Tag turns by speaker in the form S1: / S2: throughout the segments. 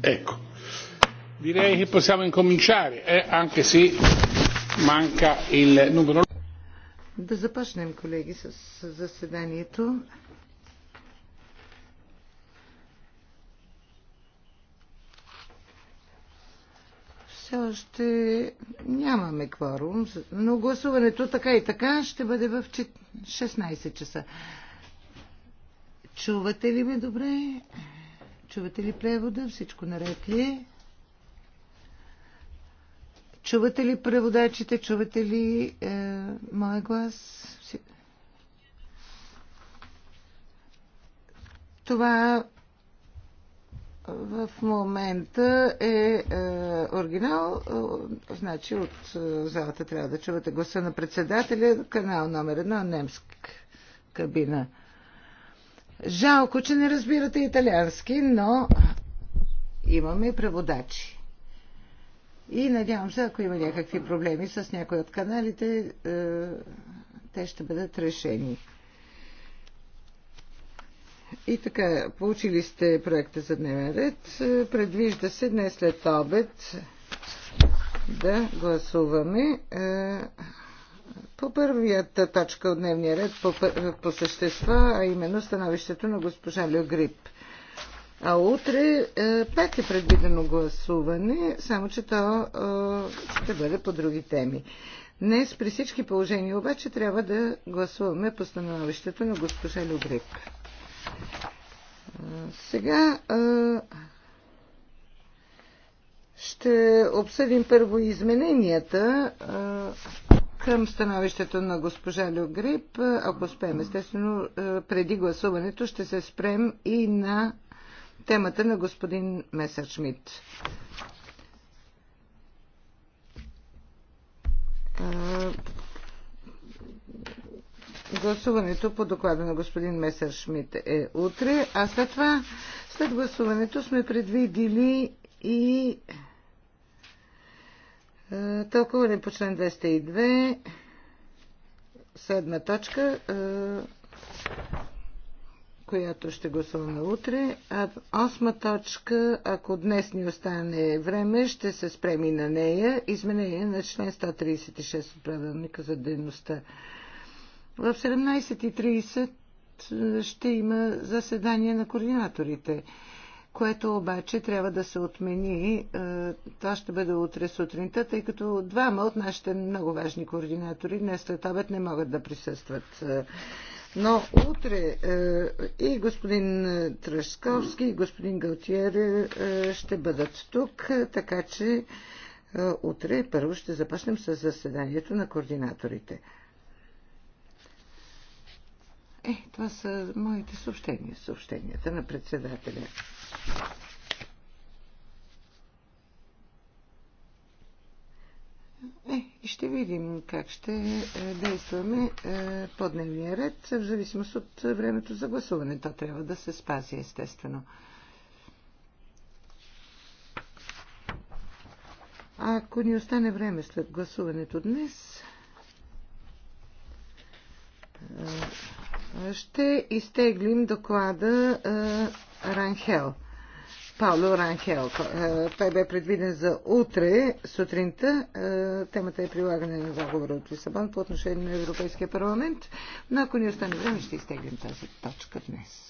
S1: Ecco, direi che possiamo incominciare, eh, anche se manca il numero.
S2: Да започнем, колеги, с заседанието. ще нямаме кворум, но гласуването така и така ще бъде в 16 часа. Чувате ли ме добре? Чувате ли превода? Всичко наред ли Чувате ли преводачите? Чувате ли е, моя глас? Това в момента е, е оригинал, е, значи от е, залата трябва да чувате гласа на председателя, канал номер едно, немска кабина. Жалко, че не разбирате италиански, но имаме и преводачи. И надявам се, ако има някакви проблеми с някои от каналите, е, те ще бъдат решени. И така, получили сте проекта за дневен ред. Предвижда се днес след обед да гласуваме е, по първията точка от дневния ред по, по същества, а именно становището на госпожа Лео Грип. А утре е, пак е предвидено гласуване, само че то е, ще бъде по други теми. Днес при всички положения обаче трябва да гласуваме по становището на госпожа Люгрип. Сега ще обсъдим първо измененията към становището на госпожа Люгрип. Ако успеем, естествено, преди гласуването ще се спрем и на темата на господин Месершмит. Гласуването по доклада на господин Месер Шмидт е утре, а след това, след гласуването сме предвидили и е, тълкуване по член 202, седма точка, е, която ще гласуваме утре. А осма точка, ако днес ни остане време, ще се спреми на нея. Изменение на член 136 от правилника за дейността в 17.30 е, ще има заседание на координаторите, което обаче трябва да се отмени. Е, това ще бъде утре сутринта, тъй като двама от нашите много важни координатори днес след обед не могат да присъстват. Е, но утре и господин Трашковски, и господин Галтиер ще бъдат тук, така че утре първо ще започнем с заседанието на координаторите. Е, това са моите съобщения, съобщенията на председателя. Е, ще видим как ще е, действаме е, по дневния ред, в зависимост от времето за гласуване. То трябва да се спази, естествено. Ако ни остане време след гласуването днес, е, ще изтеглим доклада е, Ранхел. Пауло Ранхел. Е, той бе предвиден за утре сутринта. Е, темата е прилагане на заговора от Лисабон по отношение на Европейския парламент. Но ако ни остане време, ще изтеглим тази точка днес.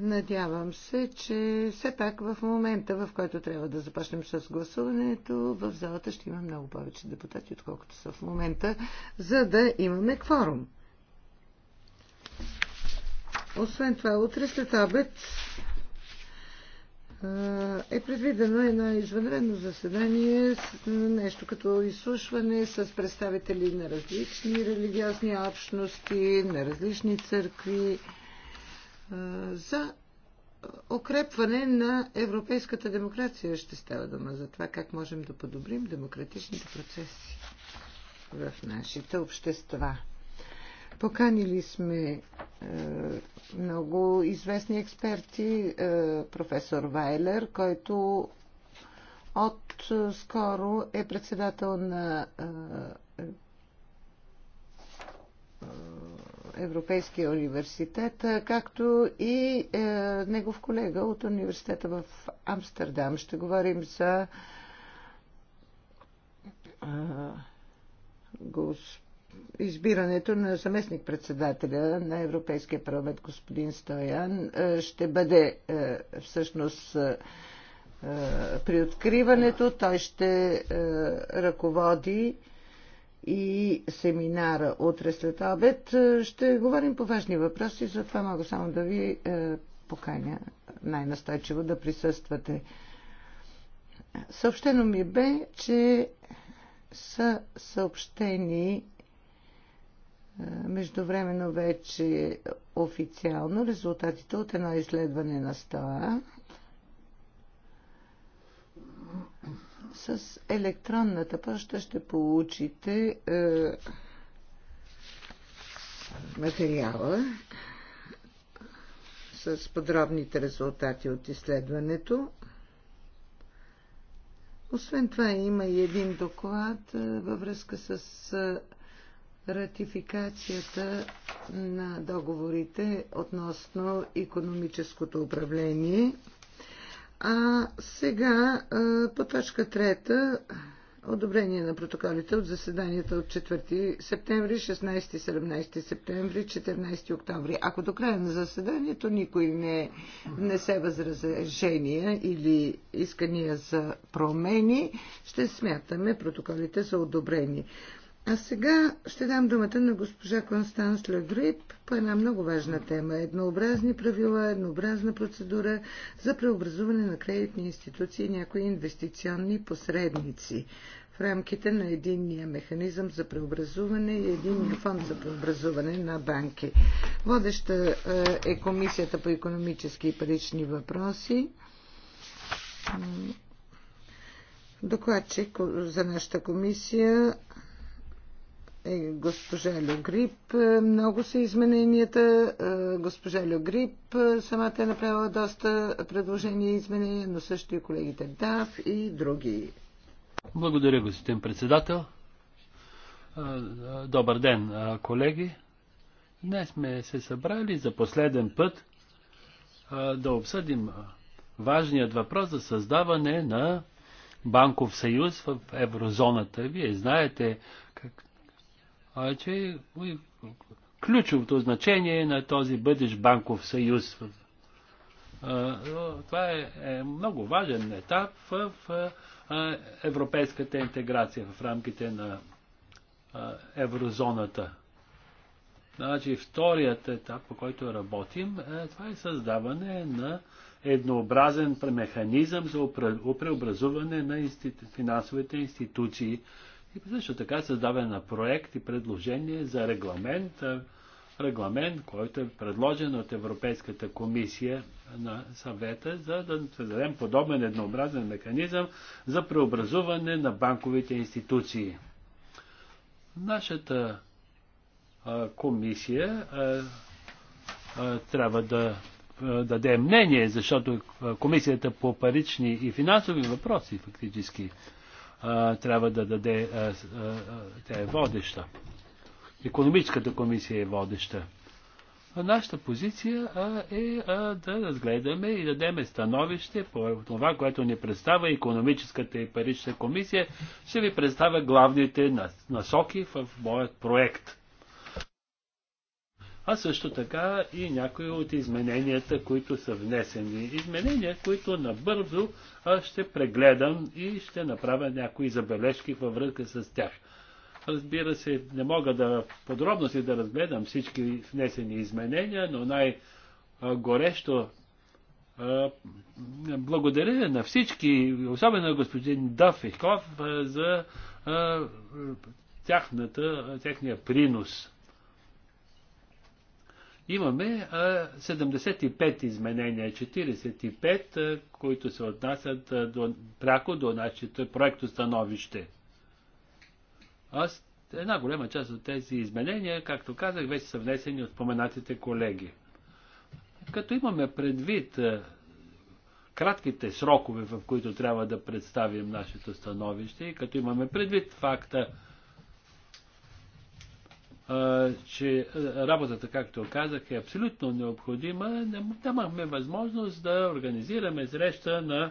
S2: Надявам се, че все пак в момента, в който трябва да започнем с гласуването, в залата ще има много повече депутати, отколкото са в момента, за да имаме кворум. Освен това, утре след обед е предвидено едно извънредно заседание, нещо като изслушване с представители на различни религиозни общности, на различни църкви за укрепване на европейската демокрация ще става дума за това как можем да подобрим демократичните процеси в нашите общества. Поканили сме е, много известни експерти, е, професор Вайлер, който от е, скоро е председател на е, Европейския университет, както и е, негов колега от университета в Амстердам. Ще говорим за е, гос, избирането на заместник-председателя на Европейския парламент, господин Стоян. Е, ще бъде е, всъщност. Е, е при откриването той ще е, ръководи и семинара утре след обед. Е, ще говорим по важни въпроси, затова мога само да ви е, поканя най-настойчиво да присъствате. Съобщено ми бе, че са съобщени е, междувременно вече официално резултатите от едно изследване на СТОА С електронната поща ще получите е, материала с подробните резултати от изследването. Освен това има и един доклад е, във връзка с е, ратификацията на договорите относно економическото управление а сега по точка трета одобрение на протоколите от заседанията от 4 септември, 16 17 септември, 14 октомври. Ако до края на заседанието никой не, не се възражения или искания за промени, ще смятаме протоколите за одобрени. А сега ще дам думата на госпожа Констанс Легрип по една много важна тема. Еднообразни правила, еднообразна процедура за преобразуване на кредитни институции и някои инвестиционни посредници в рамките на единния механизъм за преобразуване и единния фонд за преобразуване на банки. Водеща е, е Комисията по економически и парични въпроси. Докладчик е, за нашата комисия е, госпожа Грип, е, Много са измененията. Е, госпожа Грип самата е направила доста предложения и изменения, но също и колегите Дав и други.
S1: Благодаря, господин председател. Добър ден, колеги. Днес сме се събрали за последен път да обсъдим важният въпрос за създаване на банков съюз в еврозоната. Вие знаете как че е ключовото значение на този бъдещ банков съюз. Това е, е много важен етап в европейската интеграция в рамките на еврозоната. Значи вторият етап, по който работим, е, това е създаване на еднообразен механизъм за преобразуване на институ... финансовите институции и също така създаване на проект и предложение за регламент, е, регламент, който е предложен от Европейската комисия на съвета, за да създадем подобен еднообразен механизъм за преобразуване на банковите институции. Нашата е, комисия е, трябва да даде мнение, защото комисията по парични и финансови въпроси фактически а, трябва да даде, а, а, тя е водеща. Економическата комисия е водеща. А нашата позиция а, е а, да разгледаме и дадеме становище по това, което ни представя економическата и парична комисия. Ще ви представя главните насоки в моят проект а също така и някои от измененията, които са внесени. Изменения, които набързо ще прегледам и ще направя някои забележки във връзка с тях. Разбира се, не мога да подробно си да разгледам всички внесени изменения, но най-горещо благодаря на всички, особено на господин Дафиков, за тяхната, техния принос Имаме 75 изменения, 45, които се отнасят до, пряко до нашето проектостановище. Аз, една голяма част от тези изменения, както казах, вече са внесени от споменатите колеги. Като имаме предвид кратките срокове, в които трябва да представим нашето становище и като имаме предвид факта, че работата, както казах, е абсолютно необходима. Нямахме възможност да организираме среща на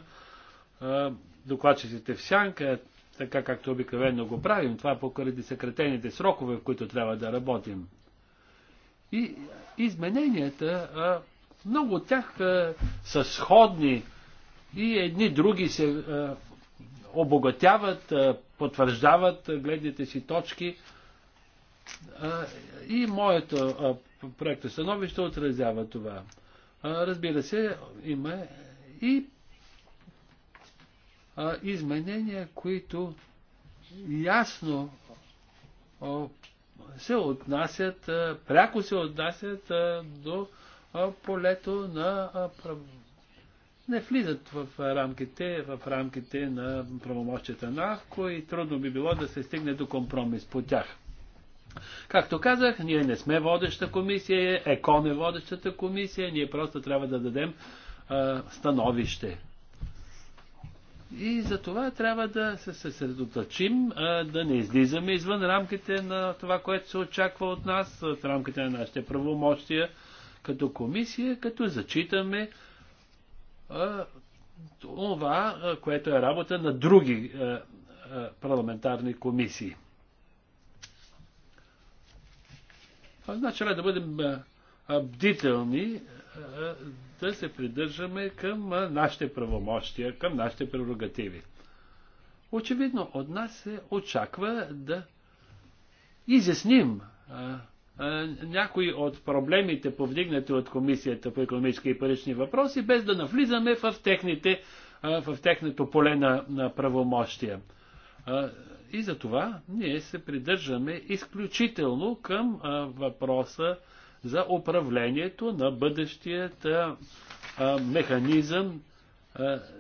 S1: докладчиците в сянка, така както обикновено го правим. Това покради съкратените срокове, в които трябва да работим. И измененията, много от тях са сходни и едни други се обогатяват, потвърждават гледните си точки – и моето проекто становище отразява това. Разбира се, има и изменения, които ясно се отнасят, пряко се отнасят до полето на не влизат в рамките, в рамките на правомощията на АХКО и трудно би било да се стигне до компромис по тях. Както казах, ние не сме водеща комисия, ЕКОН е водещата комисия, ние просто трябва да дадем а, становище. И за това трябва да се съсредоточим, да не излизаме извън рамките на това, което се очаква от нас, в рамките на нашите правомощия като комисия, като зачитаме а, това, което е работа на други а, парламентарни комисии. Значи да бъдем бдителни, да се придържаме към нашите правомощия, към нашите прерогативи. Очевидно, от нас се очаква да изясним някои от проблемите, повдигнати от Комисията по економически и парични въпроси, без да навлизаме в, техните, в техното поле на, на правомощия. И за това ние се придържаме изключително към въпроса за управлението на бъдещият механизъм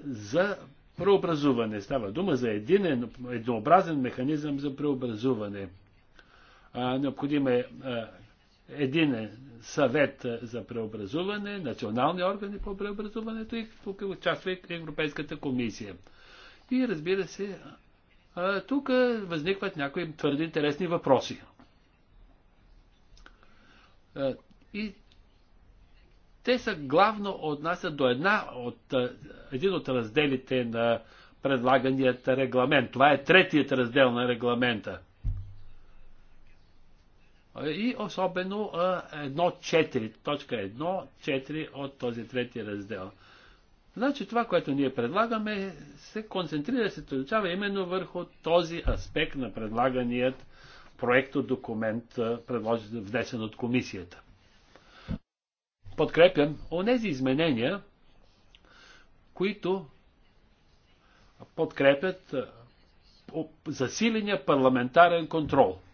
S1: за преобразуване. Става дума за един еднообразен механизъм за преобразуване. Необходим е един съвет за преобразуване, национални органи по преобразуването и тук участва и Европейската комисия. И разбира се, тук възникват някои твърде интересни въпроси. И те са главно отнасят до една от, един от разделите на предлаганият регламент. Това е третият раздел на регламента. И особено 1.4, точка 1.4 от този трети раздел. Значи това, което ние предлагаме, се концентрира, се получава именно върху този аспект на предлаганият от документ, предложен, внесен от комисията. Подкрепям онези изменения, които подкрепят засиления парламентарен контрол –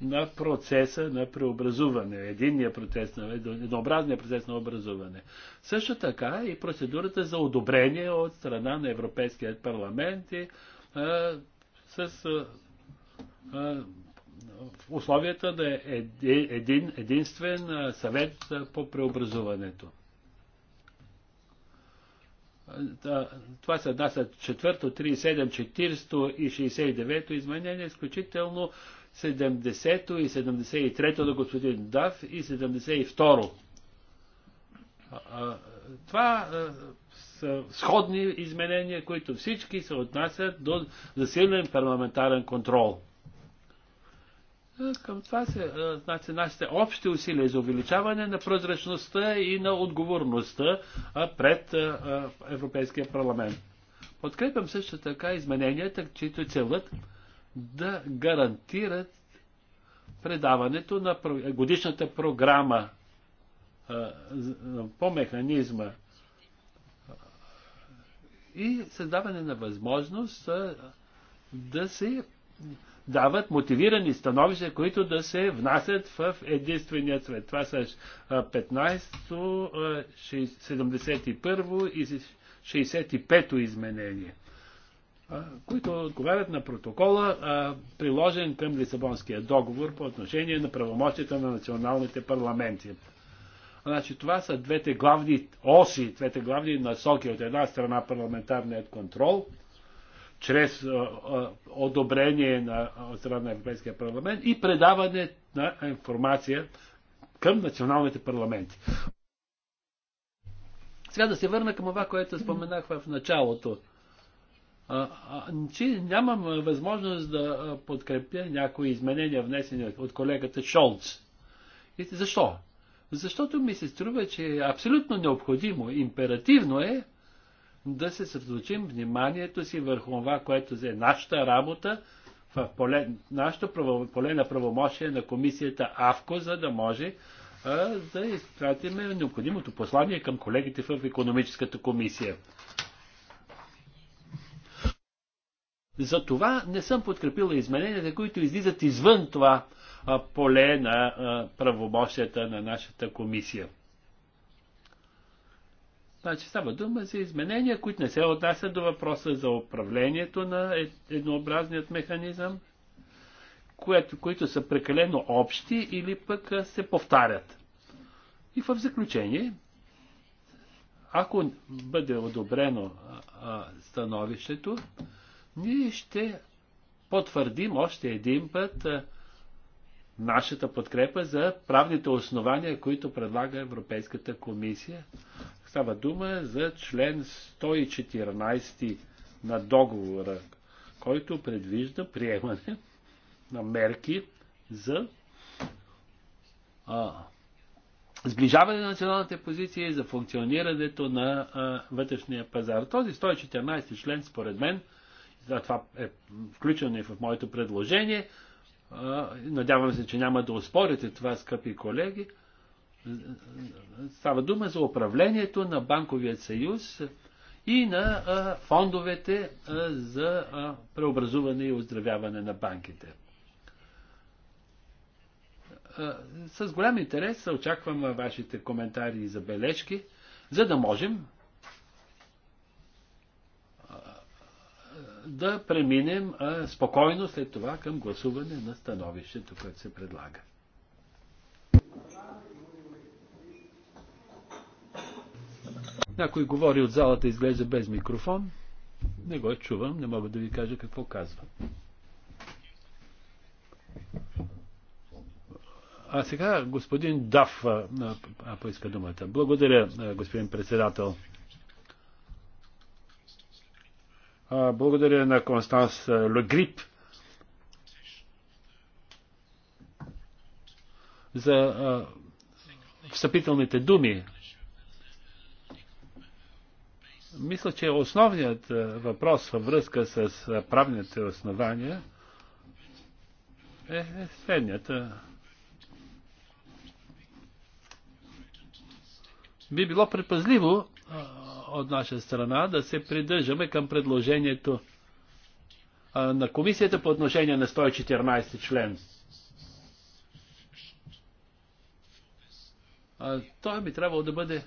S1: на процеса на преобразуване, единния процес, на, е, еднообразния процес на образуване. Също така и процедурата за одобрение от страна на Европейския парламент и, а, с а, условията да е един единствен съвет по преобразуването. Това са да, са 4, 37, 40 и 69 изменения, изключително 70-то и 73 на господин Дав и 72-ро. Това са сходни изменения, които всички се отнасят до засилен парламентарен контрол. Към това се значи, нашите общи усилия за увеличаване на прозрачността и на отговорността пред Европейския парламент. Подкрепям също така измененията, чието целът да гарантират предаването на годишната програма по механизма и създаване на възможност да се дават мотивирани становища, които да се внасят в единствения цвет. Това са 15, 71 и 65 изменение които отговарят на протокола, приложен към Лисабонския договор по отношение на правомощията на националните парламенти. Значи, това са двете главни оси, двете главни насоки. От една страна парламентарният контрол, чрез одобрение на, от страна на Европейския парламент и предаване на информация към националните парламенти. Сега да се върна към това, което споменах в началото че нямам възможност да подкрепя някои изменения, внесени от колегата Шолц. И защо? Защото ми се струва, че е абсолютно необходимо, императивно е да се съсредоточим вниманието си върху това, което е нашата работа в поле, нашето поле на правомощие на комисията АВКО, за да може а, да изпратиме необходимото послание към колегите в економическата комисия. За това не съм подкрепила измененията, които излизат извън това а, поле на а, правомощията на нашата комисия. Значи става дума за изменения, които не се отнасят до въпроса за управлението на е, еднообразният механизъм, което, които са прекалено общи или пък се повтарят. И в заключение, ако бъде одобрено становището, ние ще потвърдим още един път нашата подкрепа за правните основания, които предлага Европейската комисия. Става дума за член 114 на договора, който предвижда приемане на мерки за а, сближаване на националните позиции и за функционирането на а, вътрешния пазар. Този 114 член, според мен, това е включено и в моето предложение. Надявам се, че няма да успорите това, скъпи колеги. Става дума за управлението на Банковия съюз и на фондовете за преобразуване и оздравяване на банките. С голям интерес очаквам вашите коментари и забележки, за да можем да преминем а, спокойно след това към гласуване на становището, което се предлага. Някой говори от залата, изглежда без микрофон. Не го чувам, не мога да ви кажа какво казва. А сега господин Даф поиска думата. Благодаря, господин председател. Благодаря на Констанс Легрип за встъпителните думи. Мисля, че основният въпрос във връзка с правните основания е, е следният. Би било предпазливо от наша страна да се придържаме към предложението на комисията по отношение на 114 член. Той би трябвало да бъде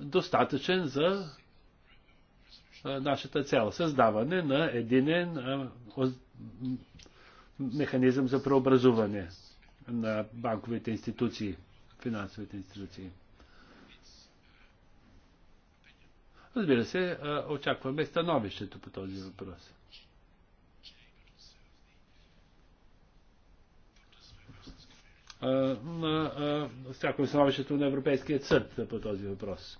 S1: достатъчен за нашата цел. Създаване на единен механизъм за преобразуване на банковите институции, финансовите институции. Разбира се, очакваме становището по този въпрос. на всяко становището на Европейския съд по този въпрос.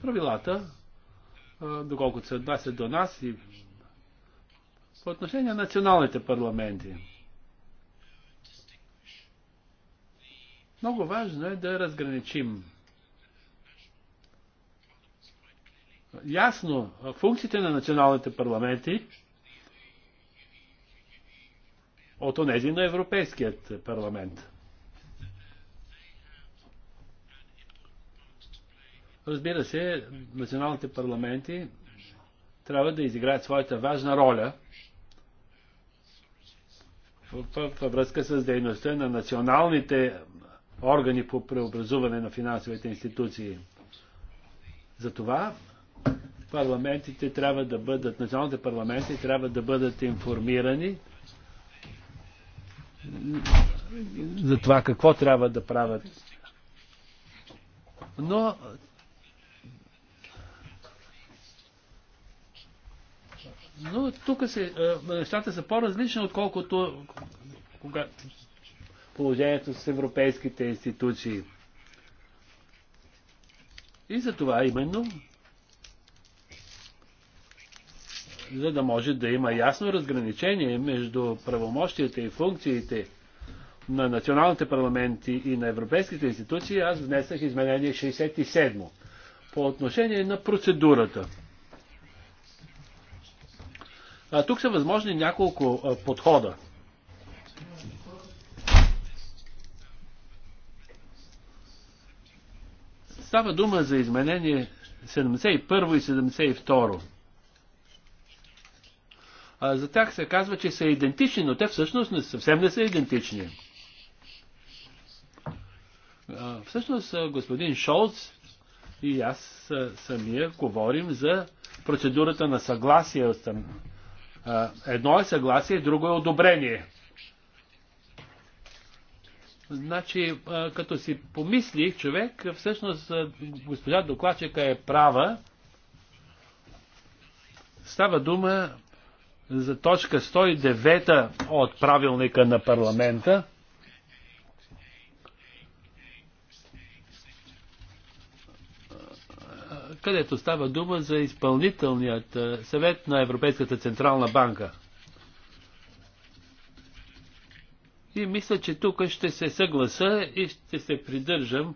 S1: правилата, доколкото се отнасят до нас и по отношение на националните парламенти. Много важно е да разграничим ясно функциите на националните парламенти от онези на Европейският парламент. Разбира се, националните парламенти трябва да изиграят своята важна роля – във връзка с дейността на националните органи по преобразуване на финансовите институции. Затова парламентите трябва да бъдат, националните парламенти трябва да бъдат информирани за това какво трябва да правят. Но Но тук се, нещата са по-различни, отколкото кога, положението с европейските институции. И за това именно, за да може да има ясно разграничение между правомощията и функциите на националните парламенти и на европейските институции, аз внесах изменение 67 по отношение на процедурата. А, тук са възможни няколко а, подхода. Става дума за изменение 71 и 72. А, за тях се казва, че са идентични, но те всъщност не, съвсем не са идентични. А, всъщност господин Шолц и аз самия говорим за процедурата на съгласие от Едно е съгласие, друго е одобрение. Значи, като си помислих, човек, всъщност госпожа докладчика е права. Става дума за точка 109 от правилника на парламента. където става дума за изпълнителният е, съвет на Европейската Централна банка. И мисля, че тук ще се съгласа и ще се придържам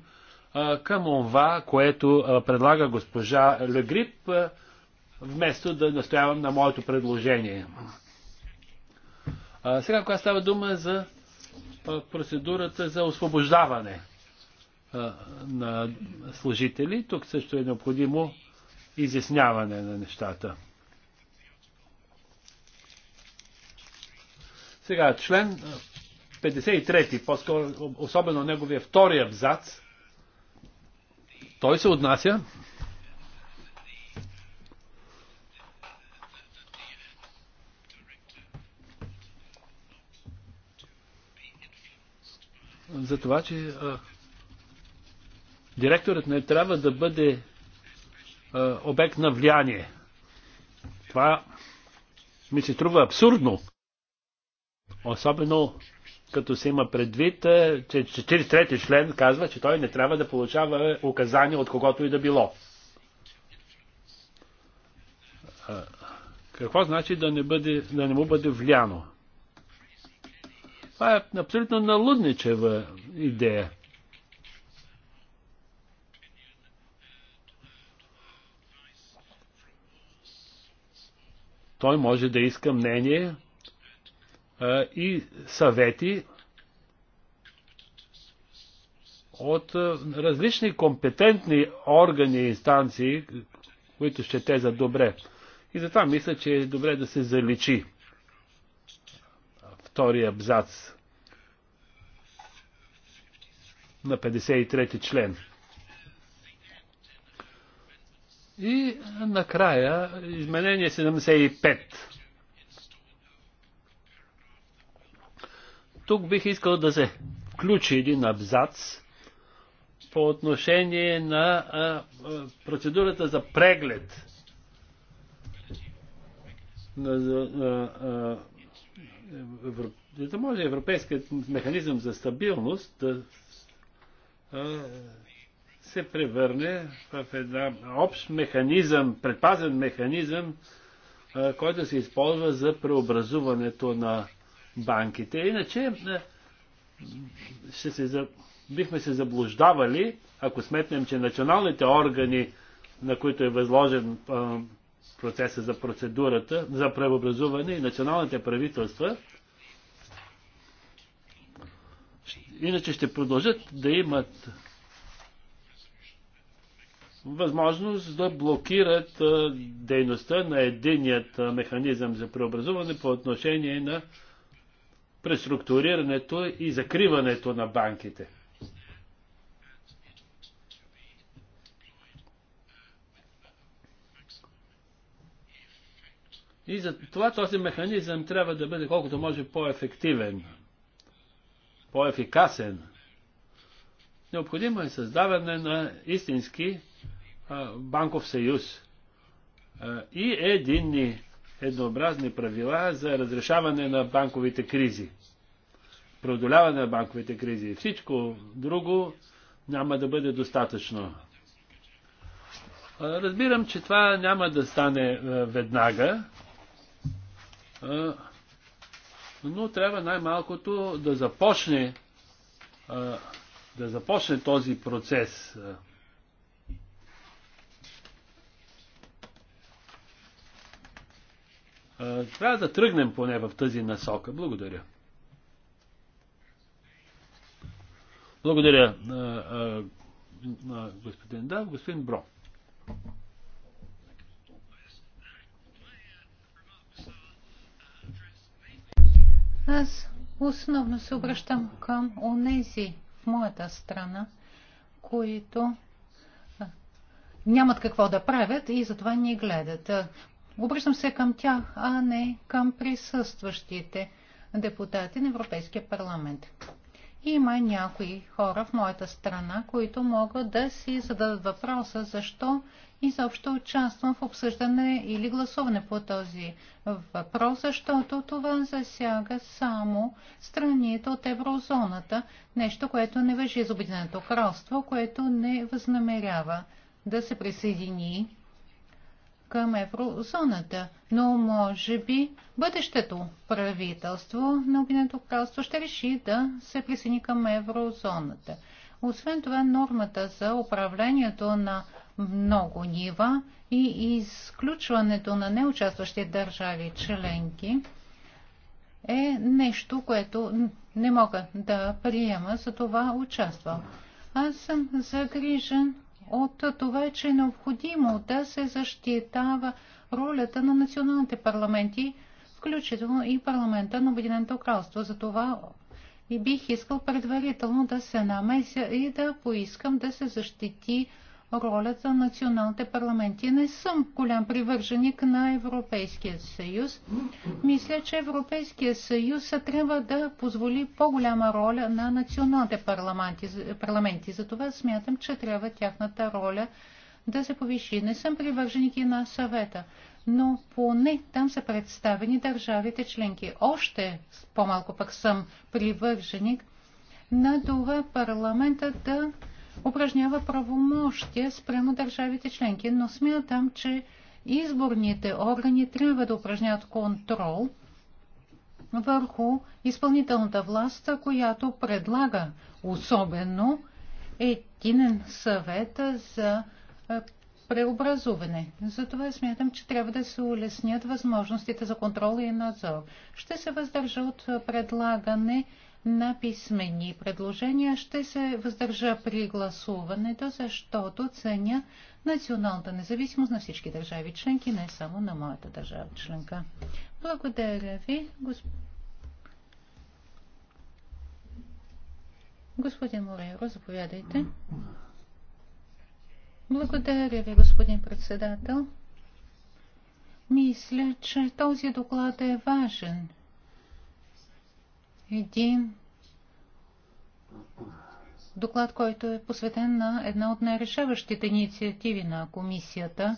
S1: към това, което предлага госпожа Легрип, вместо да настоявам на моето предложение. сега, когато става дума за процедурата за освобождаване на служители. Тук също е необходимо изясняване на нещата. Сега, член 53, по-скоро, особено неговия втори абзац, той се отнася за това, че а, директорът не трябва да бъде а, е, обект на влияние. Това ми се трува абсурдно. Особено като се има предвид, е, че 43-ти член казва, че той не трябва да получава указания от когото и да било. Е, какво значи да не, бъде, да не му бъде влияно? Това е абсолютно налудничева идея. Той може да иска мнение а, и съвети от а, различни компетентни органи и инстанции, които ще те за добре. И затова мисля, че е добре да се заличи втория абзац на 53 ти член. И накрая изменение 75. Тук бих искал да се включи един абзац по отношение на а, процедурата за преглед на, а, а, евро, може Европейският механизъм за стабилност да а, се превърне в една общ механизъм, предпазен механизъм, който се използва за преобразуването на банките. Иначе ще се, бихме се заблуждавали, ако сметнем, че националните органи, на които е възложен процеса за процедурата, за преобразуване и националните правителства, иначе ще продължат да имат възможност да блокират дейността на единият механизъм за преобразуване по отношение на преструктурирането и закриването на банките. И за това този механизъм трябва да бъде колкото може по-ефективен, по-ефикасен. Необходимо е създаване на истински банков съюз и единни еднообразни правила за разрешаване на банковите кризи, продоляване на банковите кризи. Всичко друго няма да бъде достатъчно. Разбирам, че това няма да стане веднага, но трябва най-малкото да започне да започне този процес Трябва да тръгнем поне в тази насока. Благодаря. Благодаря, господин Дав, господин Бро.
S3: Аз основно се обръщам към онези в моята страна, които нямат какво да правят и затова ни гледат. Обръщам се към тях, а не към присъстващите депутати на Европейския парламент. Има някои хора в моята страна, които могат да си зададат въпроса защо изобщо участвам в обсъждане или гласуване по този въпрос, защото това засяга само страните от еврозоната, нещо, което не въжи за Обединеното кралство, което не възнамерява да се присъедини към еврозоната, но може би бъдещето правителство на Обединеното кралство ще реши да се присъедини към еврозоната. Освен това, нормата за управлението на много нива и изключването на неучастващи държави членки е нещо, което не мога да приема, за това участвам. Аз съм загрижен от това, че е необходимо да се защитава ролята на националните парламенти, включително и парламента на Обединеното кралство. това и бих искал предварително да се намеся и да поискам да се защити роля за националните парламенти. Не съм голям привърженик на Европейския съюз. Мисля, че Европейския съюз трябва да позволи по-голяма роля на националните парламенти. парламенти. Затова смятам, че трябва тяхната роля да се повиши. Не съм привърженик и на съвета, но поне там са представени държавите членки. Още по-малко пък съм привърженик на това парламента да упражнява правомощия спрямо държавите членки, но смятам, че изборните органи трябва да упражнят контрол върху изпълнителната власт, която предлага особено единен съвет за е, преобразуване. Затова смятам, че трябва да се улеснят възможностите за контрол и надзор. Ще се въздържа от предлагане на писмени предложения. Ще се въздържа при гласуването, защото ценя националната независимост на всички държави членки, не само на моята държава членка. Благодаря ви, госп... господин Морейро, заповядайте. Благодаря ви, господин председател. Мисля, че този доклад е важен един доклад, който е посветен на една от най-решаващите инициативи на комисията,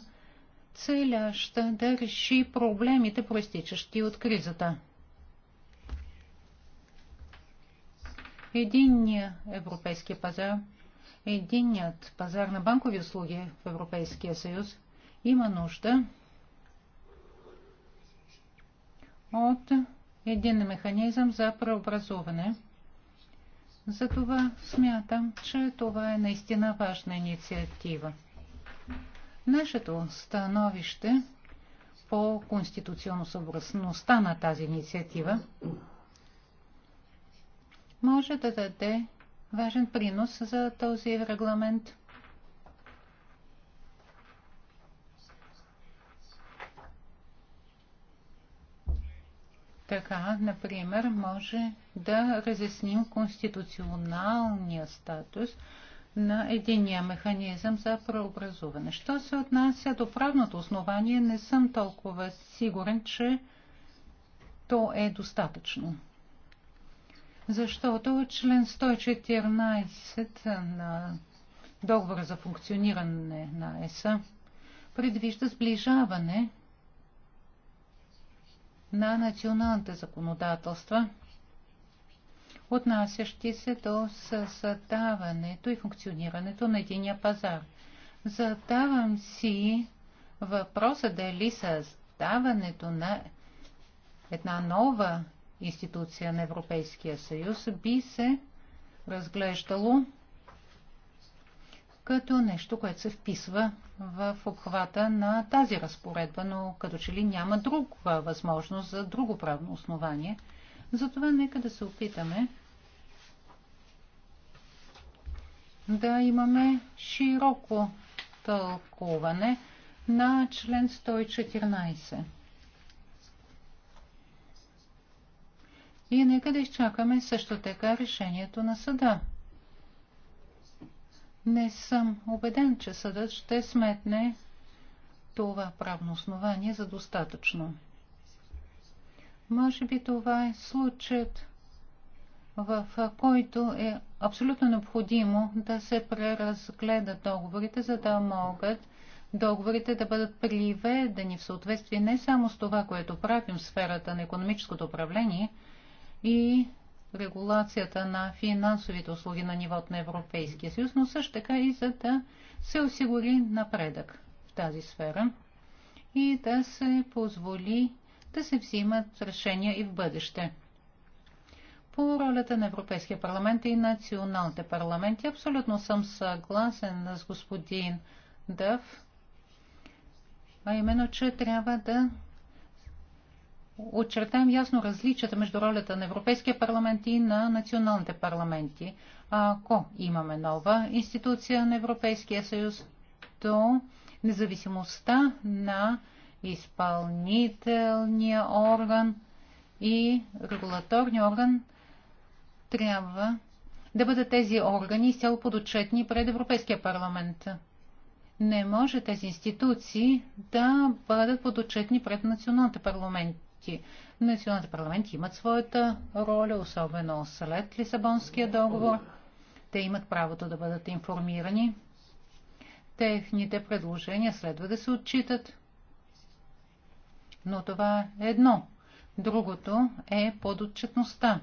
S3: целяща да реши проблемите, проистичащи от кризата. Единният европейски пазар, единният пазар на банкови услуги в Европейския съюз има нужда от един механизъм за преобразуване. Затова смятам, че това е наистина важна инициатива. Нашето становище по съобразността на тази инициатива може да даде важен принос за този регламент. Така, например, може да разясним конституционалния статус на единия механизъм за преобразуване. Що се отнася до правното основание, не съм толкова сигурен, че то е достатъчно. Защото член 114 на договора за функциониране на ЕСА предвижда сближаване на националните законодателства, отнасящи се до създаването и функционирането на единия пазар. Задавам си въпроса дали създаването на една нова институция на Европейския съюз би се разглеждало като нещо, което се вписва в обхвата на тази разпоредба, но като че ли няма друга възможност за друго правно основание. Затова нека да се опитаме да имаме широко тълкуване на член 114. И нека да изчакаме също така решението на съда. Не съм убеден, че съдът ще сметне това правно основание за достатъчно. Може би това е случаят, в който е абсолютно необходимо да се преразгледат договорите, за да могат договорите да бъдат приведени в съответствие не само с това, което правим в сферата на економическото управление и регулацията на финансовите услуги на нивото на Европейския съюз, но също така и за да се осигури напредък в тази сфера и да се позволи да се взимат решения и в бъдеще. По ролята на Европейския парламент и националните парламенти абсолютно съм съгласен с господин Дъв, а именно, че трябва да очертаем ясно различията между ролята на Европейския парламент и на националните парламенти. Ако имаме нова институция на Европейския съюз, то независимостта на изпълнителния орган и регулаторния орган трябва да бъдат тези органи изцяло подотчетни пред Европейския парламент. Не може тези институции да бъдат подотчетни пред националните парламенти парламенти. Националните парламенти имат своята роля, особено след Лисабонския договор. Те имат правото да бъдат информирани. Техните предложения следва да се отчитат. Но това е едно. Другото е подотчетността.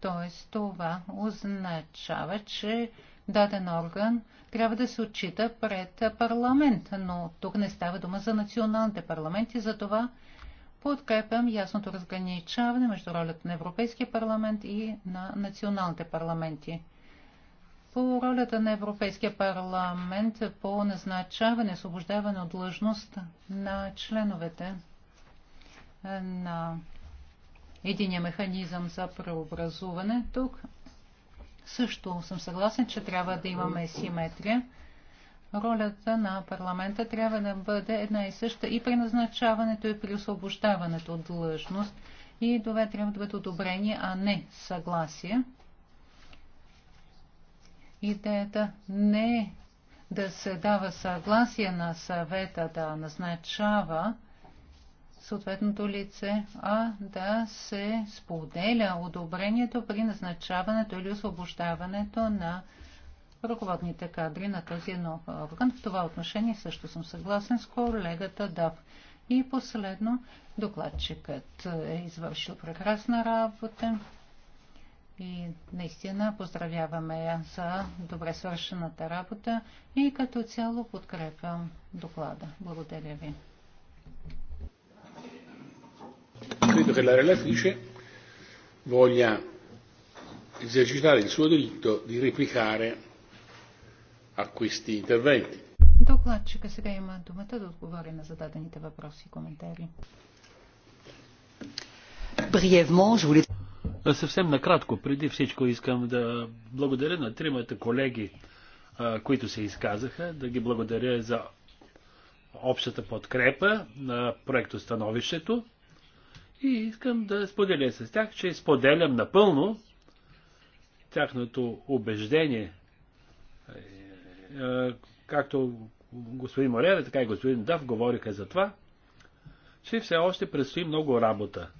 S3: Тоест това означава, че даден орган трябва да се отчита пред парламент, но тук не става дума за националните парламенти, затова подкрепям ясното разграничаване между ролята на Европейския парламент и на националните парламенти. По ролята на Европейския парламент по назначаване, освобождаване от длъжност на членовете на единия механизъм за преобразуване, тук също съм съгласен, че трябва да имаме симетрия. Ролята на парламента трябва да бъде една и съща и при назначаването, и при освобождаването от длъжност. И това трябва да бъде одобрение, а не съгласие. Идеята не е да се дава съгласие на съвета да назначава съответното лице, а да се споделя одобрението при назначаването или освобождаването на ръководните кадри на този нов орган. В това отношение също съм съгласен с колегата Дав. И последно, докладчикът е извършил прекрасна работа и наистина поздравяваме я за добре свършената работа и като цяло подкрепям доклада. Благодаря ви.
S1: credo che la relatrice voglia esercitare il suo diritto di replicare a questi interventi.
S3: Докладчика сега има думата да отговори на зададените въпроси и коментари.
S1: Съвсем накратко, преди всичко искам да благодаря на тримата колеги, които се изказаха, да ги благодаря за общата подкрепа на становището. И искам да споделя с тях, че споделям напълно тяхното убеждение, е, както господин Морера, така и господин Дав говориха за това, че все още предстои много работа,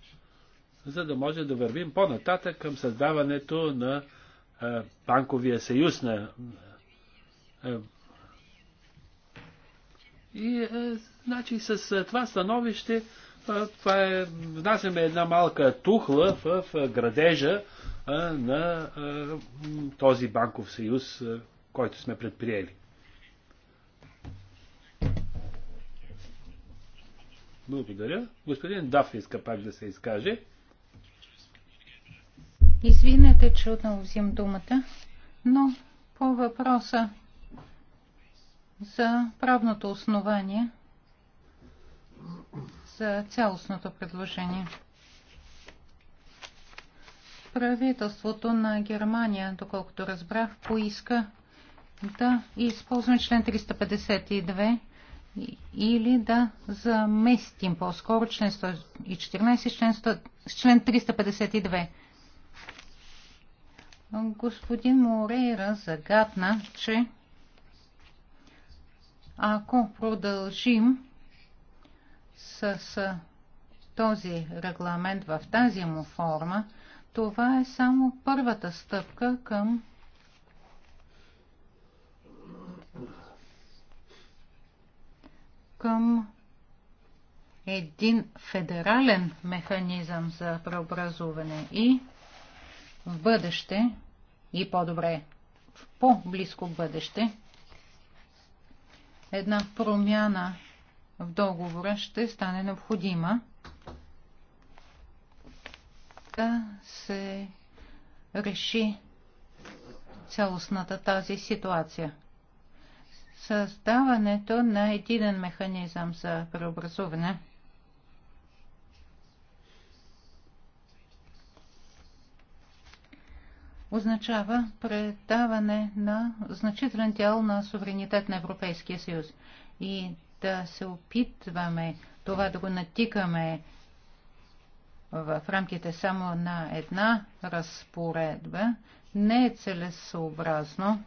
S1: за да може да вървим по-нататък към създаването на е, банковия съюз на е, и значи с това становище това е, внасяме една малка тухла в, градежа на този банков съюз, който сме предприели. Благодаря. Господин Даф иска пак да се изкаже.
S3: Извинете, че отново взим думата, но по въпроса за правното основание за цялостното предложение. Правителството на Германия, доколкото разбрах, поиска да използваме член 352 или да заместим по-скоро член 114 и член, 100, член 352. Господин Морейра загадна, че ако продължим с, с този регламент в тази му форма, това е само първата стъпка към към един федерален механизъм за преобразуване и в бъдеще, и по-добре в по-близко бъдеще, една промяна в договора ще стане необходима да се реши цялостната тази ситуация. Създаването на единен механизъм за преобразуване означава предаване на значителен дял на суверенитет на Европейския съюз. И да се опитваме това да го натикаме в рамките само на една разпоредба, не е целесообразно.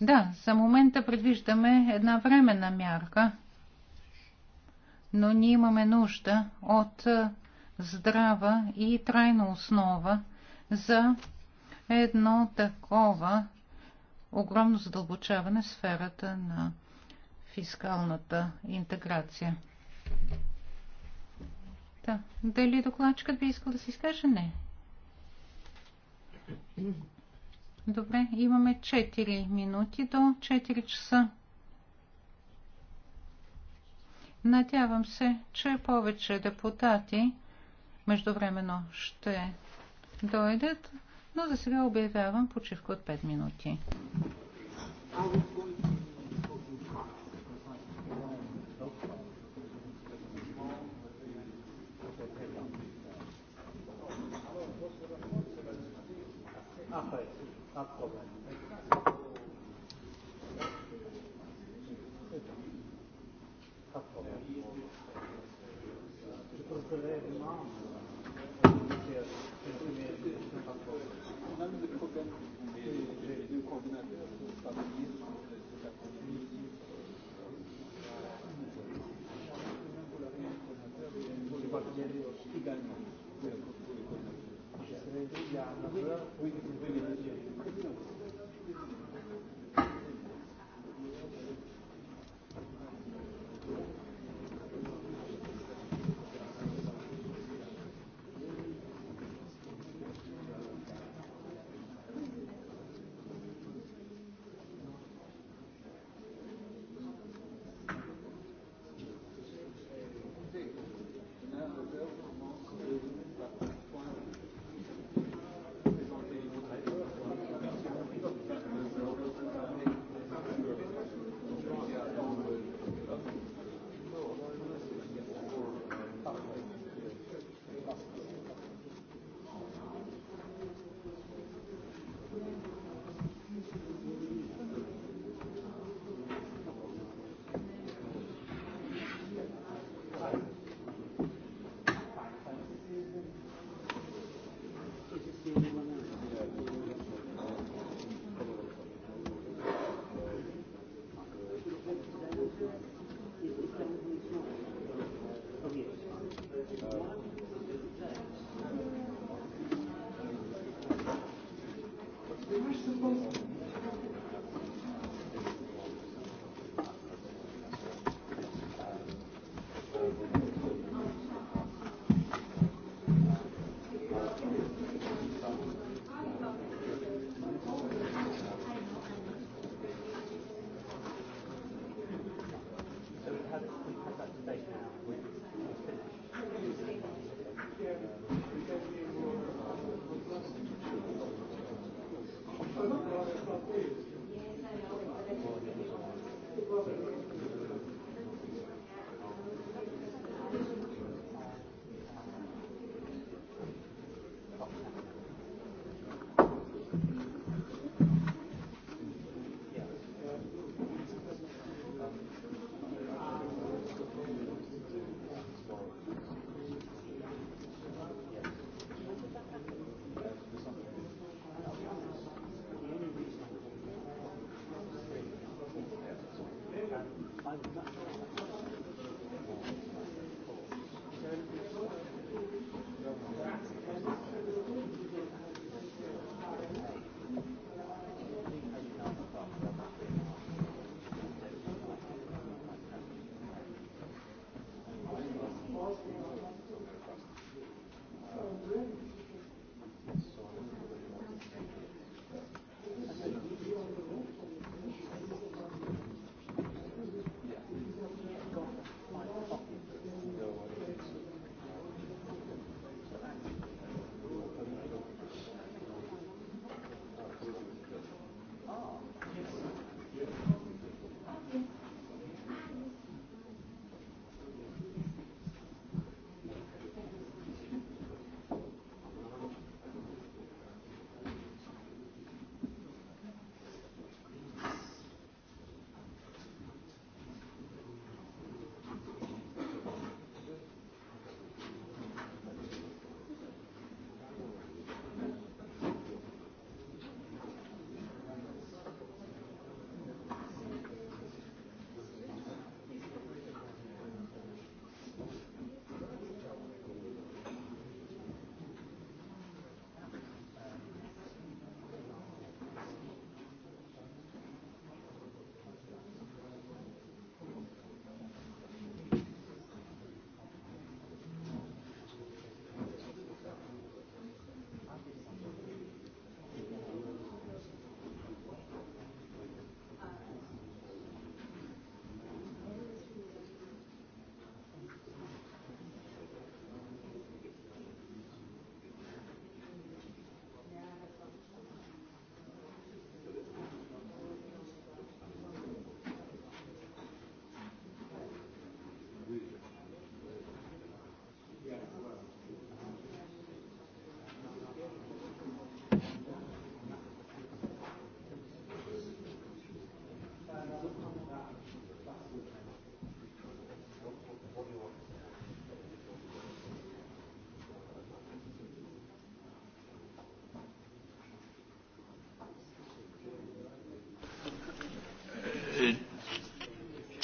S3: Да, за момента предвиждаме една временна мярка, но ние имаме нужда от здрава и трайна основа за едно такова огромно задълбочаване в сферата на фискалната интеграция. Да. Дали докладчикът би искал да се изкаже? Не. Добре, имаме 4 минути до 4 часа. Надявам се, че повече депутати междувременно ще дойдат но за сега обявявам почивка от 5 минути.
S1: Après, pas de problème. également.
S3: Oui, oui, oui, oui, oui,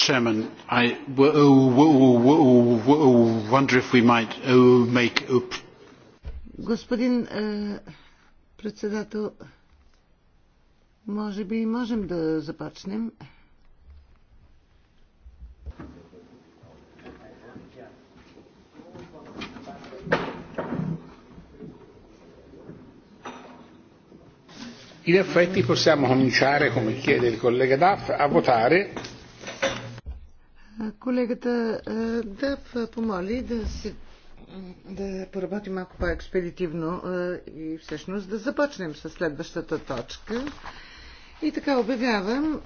S1: Chairman, I wonder if we might make...
S2: Господин председател, може би можем да започнем.
S1: In effetti possiamo cominciare, come chiede il collega Duff, a votare
S2: колегата да помоли да се да поработим малко по-експедитивно и всъщност да започнем с следващата точка. И така обявявам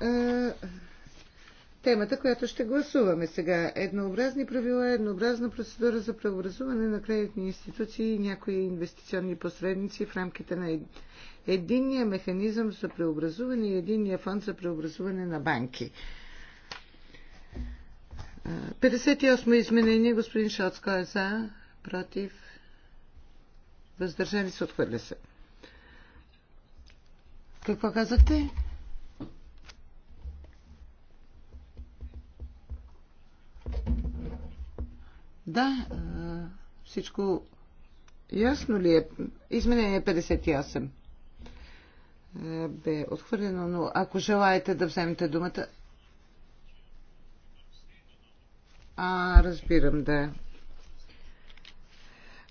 S2: темата, която ще гласуваме сега. Еднообразни правила, еднообразна процедура за преобразуване на кредитни институции и някои инвестиционни посредници в рамките на единния механизъм за преобразуване и единния фонд за преобразуване на банки. 58 изменение, господин Шацка е за, против, въздържали се, отхвърля се. Какво казахте? Да, всичко ясно ли е? Изменение 58 бе отхвърлено, но ако желаете да вземете думата, А, разбирам, да.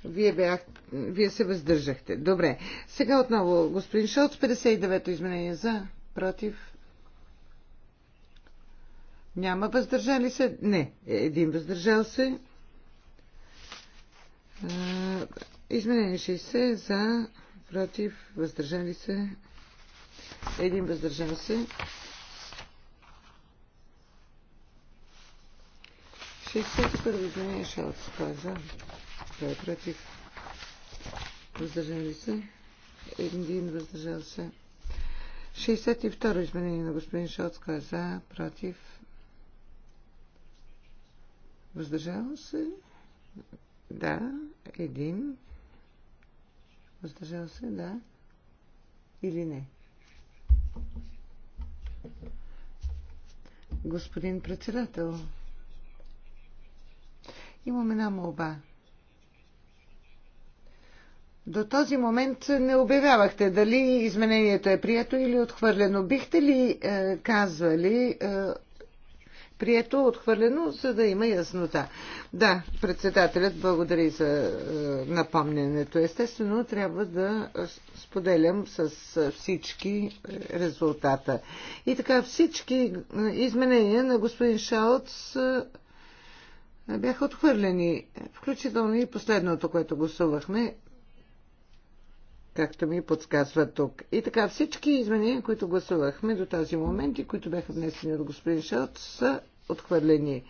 S2: Вие, бях, вие се въздържахте. Добре. Сега отново, господин Шолц, 59-то изменение за, против. Няма въздържали се? Не. Един въздържал се. Изменение 60 за, против, въздържали се. Един въздържал се. 61 изменение Шалц. Кой е за? Кой е против? Въздържали се? Един въздържал се. 62 изменение на господин Шалц. е за? Против? Въздържал се? Да. Един. Въздържал се? Да. Или не? Господин председател, Имам една молба. До този момент не обявявахте дали изменението е прието или отхвърлено. Бихте ли е, казвали е, прието, отхвърлено, за да има яснота? Да, председателят, благодари за е, напомненето. Естествено, трябва да споделям с всички резултата. И така, всички е, изменения на господин Шалц е, бяха отхвърлени, включително и последното, което гласувахме, както ми подсказва тук. И така, всички изменения, които гласувахме до този момент и които бяха внесени от господин Шелц, са отхвърлени.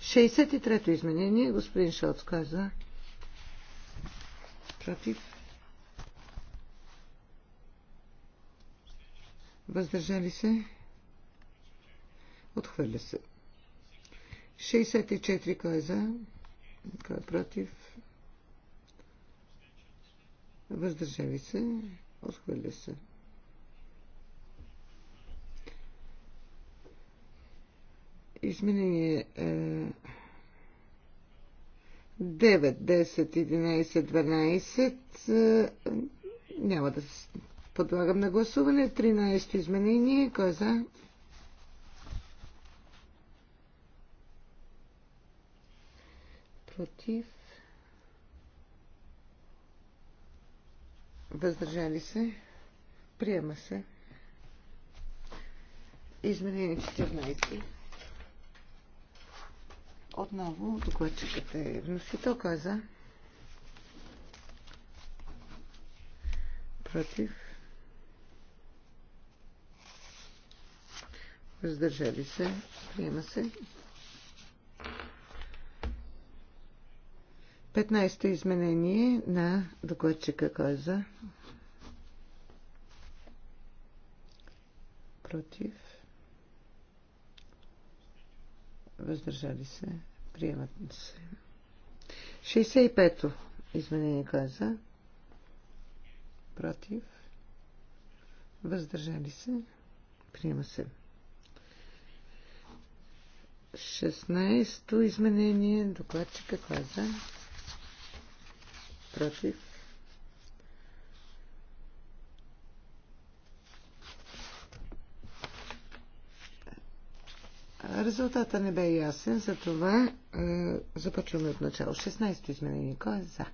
S2: 63-то изменение, господин Шелц каза. Е Против. Въздържали се. Отхвърля се. 64 кой е за? Кой е против? Въздържали се. Отхвърля се. Изменение е, 9, 10, 11, 12. няма да подлагам на гласуване. 13 изменение. Кой е за? против, въздържали се, приема се. Изменение 14. Отново докладчикът е вносител, каза. Е против. Въздържали се. Приема се. 15-то изменение на докладчика Коза. е за? Против. Въздържали се. Приемат се. 65-то изменение Коза. Е за? Против. Въздържали се. Приема се. 16-то изменение. Докладчика Коза. е за? против. Резултата не бе ясен, затова е, започваме от начало. 16-то изменение. Кой е за?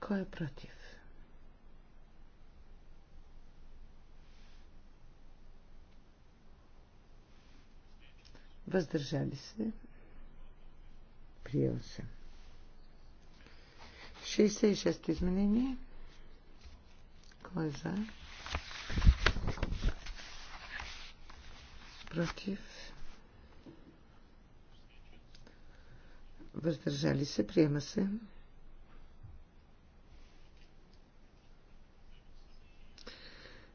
S2: Кой е против? Въздържали се. 66-то изменение. Кой е за? Против. Въздържали се. Приема се.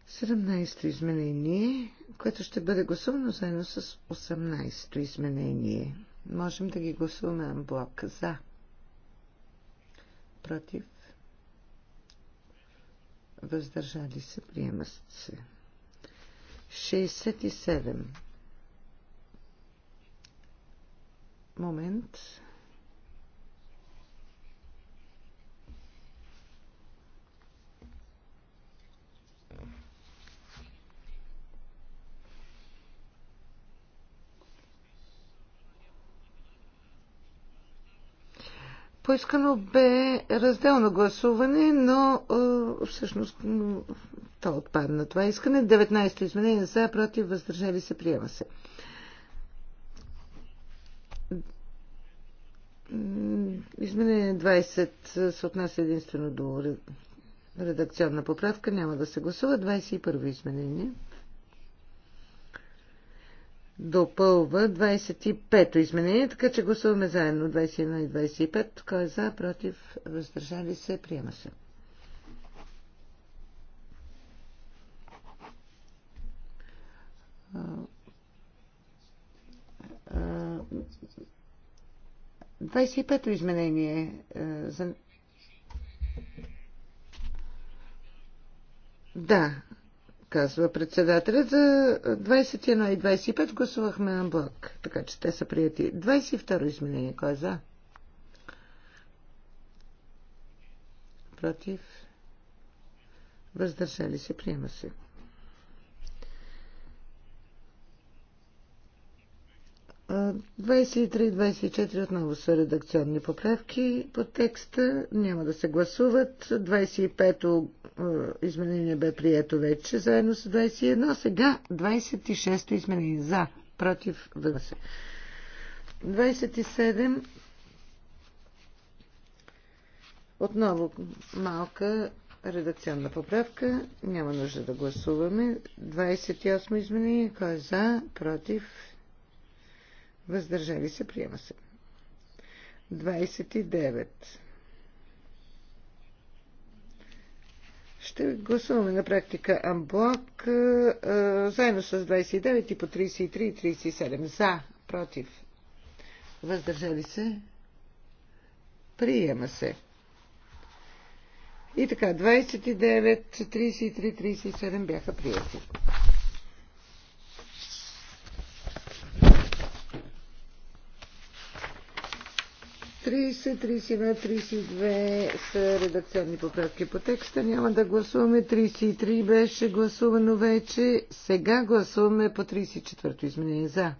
S2: Седемнайсто изменение, което ще бъде гласувано заедно с 18-то изменение. Можем да ги гласуваме на блок за. Против. Въздържали се. Приема се. 67. Момент. Поискано бе разделно гласуване, но всъщност то отпадна. Това искане 19-то изменение за, против, въздържали се, приема се. Изменение 20 се отнася единствено до редакционна поправка, няма да се гласува. 21 изменение допълва 25-то изменение, така че гласуваме заедно 21 и 25. Кой е за, против, въздържали се, приема се. Двадесет и пето изменение е, за... Да, казва председателят. За 21 и 25 гласувахме на блок, така че те са прияти. 22 изменение, кой е за? Против? Въздържали се, приема се. 23-24 отново са редакционни поправки по текста. Няма да се гласуват. 25-то е, изменение бе прието вече, заедно с 21. Сега 26-то изменение. За, против, въздържали се. 27 отново малка редакционна поправка. Няма нужда да гласуваме. 28 изменение. Кой е за, против, Въздържали се, приема се. 29. Ще гласуваме на практика амблок заедно с 29 и по 33 и 37. За, против, въздържали се, приема се. И така, 29, 33, 37 бяха прияти. 30, 31, 32 са редакционни поправки по текста. Няма да гласуваме. 33 беше гласувано вече. Сега гласуваме по 34-то изменение. За.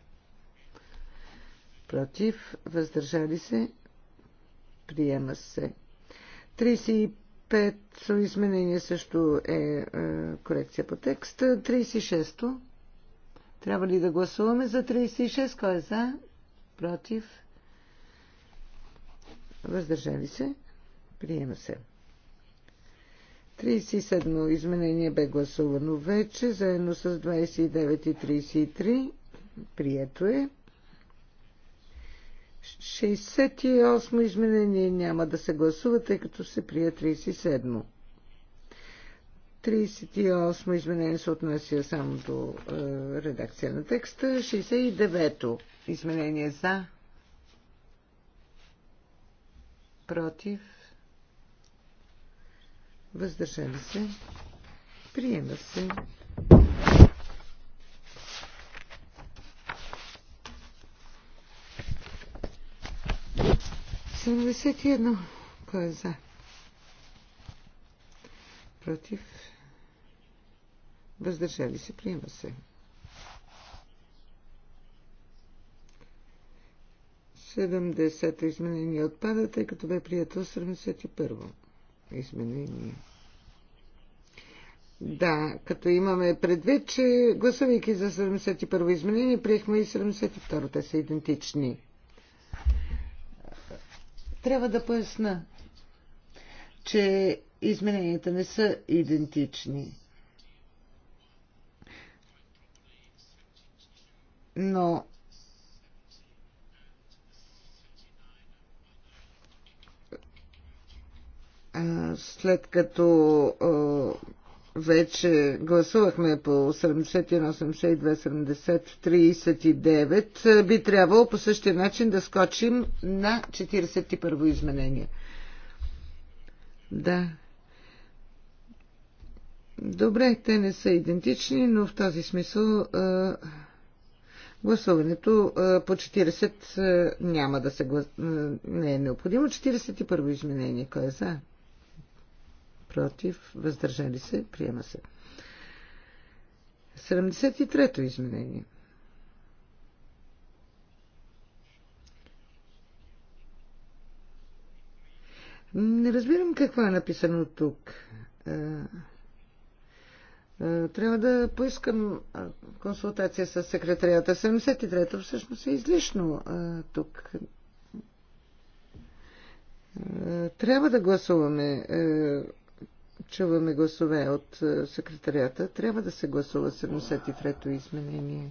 S2: Против. Въздържали се. Приема се. 35-то изменение също е, е корекция по текста. 36-то. Трябва ли да гласуваме за 36? Кой е за? Против. Въздържали се. Приема се. 37 изменение бе гласувано вече, заедно с 29 и 33. Прието е. 68 изменение няма да се гласува, тъй като се прие 37. 38 изменение се отнася само до е, редакция на текста. 69 изменение за, против, въздържали се, приема се. Седемдесет и едно. Кой е за? Против. Въздържали се. Приема се. 70-то изменение отпада, тъй като бе прието 71-во изменение. Да, като имаме предвид, че гласувайки за 71-во изменение, приехме и 72-ро. Те са идентични. Трябва да поясна, че измененията не са идентични. Но след като вече гласувахме по 71, 82, 70, 39, би трябвало по същия начин да скочим на 41 во изменение. Да. Добре, те не са идентични, но в този смисъл а, гласуването а, по 40 а, няма да се глас... не е необходимо. 41 изменение. Кой е за? против, въздържали се, приема се. 73-то изменение. Не разбирам какво е написано тук. Е, е, трябва да поискам консултация с секретарията. 73-то всъщност е излишно е, тук. Трябва да гласуваме чуваме гласове от е, секретарията, трябва да се гласува 73-то изменение.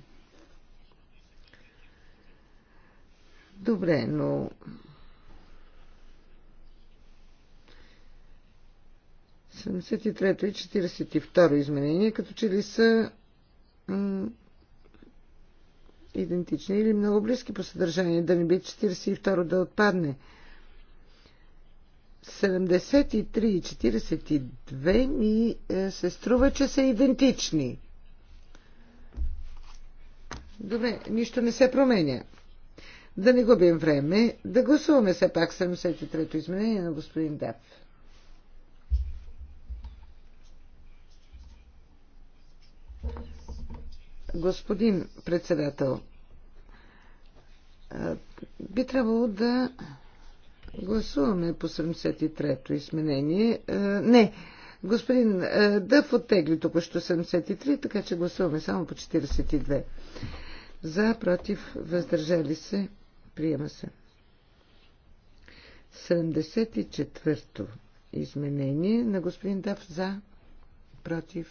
S2: Добре, но... Седемдесет и 42 и изменение, като че ли са идентични или много близки по съдържание, да не би 42 да отпадне. 73 и 42 ми е, се струва, че са идентични. Добре, нищо не се променя. Да не губим време, да гласуваме все пак 73-то изменение на господин Дев. Господин председател, е, би трябвало да Гласуваме по 73-то изменение. Е, не, господин е, Дъв оттегли току-що 73, така че гласуваме само по 42. За, против, въздържали се, приема се. 74-то изменение на господин Дъв за, против,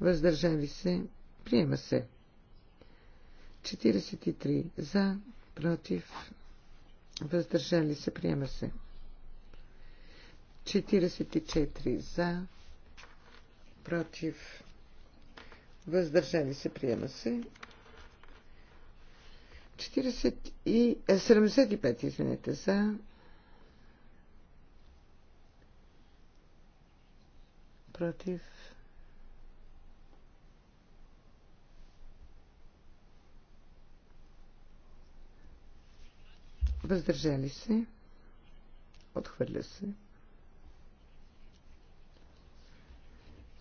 S2: въздържали се, приема се. 43 за, против, въздържали се, приема се. 44 за, против, въздържали се, приема се. 40 и, 75, е, извинете, за, против, Въздържали се. Отхвърля се.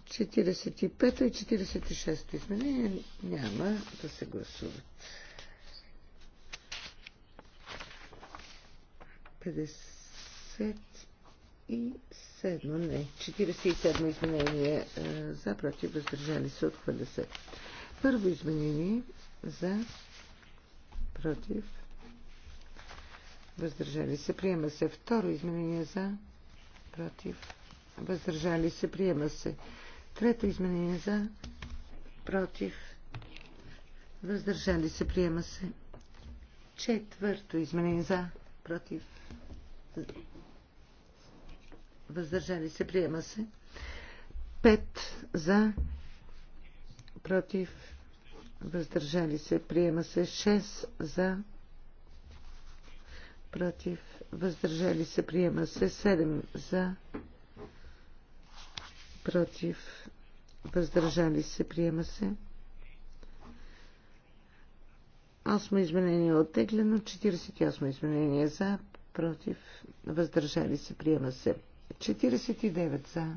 S2: 45 и 46 изменение няма да се гласуват. 57 не. 47 изменение за против въздържали се от се. Първо изменение за против Въздържали се. Приема се. Второ изменение за. Против. Въздържали се. Приема се. Трето изменение за. Против. Въздържали се. Приема се. Четвърто изменение за. Против. Въздържали се. Приема се. Пет за. Против. Въздържали се. Приема се. Шест за против, въздържали се, приема се 7 за, против, въздържали се, приема се. Осмо изменение е оттеглено, 48 изменение за, против, въздържали се, приема се. 49 за,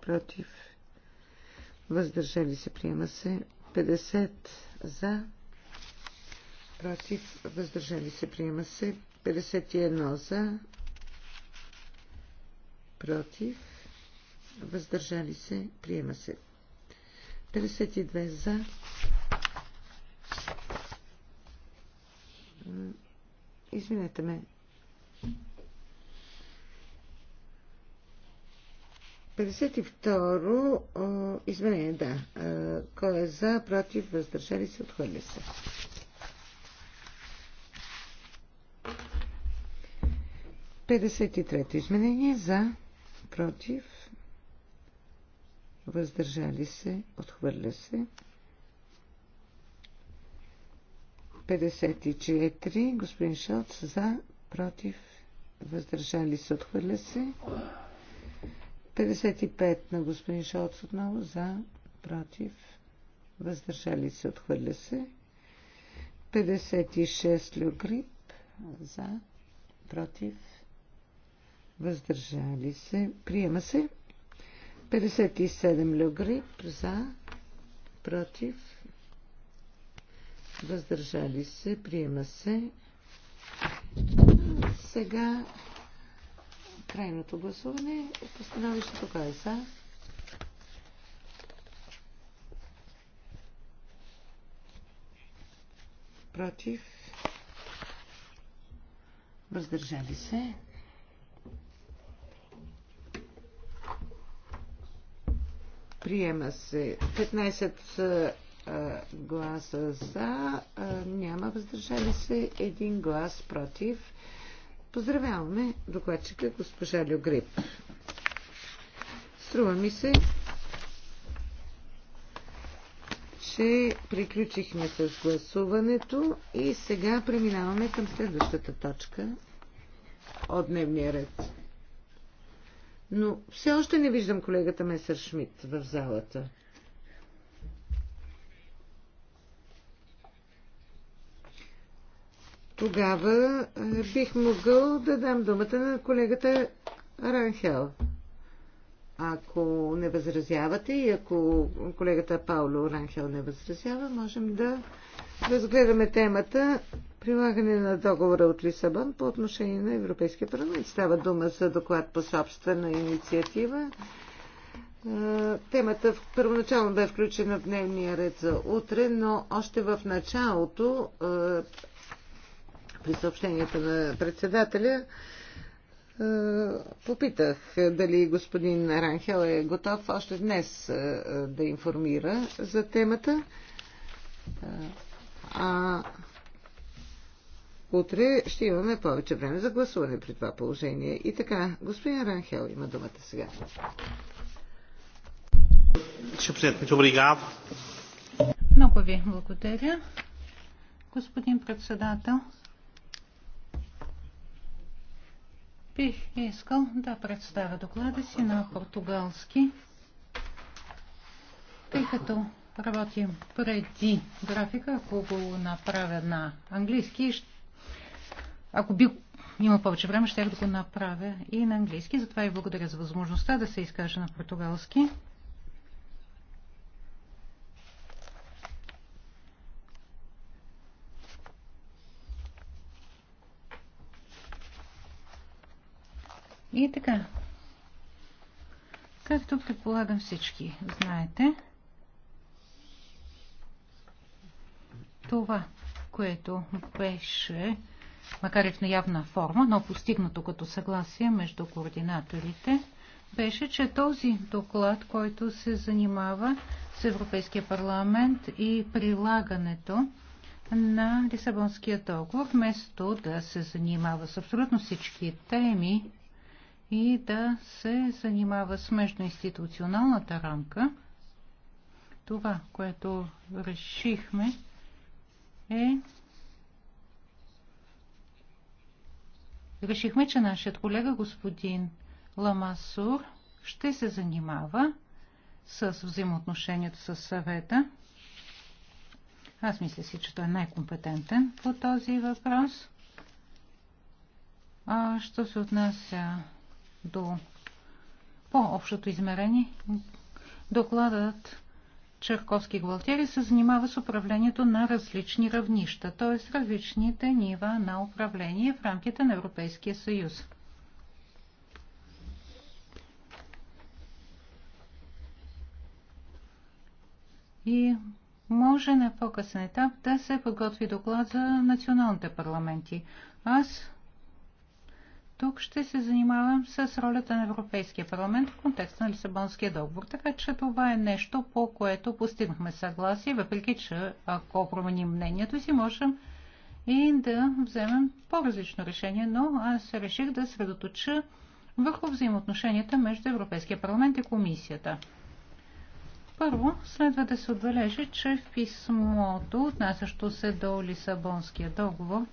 S2: против, въздържали се, приема се. 50 за, против, въздържали се, приема се. 51 за, против, въздържали се, приема се. 52 за, извинете ме, 52 изменение, да. Кой е за, против, въздържали се, отхвърля се. 53-то изменение за, против, въздържали се, отхвърля се. 54, господин Шелц, за, против, въздържали се, отхвърля се. 55 на господин Шалц отново, за, против, въздържали се, отхвърля се. 56 Люгрип, за, против, въздържали се, приема се. 57 легри за, против, въздържали се, приема се. Сега крайното гласуване е становището кой е за? Против, въздържали се. Приема се 15 гласа за, няма въздържали се, един глас против. Поздравяваме докладчика госпожа Люгрип. Струва ми се, че приключихме с гласуването и сега преминаваме към следващата точка от дневния ред. Но все още не виждам колегата Месър Шмидт в залата. Тогава бих могъл да дам думата на колегата Ранхел. Ако не възразявате и ако колегата Пауло Ранхел не възразява, можем да разгледаме темата прилагане на договора от Лисабон по отношение на Европейския парламент. Става дума за доклад по собствена инициатива. Е, темата първоначално бе включена в дневния ред за утре, но още в началото е, при съобщенията на председателя е, попитах дали господин Ранхел е готов още днес да информира за темата. А утре ще имаме повече време за гласуване при това положение. И така, господин Ранхел има думата сега.
S3: Много ви благодаря, господин председател. Бих искал да представя доклада си на португалски, тъй като работим преди графика, ако го направя на английски, ако би имал повече време, ще да го направя и на английски. Затова и благодаря за възможността да се изкажа на португалски. И така. Както предполагам всички знаете, това, което беше макар и в неявна форма, но постигнато като съгласие между координаторите, беше, че този доклад, който се занимава с Европейския парламент и прилагането на Лисабонския договор, вместо да се занимава с абсолютно всички теми и да се занимава с междуинституционалната рамка, това, което решихме, е решихме, че нашият колега господин Ламасур ще се занимава с взаимоотношението с съвета. Аз мисля си, че той е най-компетентен по този въпрос. А що се отнася до по-общото измерение, докладът Черковски Гвалтери се занимава с управлението на различни равнища, т.е. различните нива на управление в рамките на Европейския съюз. И може на по-късен етап да се подготви доклад за националните парламенти. Аз тук ще се занимавам с ролята на Европейския парламент в контекста на Лисабонския договор. Така че това е нещо, по което постигнахме съгласие, въпреки че ако променим мнението си, можем и да вземем по-различно решение, но аз реших да средоточа върху взаимоотношенията между Европейския парламент и комисията. Първо, следва да се отбележи, че в писмото, отнасящо се до Лисабонския договор,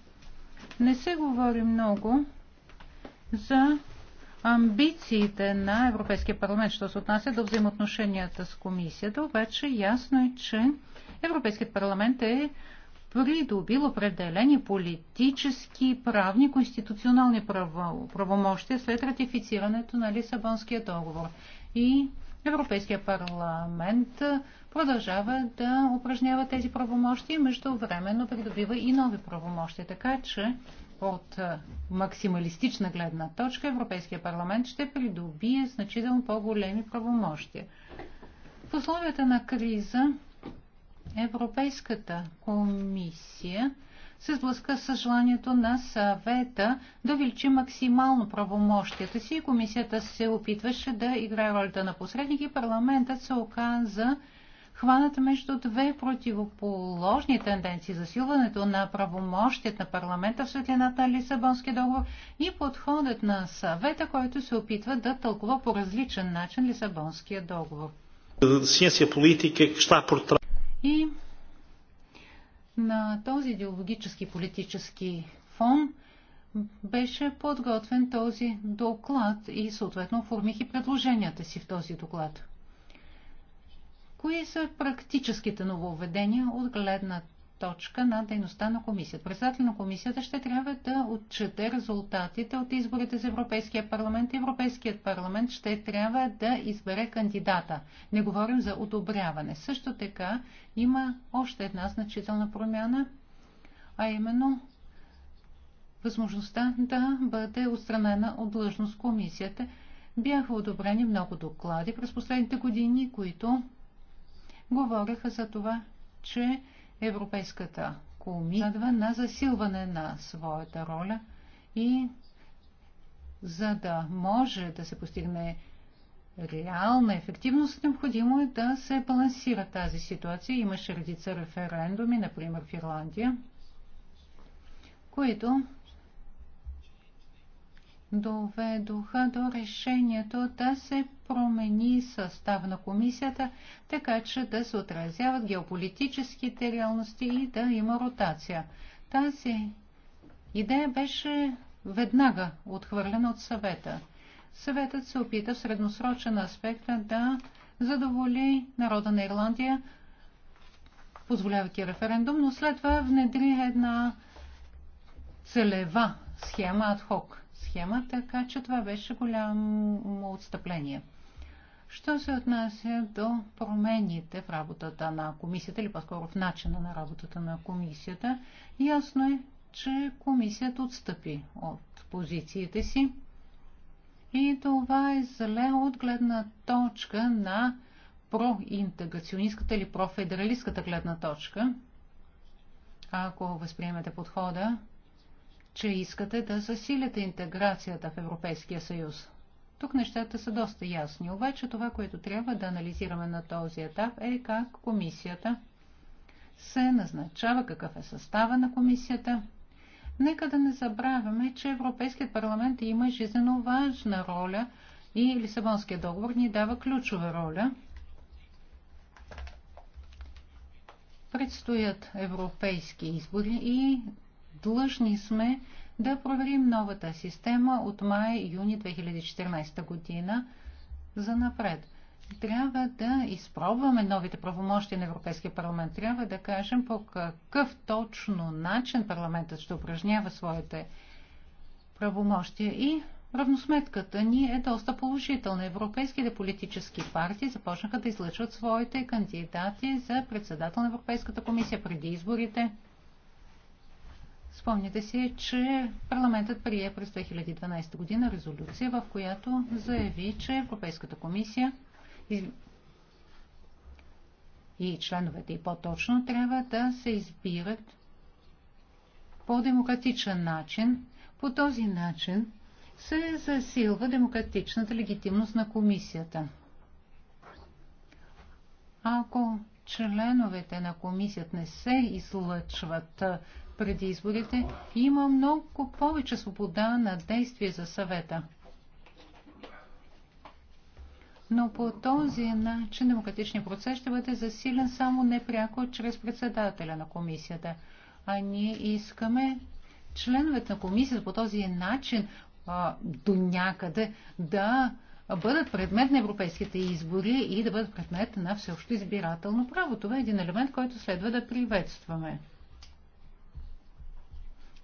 S3: не се говори много за амбициите на Европейския парламент, що се отнася до взаимоотношенията с комисията, обаче ясно е, че Европейският парламент е придобил определени политически, правни, конституционални право, правомощия след ратифицирането на Лисабонския договор. И Европейския парламент продължава да упражнява тези правомощи и междувременно придобива и нови правомощи. Така че от максималистична гледна точка Европейския парламент ще придобие значително по-големи правомощия. В условията на криза Европейската комисия се сблъска с желанието на съвета да увеличи максимално правомощията си. Комисията се опитваше да играе ролята на посредник и парламентът се оказа хванат между две противоположни тенденции. Засилването на правомощият на парламента в светлината на Лисабонския договор и подходът на съвета, който се опитва да тълкува по различен начин Лисабонския договор. И на този идеологически политически фон беше подготвен този доклад и съответно оформих и предложенията си в този доклад. Кои са практическите нововведения от гледна точка на дейността на комисията? Председател на комисията ще трябва да отчете резултатите от изборите за Европейския парламент. Европейският парламент ще трябва да избере кандидата. Не говорим за одобряване. Също така има още една значителна промяна, а именно възможността да бъде отстранена от длъжност комисията. Бяха одобрени много доклади през последните години, които говореха за това, че Европейската комисия на засилване на своята роля и за да може да се постигне реална ефективност, е необходимо е да се балансира тази ситуация. Имаше редица референдуми, например в Ирландия, които доведоха до решението да се промени състав на комисията, така че да се отразяват геополитическите реалности и да има ротация. Тази идея беше веднага отхвърлена от съвета. Съветът се опита в средносрочен аспект да задоволи народа на Ирландия, позволявайки референдум, но след това внедри една целева схема адхок схема, така че това беше голямо отстъпление. Що се отнася до промените в работата на комисията, или по-скоро в начина на работата на комисията, ясно е, че комисията отстъпи от позициите си. И това е зле от гледна точка на проинтеграционистката или профедералистката гледна точка. Ако възприемете подхода, че искате да засилите интеграцията в Европейския съюз. Тук нещата са доста ясни, обаче това, което трябва да анализираме на този етап е как комисията се назначава, какъв е състава на комисията. Нека да не забравяме, че Европейският парламент има жизненно важна роля и Лисабонския договор ни дава ключова роля. Предстоят европейски избори и длъжни сме да проверим новата система от май-юни 2014 година за напред. Трябва да изпробваме новите правомощи на Европейския парламент. Трябва да кажем по какъв точно начин парламентът ще упражнява своите правомощия. И равносметката ни е доста положителна. Европейските политически партии започнаха да излъчват своите кандидати за председател на Европейската комисия преди изборите. Спомняте си, че парламентът прие през 2012 година резолюция, в която заяви, че Европейската комисия и членовете и по-точно трябва да се избират по демократичен начин. По този начин се засилва демократичната легитимност на комисията. Ако членовете на комисията не се излъчват преди изборите, има много повече свобода на действие за съвета. Но по този начин демократичният процес ще бъде засилен само непряко чрез председателя на комисията. А ние искаме членовете на комисията по този начин а, до някъде да бъдат предмет на европейските избори и да бъдат предмет на всеобщо избирателно право. Това е един елемент, който следва да приветстваме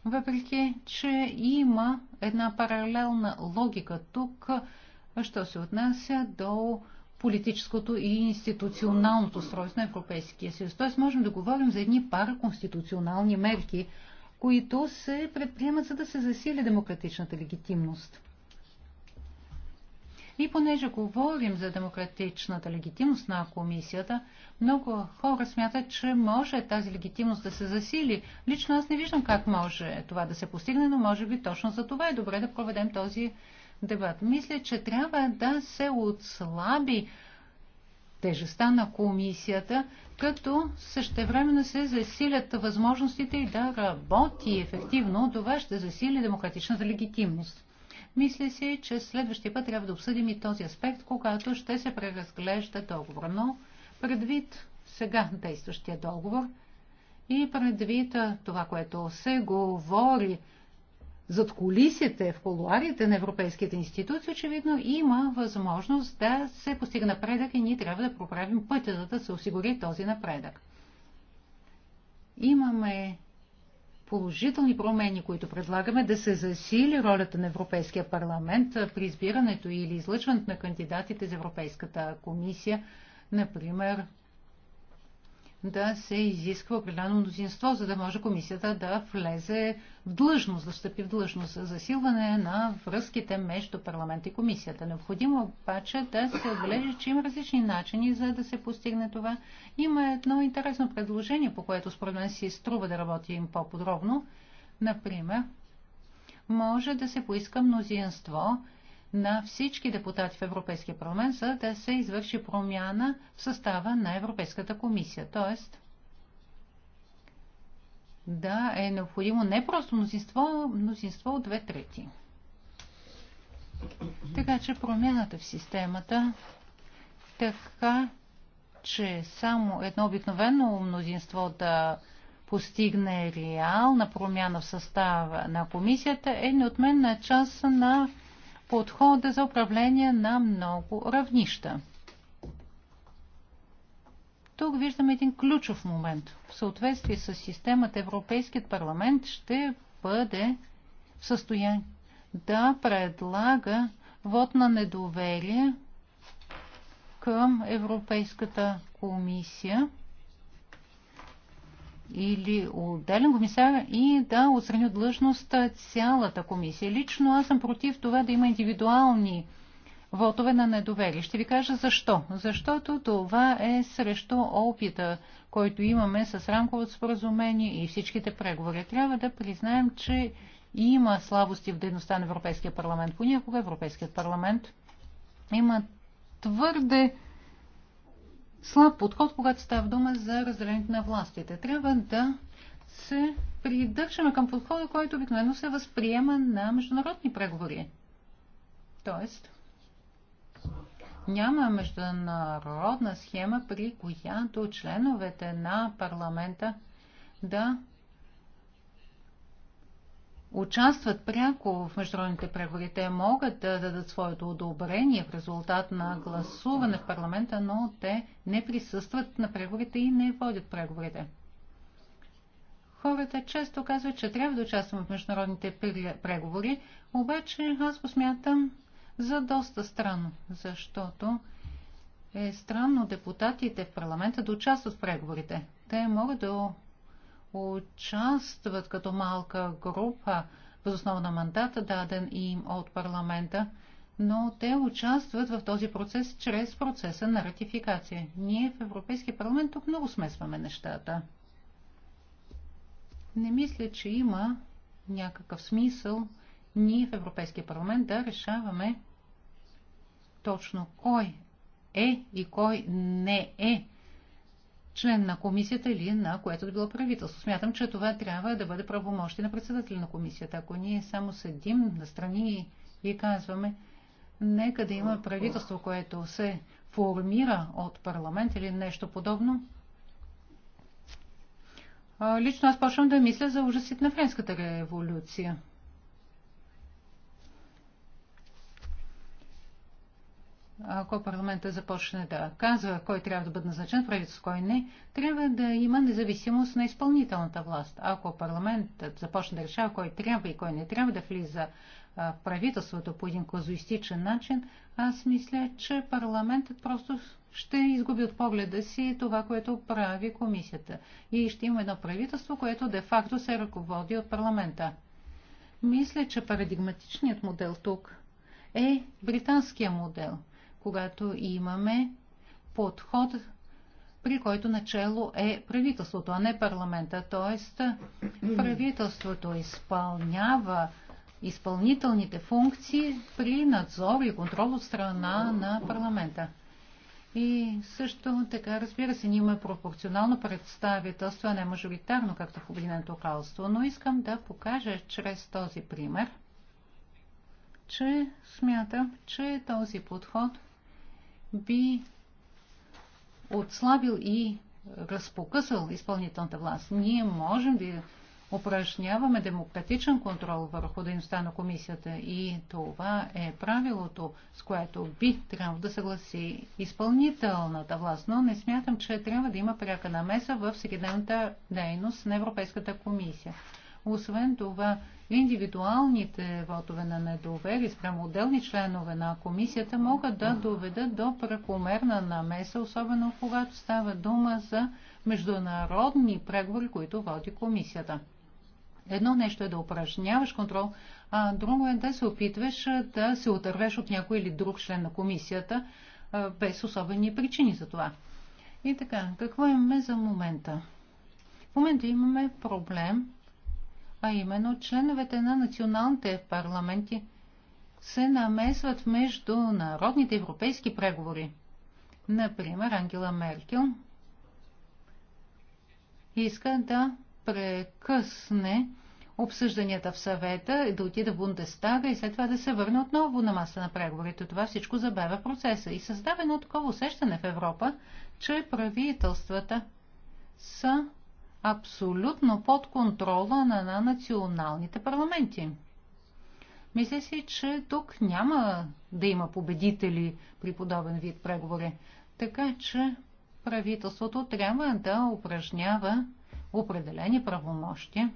S3: въпреки че има една паралелна логика тук, що се отнася до политическото и институционалното устройство на Европейския съюз. Тоест можем да говорим за едни параконституционални мерки, които се предприемат, за да се засили демократичната легитимност. И понеже говорим за демократичната легитимност на комисията, много хора смятат, че може тази легитимност да се засили. Лично аз не виждам как може това да се постигне, но може би точно за това е добре да проведем този дебат. Мисля, че трябва да се отслаби тежестта на комисията, като същевременно се засилят възможностите и да работи ефективно. Това ще засили демократичната легитимност. Мисля си, че следващия път трябва да обсъдим и този аспект, когато ще се преразглежда договор. Но предвид сега действащия договор и предвид това, което се говори зад колисите, в колуарите на европейските институции, очевидно има възможност да се постига напредък и ние трябва да проправим пътя, за да се осигури този напредък. Имаме положителни промени, които предлагаме, да се засили ролята на Европейския парламент при избирането или излъчването на кандидатите за Европейската комисия, например да се изисква определено мнозинство, за да може комисията да влезе в длъжност, да стъпи в длъжност за засилване на връзките между парламент и комисията. Необходимо обаче да се отбележи, че има различни начини за да се постигне това. Има едно интересно предложение, по което според мен си струва да работим по-подробно. Например, може да се поиска мнозинство на всички депутати в Европейския парламент, за да се извърши промяна в състава на Европейската комисия. Тоест, да, е необходимо не просто мнозинство, мнозинство от две трети. Така че промяната в системата, така че само едно обикновено мнозинство да постигне реална промяна в състава на комисията е неотменна част на подхода за управление на много равнища. Тук виждаме един ключов момент. В съответствие с системата Европейският парламент ще бъде в състояние да предлага вод на недоверие към Европейската комисия или отделен комисар и да отстрани от длъжност цялата комисия. Лично аз съм против това да има индивидуални вотове на недоверие. Ще ви кажа защо. Защото това е срещу опита, който имаме с рамковото споразумение и всичките преговори. Трябва да признаем, че има слабости в дейността на Европейския парламент. Понякога Европейският парламент има твърде слаб подход, когато става дума за разделението на властите. Трябва да се придържаме към подхода, който обикновено се възприема на международни преговори. Тоест, няма международна схема, при която членовете на парламента да участват пряко в международните преговори. Те могат да дадат своето одобрение в резултат на гласуване в парламента, но те не присъстват на преговорите и не водят преговорите. Хората често казват, че трябва да участвам в международните преговори, обаче аз го смятам за доста странно, защото е странно депутатите в парламента да участват в преговорите. Те могат да участват като малка група в основа на мандата, даден им от парламента, но те участват в този процес чрез процеса на ратификация. Ние в Европейския парламент тук много смесваме нещата. Не мисля, че има някакъв смисъл ние в Европейския парламент да решаваме точно кой е и кой не е член на комисията или на което да било правителство. Смятам, че това трябва да бъде правомощи на председателя на комисията. Ако ние само седим на страни и казваме, нека да има правителство, което се формира от парламент или нещо подобно, лично аз почвам да мисля за ужасите на Френската революция. ако парламента започне да казва кой трябва да бъде назначен, правителство, кой не, трябва да има независимост на изпълнителната власт. Ако парламентът започне да решава кой трябва и кой не трябва да влиза в правителството по един казуистичен начин, аз мисля, че парламентът просто ще изгуби от погледа си това, което прави комисията. И ще има едно правителство, което де-факто се ръководи от парламента. Мисля, че парадигматичният модел тук е британския модел – когато имаме подход, при който начало е правителството, а не парламента. Тоест, правителството изпълнява изпълнителните функции при надзор и контрол от страна на парламента. И също така, разбира се, ние имаме пропорционално представителство, а не мажоритарно, както в Обединеното кралство, но искам да покажа чрез този пример, че смятам, че този подход би отслабил и разпокъсал изпълнителната власт. Ние можем да упражняваме демократичен контрол върху дейността на комисията и това е правилото, с което би трябвало да съгласи изпълнителната власт, но не смятам, че трябва да има пряка намеса в всекидневната дейност на Европейската комисия. Освен това, индивидуалните вотове на недоверие спрямо отделни членове на комисията могат да доведат до прекомерна намеса, особено когато става дума за международни преговори, които води комисията. Едно нещо е да упражняваш контрол, а друго е да се опитваш да се отървеш от някой или друг член на комисията, без особени причини за това. И така, какво имаме за момента? В момента имаме проблем а именно членовете на националните парламенти се намесват в международните европейски преговори. Например, Ангела Меркел иска да прекъсне обсъжданията в съвета, да отида в Бундестага и след това да се върне отново на маса на преговорите. Това всичко забавя процеса и създава едно такова усещане в Европа, че правителствата са абсолютно под контрола на, на националните парламенти. Мисля си, че тук няма да има победители при подобен вид преговори. Така че правителството трябва да упражнява определени правомощи,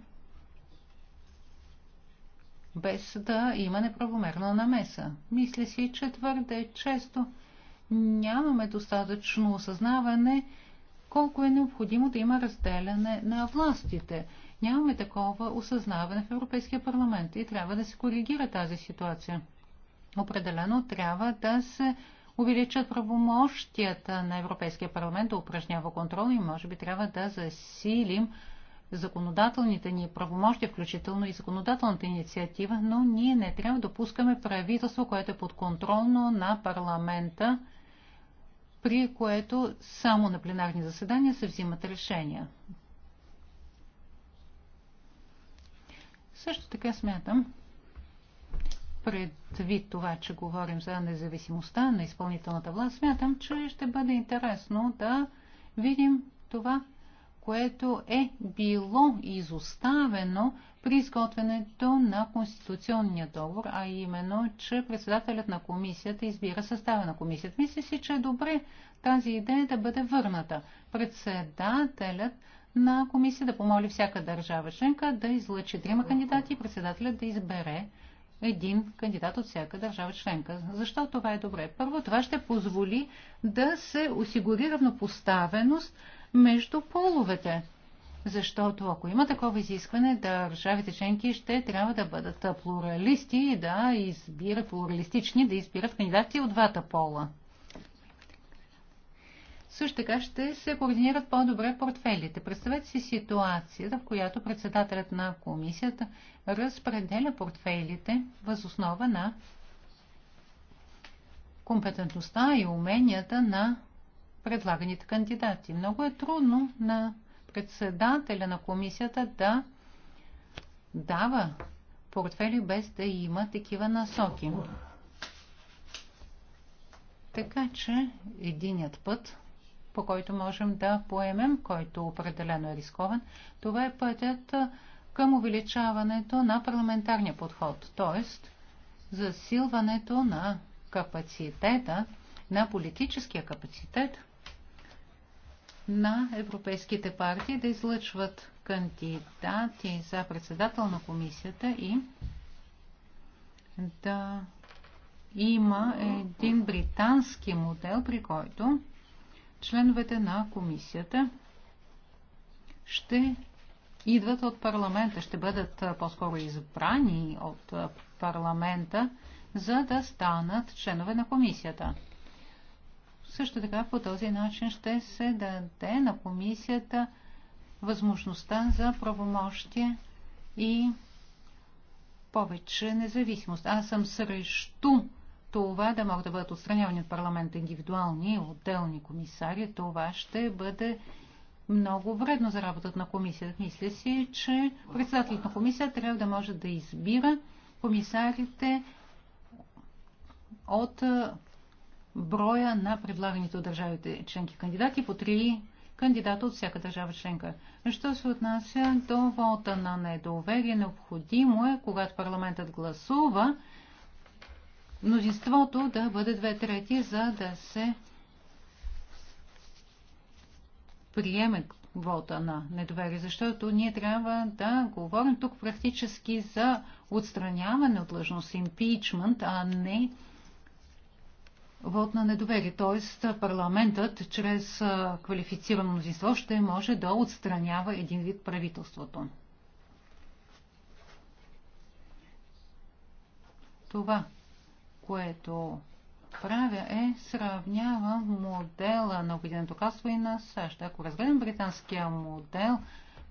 S3: без да има неправомерна намеса. Мисля си, че твърде често нямаме достатъчно осъзнаване колко е необходимо да има разделяне на властите. Нямаме такова осъзнаване в Европейския парламент и трябва да се коригира тази ситуация. Определено трябва да се увеличат правомощията на Европейския парламент да упражнява контрол и може би трябва да засилим законодателните ни правомощия, включително и законодателната инициатива, но ние не трябва да допускаме правителство, което е подконтролно на парламента при което само на пленарни заседания се взимат решения. Също така смятам, предвид това, че говорим за независимостта на изпълнителната власт, смятам, че ще бъде интересно да видим това, което е било изоставено при изготвянето на конституционния договор, а именно, че председателят на комисията избира състава на комисията. Мисля си, че е добре тази идея да бъде върната. Председателят на комисия да помоли всяка държава членка да излъчи трима кандидати и председателят да избере един кандидат от всяка държава членка. Защо това е добре? Първо, това ще позволи да се осигури равнопоставеност между половете. Защото ако има такова изискване, държавите членки ще трябва да бъдат плуралисти и да избират, плуралистични, да избират кандидати от двата пола. Също така ще се координират по-добре портфелите. Представете си ситуацията, в която председателят на комисията разпределя портфелите възоснова на компетентността и уменията на предлаганите кандидати. Много е трудно на председателя на комисията да дава портфели без да има такива насоки. Така че единият път, по който можем да поемем, който определено е рискован, това е пътят към увеличаването на парламентарния подход, т.е. засилването на капацитета, на политическия капацитет – на европейските партии да излъчват кандидати за председател на комисията и да има един британски модел, при който членовете на комисията ще идват от парламента, ще бъдат по-скоро избрани от парламента, за да станат членове на комисията. Също така по този начин ще се даде на комисията възможността за правомощие и повече независимост. Аз съм срещу това да могат да бъдат отстранявани от парламента индивидуални, отделни комисари. Това ще бъде много вредно за работата на комисията. Мисля си, че председателят на комисията трябва да може да избира комисарите от броя на предлаганите от държавите членки кандидати по три кандидата от всяка държава членка. Що се отнася до волта на недоверие, необходимо е, когато парламентът гласува, мнозинството да бъде две трети, за да се приеме вота на недоверие, защото ние трябва да говорим тук практически за отстраняване от длъжност, импичмент, а не вод на недоверие, т.е. парламентът чрез квалифицирано мнозинство ще може да отстранява един вид правителството. Това, което правя е сравнява модела на Обединеното кралство и на САЩ. Ако разгледам британския модел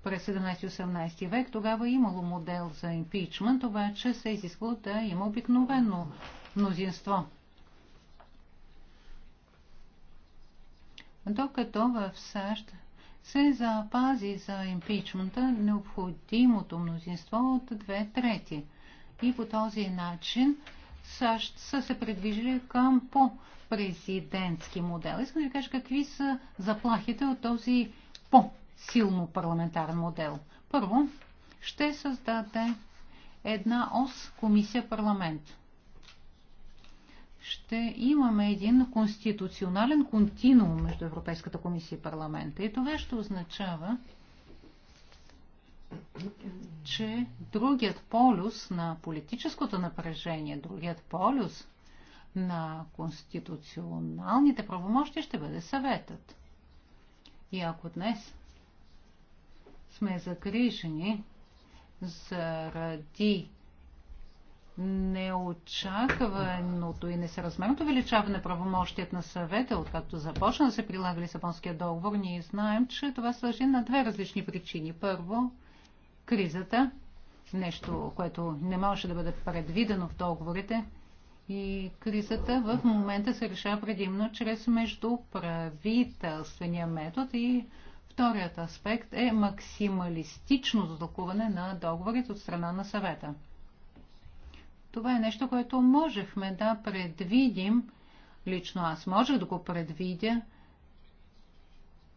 S3: през 17-18 век, тогава е имало модел за импичмент, обаче се е изисквало да има обикновено мнозинство. докато в САЩ се запази за импичмента необходимото мнозинство от две трети. И по този начин САЩ са се предвижили към по-президентски модел. Искам да ви кажа какви са заплахите от този по-силно парламентарен модел. Първо, ще създаде една ОС комисия парламент ще имаме един конституционален континуум между Европейската комисия и парламента. И това ще означава, че другият полюс на политическото напрежение, другият полюс на конституционалните правомощи ще бъде съветът. И ако днес сме загрижени заради неочакваното и несъразмерното увеличаване правомощият на съвета, откакто започна да се прилага Лисабонския договор, ние знаем, че това сложи на две различни причини. Първо, кризата, нещо, което не можеше да бъде предвидено в договорите, и кризата в момента се решава предимно чрез междуправителствения метод и вторият аспект е максималистичното тълкуване на договорите от страна на съвета. Това е нещо, което можехме да предвидим. Лично аз можех да го предвидя,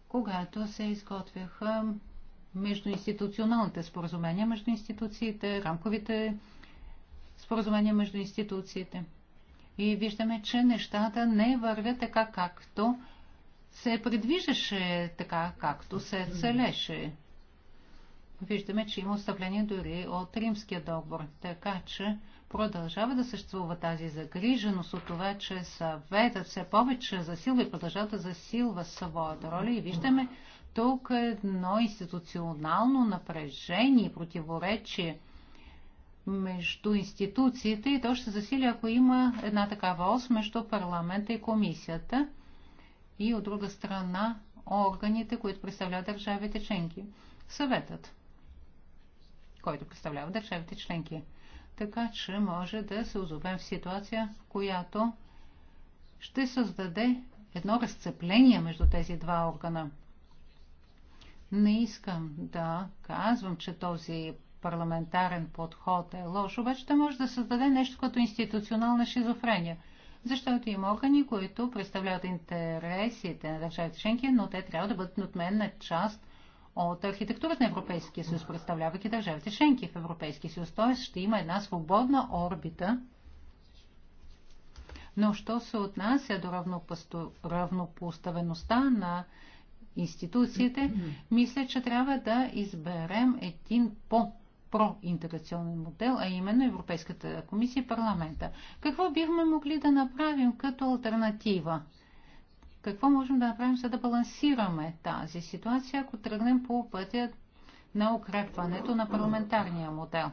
S3: когато се изготвяха междуинституционалните споразумения между институциите, рамковите споразумения между институциите. И виждаме, че нещата не вървят така, както се предвиждаше, така, както се целеше. Виждаме, че има оставление дори от римския договор. Така че продължава да съществува тази загриженост от това, че съветът все повече засилва и продължава да засилва своята роля и виждаме тук едно институционално напрежение и противоречие между институциите и то ще засили, ако има една такава ос между парламента и комисията и от друга страна органите, които представляват държавите членки. Съветът, който представлява държавите членки така че може да се озовем в ситуация, в която ще създаде едно разцепление между тези два органа. Не искам да казвам, че този парламентарен подход е лош, обаче да може да създаде нещо като институционална шизофрения. Защото има органи, които представляват интересите на държавите членки, но те трябва да бъдат на част от архитектурата на Европейския съюз, представлявайки държавите членки в Европейския съюз. Т.е. ще има една свободна орбита. Но що се отнася до равнопоставеността на институциите, мисля, че трябва да изберем един по проинтеграционен модел, а именно Европейската комисия и парламента. Какво бихме могли да направим като альтернатива? Какво можем да направим, за да балансираме тази ситуация, ако тръгнем по пътя на укрепването на парламентарния модел?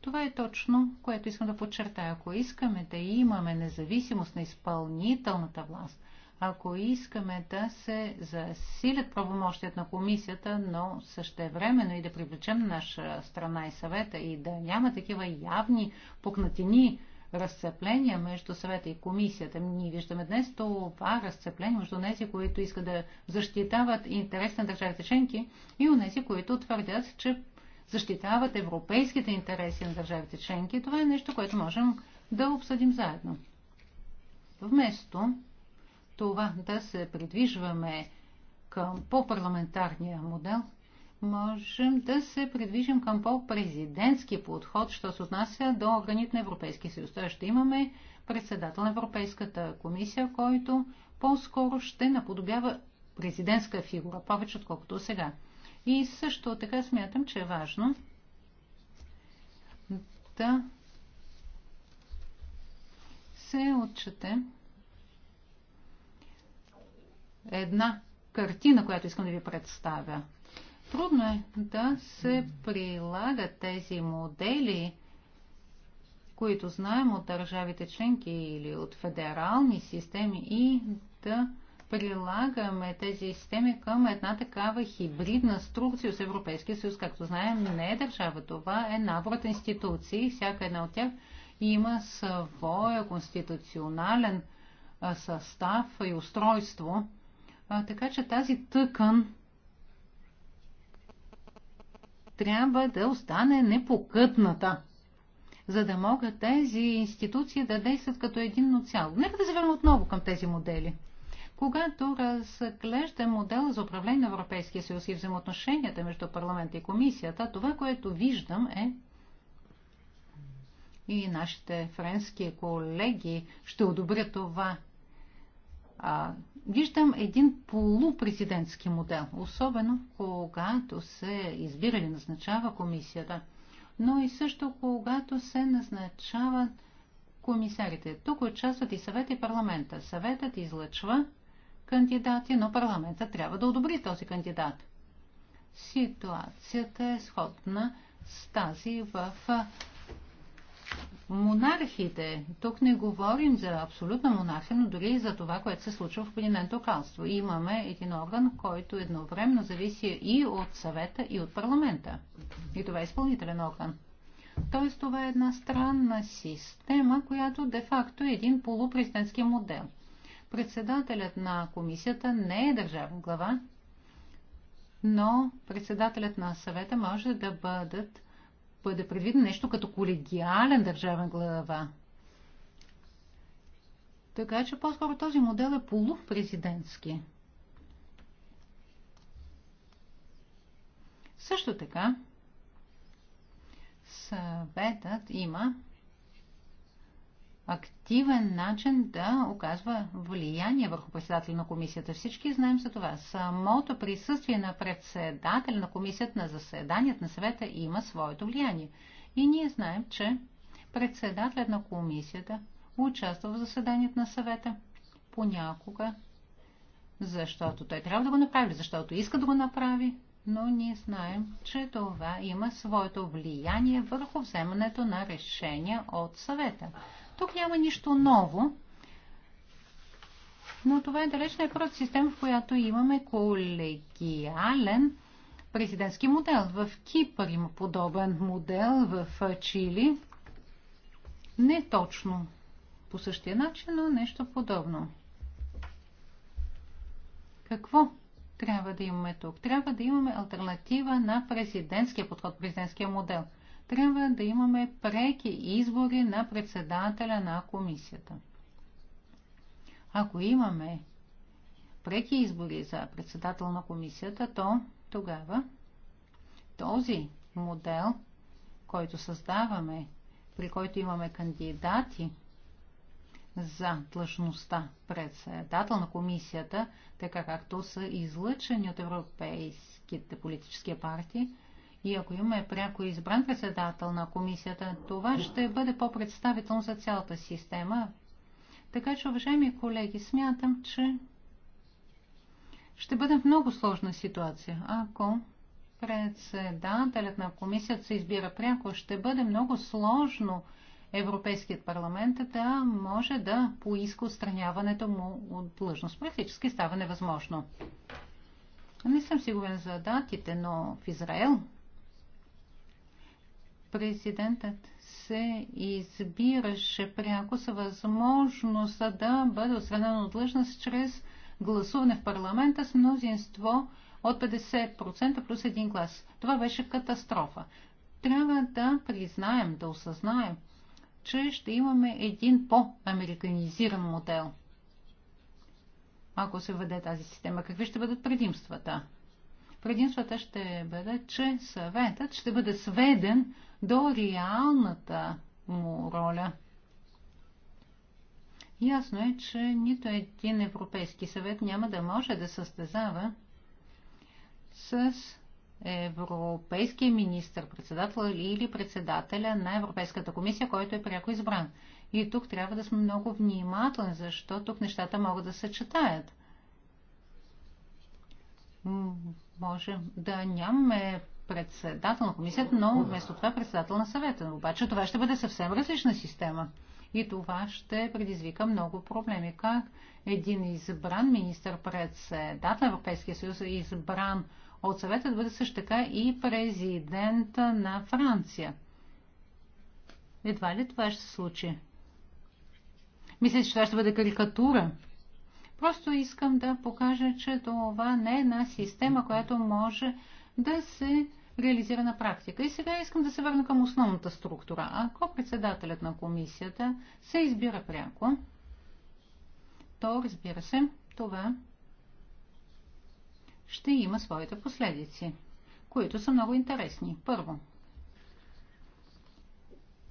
S3: Това е точно, което искам да подчертая. Ако искаме да имаме независимост на изпълнителната власт, ако искаме да се засилят правомощият на комисията, но същевременно и да привлечем наша страна и съвета и да няма такива явни пукнатини разцепление между съвета и комисията. Ние виждаме днес това разцепление между тези, които искат да защитават интерес на държавите членки и онези, които твърдят, че защитават европейските интереси на държавите членки. Това е нещо, което можем да обсъдим заедно. Вместо това да се придвижваме към по-парламентарния модел – можем да се придвижим към по-президентски подход, що се отнася до органите на Европейския съюз. Тоест ще имаме председател на Европейската комисия, който по-скоро ще наподобява президентска фигура, повече отколкото сега. И също така смятам, че е важно да се отчете една картина, която искам да ви представя. Трудно е да се прилагат тези модели, които знаем от държавите членки или от федерални системи и да прилагаме тези системи към една такава хибридна структура с Европейския съюз. Както знаем, не е държава, това е набор от институции. Всяка една от тях има своя конституционален състав и устройство. Така че тази тъкън трябва да остане непокътната, за да могат тези институции да действат като единно цяло. Нека да се върнем отново към тези модели. Когато разглежда модела за управление на Европейския съюз и взаимоотношенията между парламента и комисията, това, което виждам е и нашите френски колеги ще одобрят това а, виждам един полупрезидентски модел, особено когато се избира или назначава комисията, но и също когато се назначават комисарите. Тук участват и съвет и парламента. Съветът излъчва кандидати, но парламента трябва да одобри този кандидат. Ситуацията е сходна с тази в монархите. Тук не говорим за абсолютна монархия, но дори и за това, което се случва в Обединеното кралство. имаме един орган, който едновременно зависи и от съвета, и от парламента. И това е изпълнителен орган. Тоест това е една странна система, която де-факто е един полупрезидентски модел. Председателят на комисията не е държавен глава, но председателят на съвета може да бъдат бъде предвидено нещо като колегиален държавен глава. Така че по-скоро този модел е полупрезидентски. Също така, съветът има активен начин да оказва влияние върху Председател на комисията. Всички знаем за това. Самото присъствие на председател на комисията на заседанието на съвета има своето влияние. И ние знаем, че председателят на комисията участва в заседанието на съвета понякога, защото той трябва да го направи, защото иска да го направи, но ние знаем, че това има своето влияние върху вземането на решения от съвета. Тук няма нищо ново, но това е далеч не първата система, в която имаме колегиален президентски модел. В Кипър има подобен модел, в Чили. Не точно по същия начин, но нещо подобно. Какво трябва да имаме тук? Трябва да имаме альтернатива на президентския подход, президентския модел – трябва да имаме преки избори на председателя на комисията. Ако имаме преки избори за председател на комисията, то тогава този модел, който създаваме, при който имаме кандидати за длъжността председател на комисията, така както са излъчени от европейските политически партии, и ако имаме пряко избран председател на комисията, това ще бъде по-представително за цялата система. Така че, уважаеми колеги, смятам, че ще бъде в много сложна ситуация. Ако председателят на комисията се избира пряко, ще бъде много сложно Европейският парламент да може да поиска отстраняването му от длъжност. Практически става невъзможно. Не съм сигурен за датите, но в Израел президентът се избираше пряко с възможността да бъде отстранен от длъжност чрез гласуване в парламента с мнозинство от 50% плюс един глас. Това беше катастрофа. Трябва да признаем, да осъзнаем, че ще имаме един по-американизиран модел. Ако се въде тази система, какви ще бъдат предимствата? Предимствата ще бъде, че съветът ще бъде сведен до реалната му роля. Ясно е, че нито един Европейски съвет няма да може да състезава с европейския министр-председател или председателя на Европейската комисия, който е пряко избран. И тук трябва да сме много внимателни, защото тук нещата могат да се четаят можем да нямаме председател на комисията, но вместо това председател на съвета. Обаче това ще бъде съвсем различна система. И това ще предизвика много проблеми. Как един избран министър-председател на Европейския съюз, избран от съвета, да бъде също така и президент на Франция. Едва ли това ще се случи? Мисля, че това ще бъде карикатура Просто искам да покажа, че това не е една система, която може да се реализира на практика. И сега искам да се върна към основната структура. Ако председателят на комисията се избира пряко, то разбира се, това ще има своите последици, които са много интересни. Първо,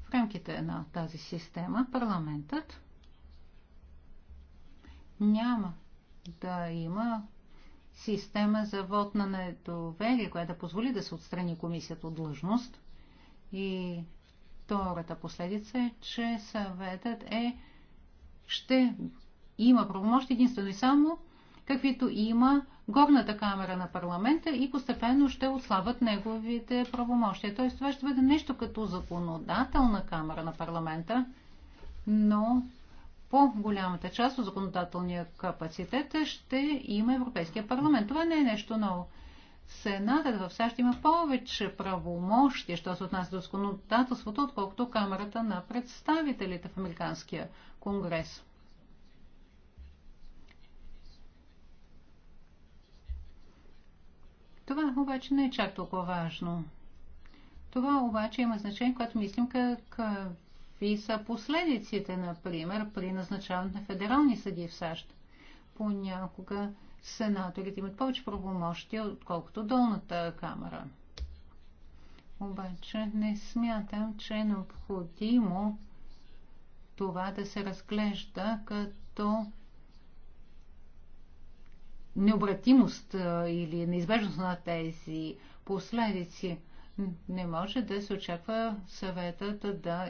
S3: в рамките на тази система парламентът няма да има система за вод на недоверие, която да позволи да се отстрани комисията от длъжност. И втората последица е, че съветът е ще има правомощи единствено и само каквито има горната камера на парламента и постепенно ще отслабват неговите правомощия. Т.е. това ще бъде нещо като законодателна камера на парламента, но по-голямата част от законодателния капацитет ще има Европейския парламент. Това не е нещо ново. Сенатът в САЩ има повече правомощи, що се отнася до законодателството, отколкото Камерата на представителите в Американския конгрес. Това обаче не е чак толкова важно. Това обаче има значение, когато мислим как какви са последиците, например, при назначаването на федерални съди в САЩ. Понякога сенаторите имат повече правомощия, отколкото долната камера. Обаче не смятам, че е необходимо това да се разглежда като необратимост или неизбежност на тези последици. Не може да се очаква съветът да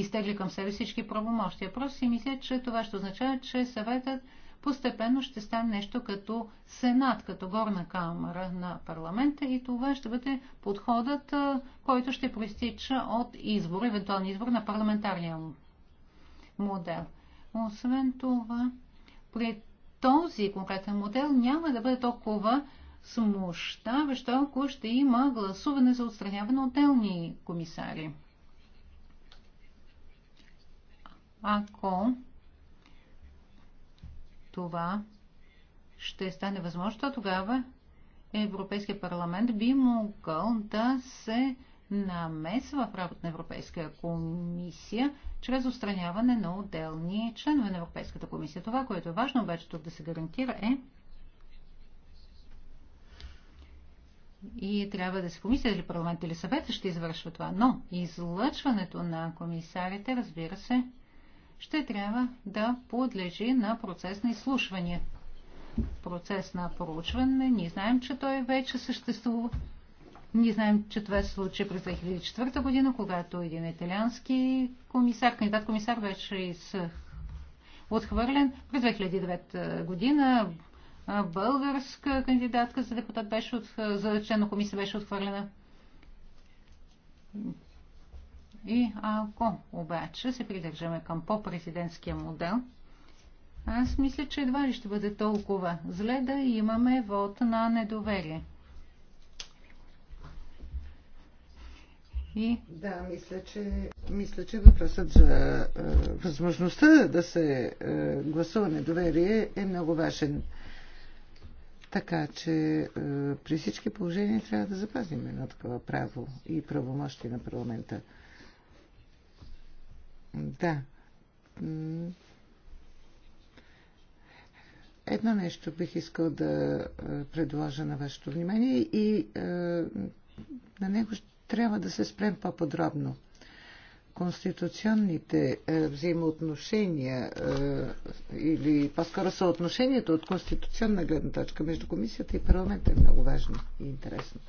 S3: изтегли към себе всички правомощия. Просто си мисля, че това ще означава, че съветът постепенно ще стане нещо като Сенат, като горна камера на парламента и това ще бъде подходът, който ще проистича от избор, евентуален избор на парламентарния модел. Освен това, при този конкретен модел няма да бъде толкова смущаващо, ако ще има гласуване за отстраняване на отделни комисари. ако това ще стане възможно, то тогава Европейския парламент би могъл да се намесва в работа на Европейска комисия чрез устраняване на отделни членове на Европейската комисия. Това, което е важно обаче тук да се гарантира е и трябва да се комисия или парламент или съвет ще извършва това. Но излъчването на комисарите, разбира се, ще трябва да подлежи на процес на изслушване. Процес на проучване, ние знаем, че той вече съществува. Ние знаем, че това се случи през 2004 година, когато един италиански комисар, кандидат-комисар беше из отхвърлен. През 2009 година българска кандидатка за депутат беше от, за член на комисия беше отхвърлена. И ако обаче се придържаме към по-президентския модел, аз мисля, че едва ли ще бъде толкова зле да имаме вод на недоверие.
S2: И... Да, мисля, че, мисля, че въпросът за е, възможността да се е, гласува недоверие е много важен. Така че е, при всички положения трябва да запазим едно такова право и правомощи на парламента. Да. Едно нещо бих искал да е, предложа на вашето внимание и е, на него трябва да се спрем по-подробно. Конституционните е, взаимоотношения е, или по-скоро съотношението от конституционна гледна точка между комисията и парламента е много важно и интересно.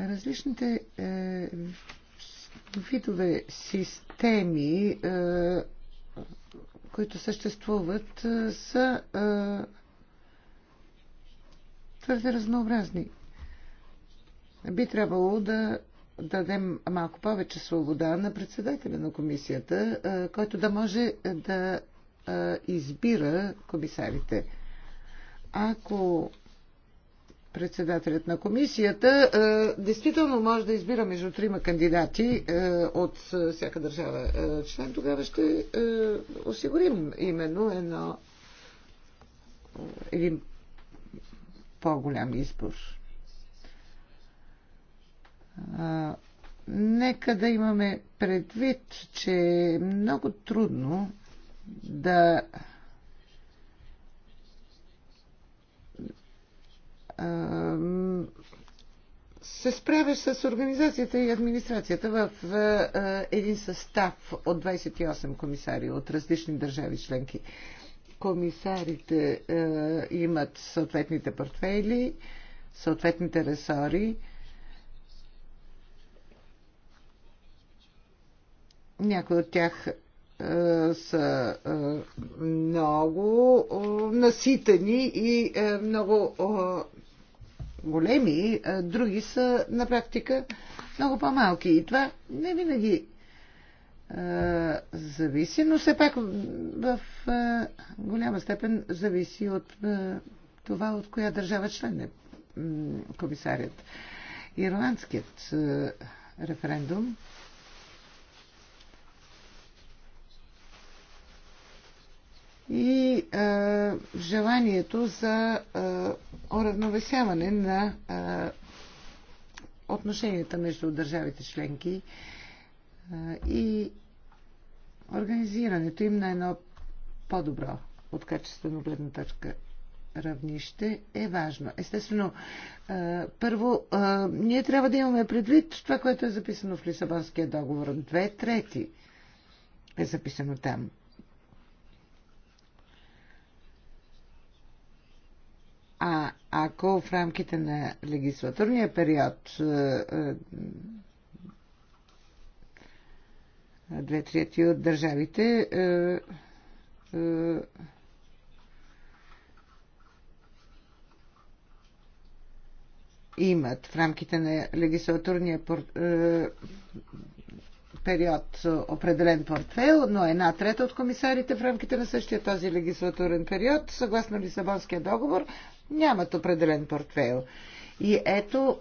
S2: Различните е, видове системи, е, които съществуват, е, са е, твърде разнообразни. Би трябвало да дадем малко повече свобода на председателя на комисията, който да може да избира комисарите. Ако председателят на комисията. Е, действително може да избира между трима кандидати е, от всяка държава е, член. Тогава ще осигурим именно едно, един по-голям избор. нека да имаме предвид, че е много трудно да се справяш с организацията и администрацията в един състав от 28 комисари от различни държави членки. Комисарите имат съответните портфейли, съответните ресори. Някои от тях са много наситени и много големи, а други са на практика много по-малки. И това не винаги а, зависи, но все пак в, в а, голяма степен зависи от а, това, от коя държава член е комисарят. Ирландският а, референдум и а, желанието за уравновесяване на а, отношенията между държавите членки а, и организирането им на едно по-добро от качествено гледна точка равнище е важно. Естествено, първо, ние трябва да имаме предвид това, което е записано в Лисабонския договор. Две трети е записано там. А ако в рамките на легислатурния период е, е, две трети от държавите е, имат в рамките на легислатурния период определен портфел, но една трета от комисарите в рамките на същия този легислатурен период, съгласно Лисабонския договор, нямат определен портфейл. И ето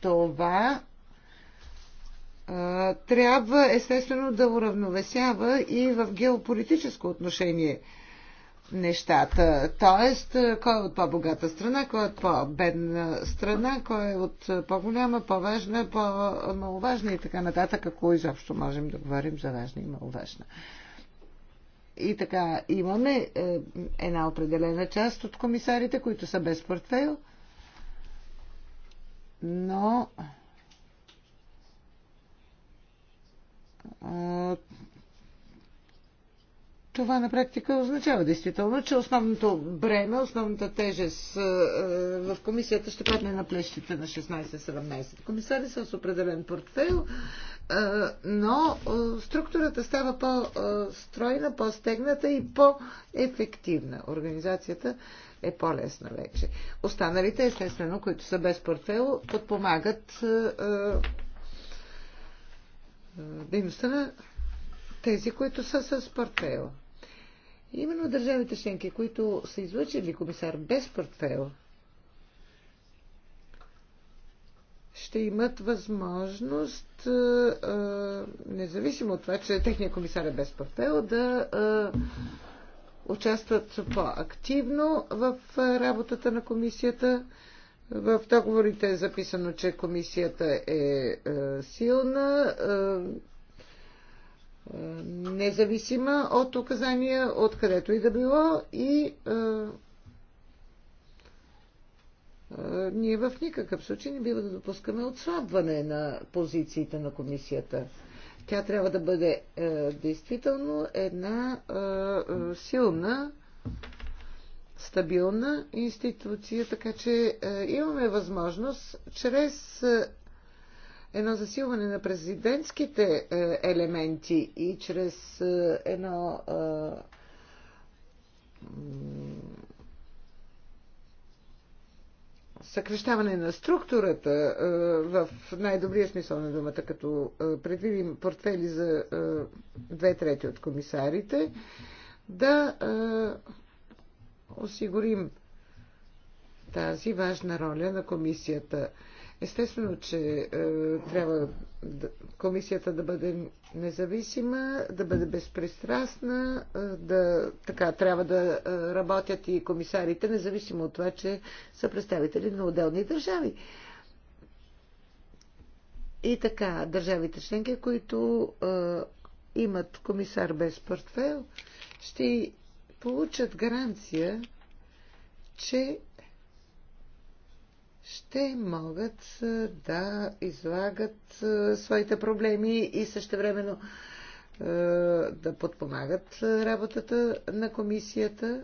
S2: това трябва естествено да уравновесява и в геополитическо отношение нещата. Тоест, кой е от по-богата страна, кой е от по-бедна страна, кой е от по-голяма, по-важна, по-маловажна и така нататък, ако изобщо можем да говорим за важна и маловажна. И така, имаме е, една определена част от комисарите, които са без портфейл, но е, това на практика означава действително, че основното бреме, основната тежест е, в комисията ще падне на плещите на 16-17 комисари с определен портфейл е, но е, структурата става по-стройна, по-стегната и по-ефективна. Организацията е по-лесна вече. Останалите, естествено, които са без портфел, подпомагат е, дейността на тези, които са с портфел. Именно държавите членки, които са излъчили комисар без портфел, ще имат възможност, независимо от това, че техния комисар е без портфел, да участват по-активно в работата на комисията. В договорите е записано, че комисията е силна, независима от указания, откъдето и да било и ние в никакъв случай не бива да допускаме отслабване на позициите на комисията. Тя трябва да бъде е, действително една е, е, силна, стабилна институция, така че е, имаме възможност чрез е, едно засилване на президентските е, елементи и чрез е, едно. Е, съкрещаване на структурата е, в най-добрия смисъл на думата, като е, предвидим портфели за е, две трети от комисарите, да осигурим тази важна роля на комисията. Естествено, че трябва комисията да бъде независима, да бъде безпристрастна, да, така трябва да работят и комисарите, независимо от това, че са представители на отделни държави. И така, държавите членки, които е, имат комисар без портфел, ще получат гаранция, че ще могат да излагат своите проблеми и същевременно да подпомагат работата на комисията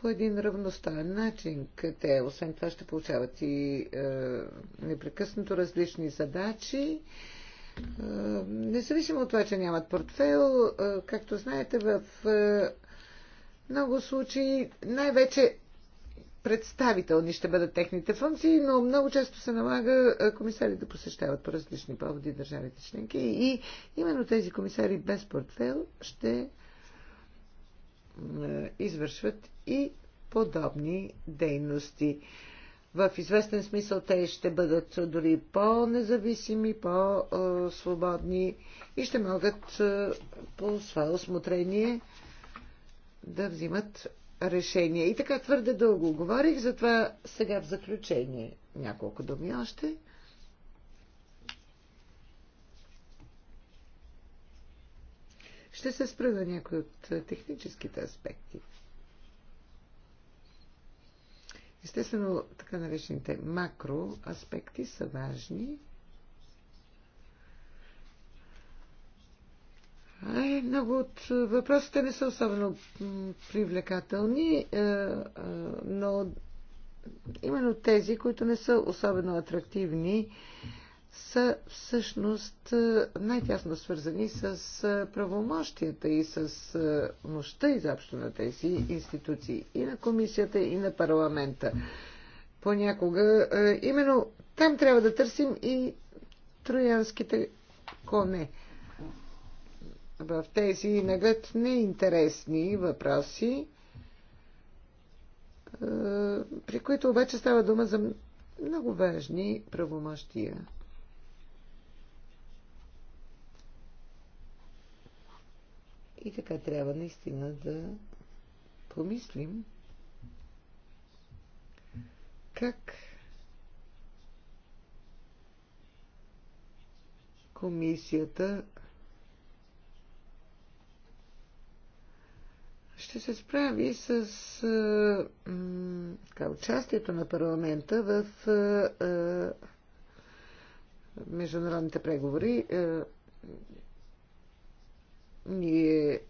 S2: по един равностоен начин. Те, освен това, ще получават и непрекъснато различни задачи. независимо от това, че нямат портфел, както знаете, в много случаи най-вече представителни ще бъдат техните функции, но много често се налага комисари да посещават по различни поводи държавите членки и именно тези комисари без портфел ще извършват и подобни дейности. В известен смисъл те ще бъдат дори по-независими, по-свободни и ще могат по свое осмотрение да взимат решения. И така твърде дълго говорих, затова сега в заключение няколко думи още. Ще се спра на някои от техническите аспекти. Естествено, така наречените макро аспекти са важни. Ай, много от въпросите не са особено привлекателни, е, е, но именно тези, които не са особено атрактивни, са всъщност е, най-тясно свързани с правомощията и с мощта изобщо на тези институции и на комисията, и на парламента. Понякога именно там трябва да търсим и троянските коне в тези наглед неинтересни въпроси, е, при които обаче става дума за много важни правомощия. И така трябва наистина да помислим как комисията ще се справи с така, участието на парламента в международните преговори. Ние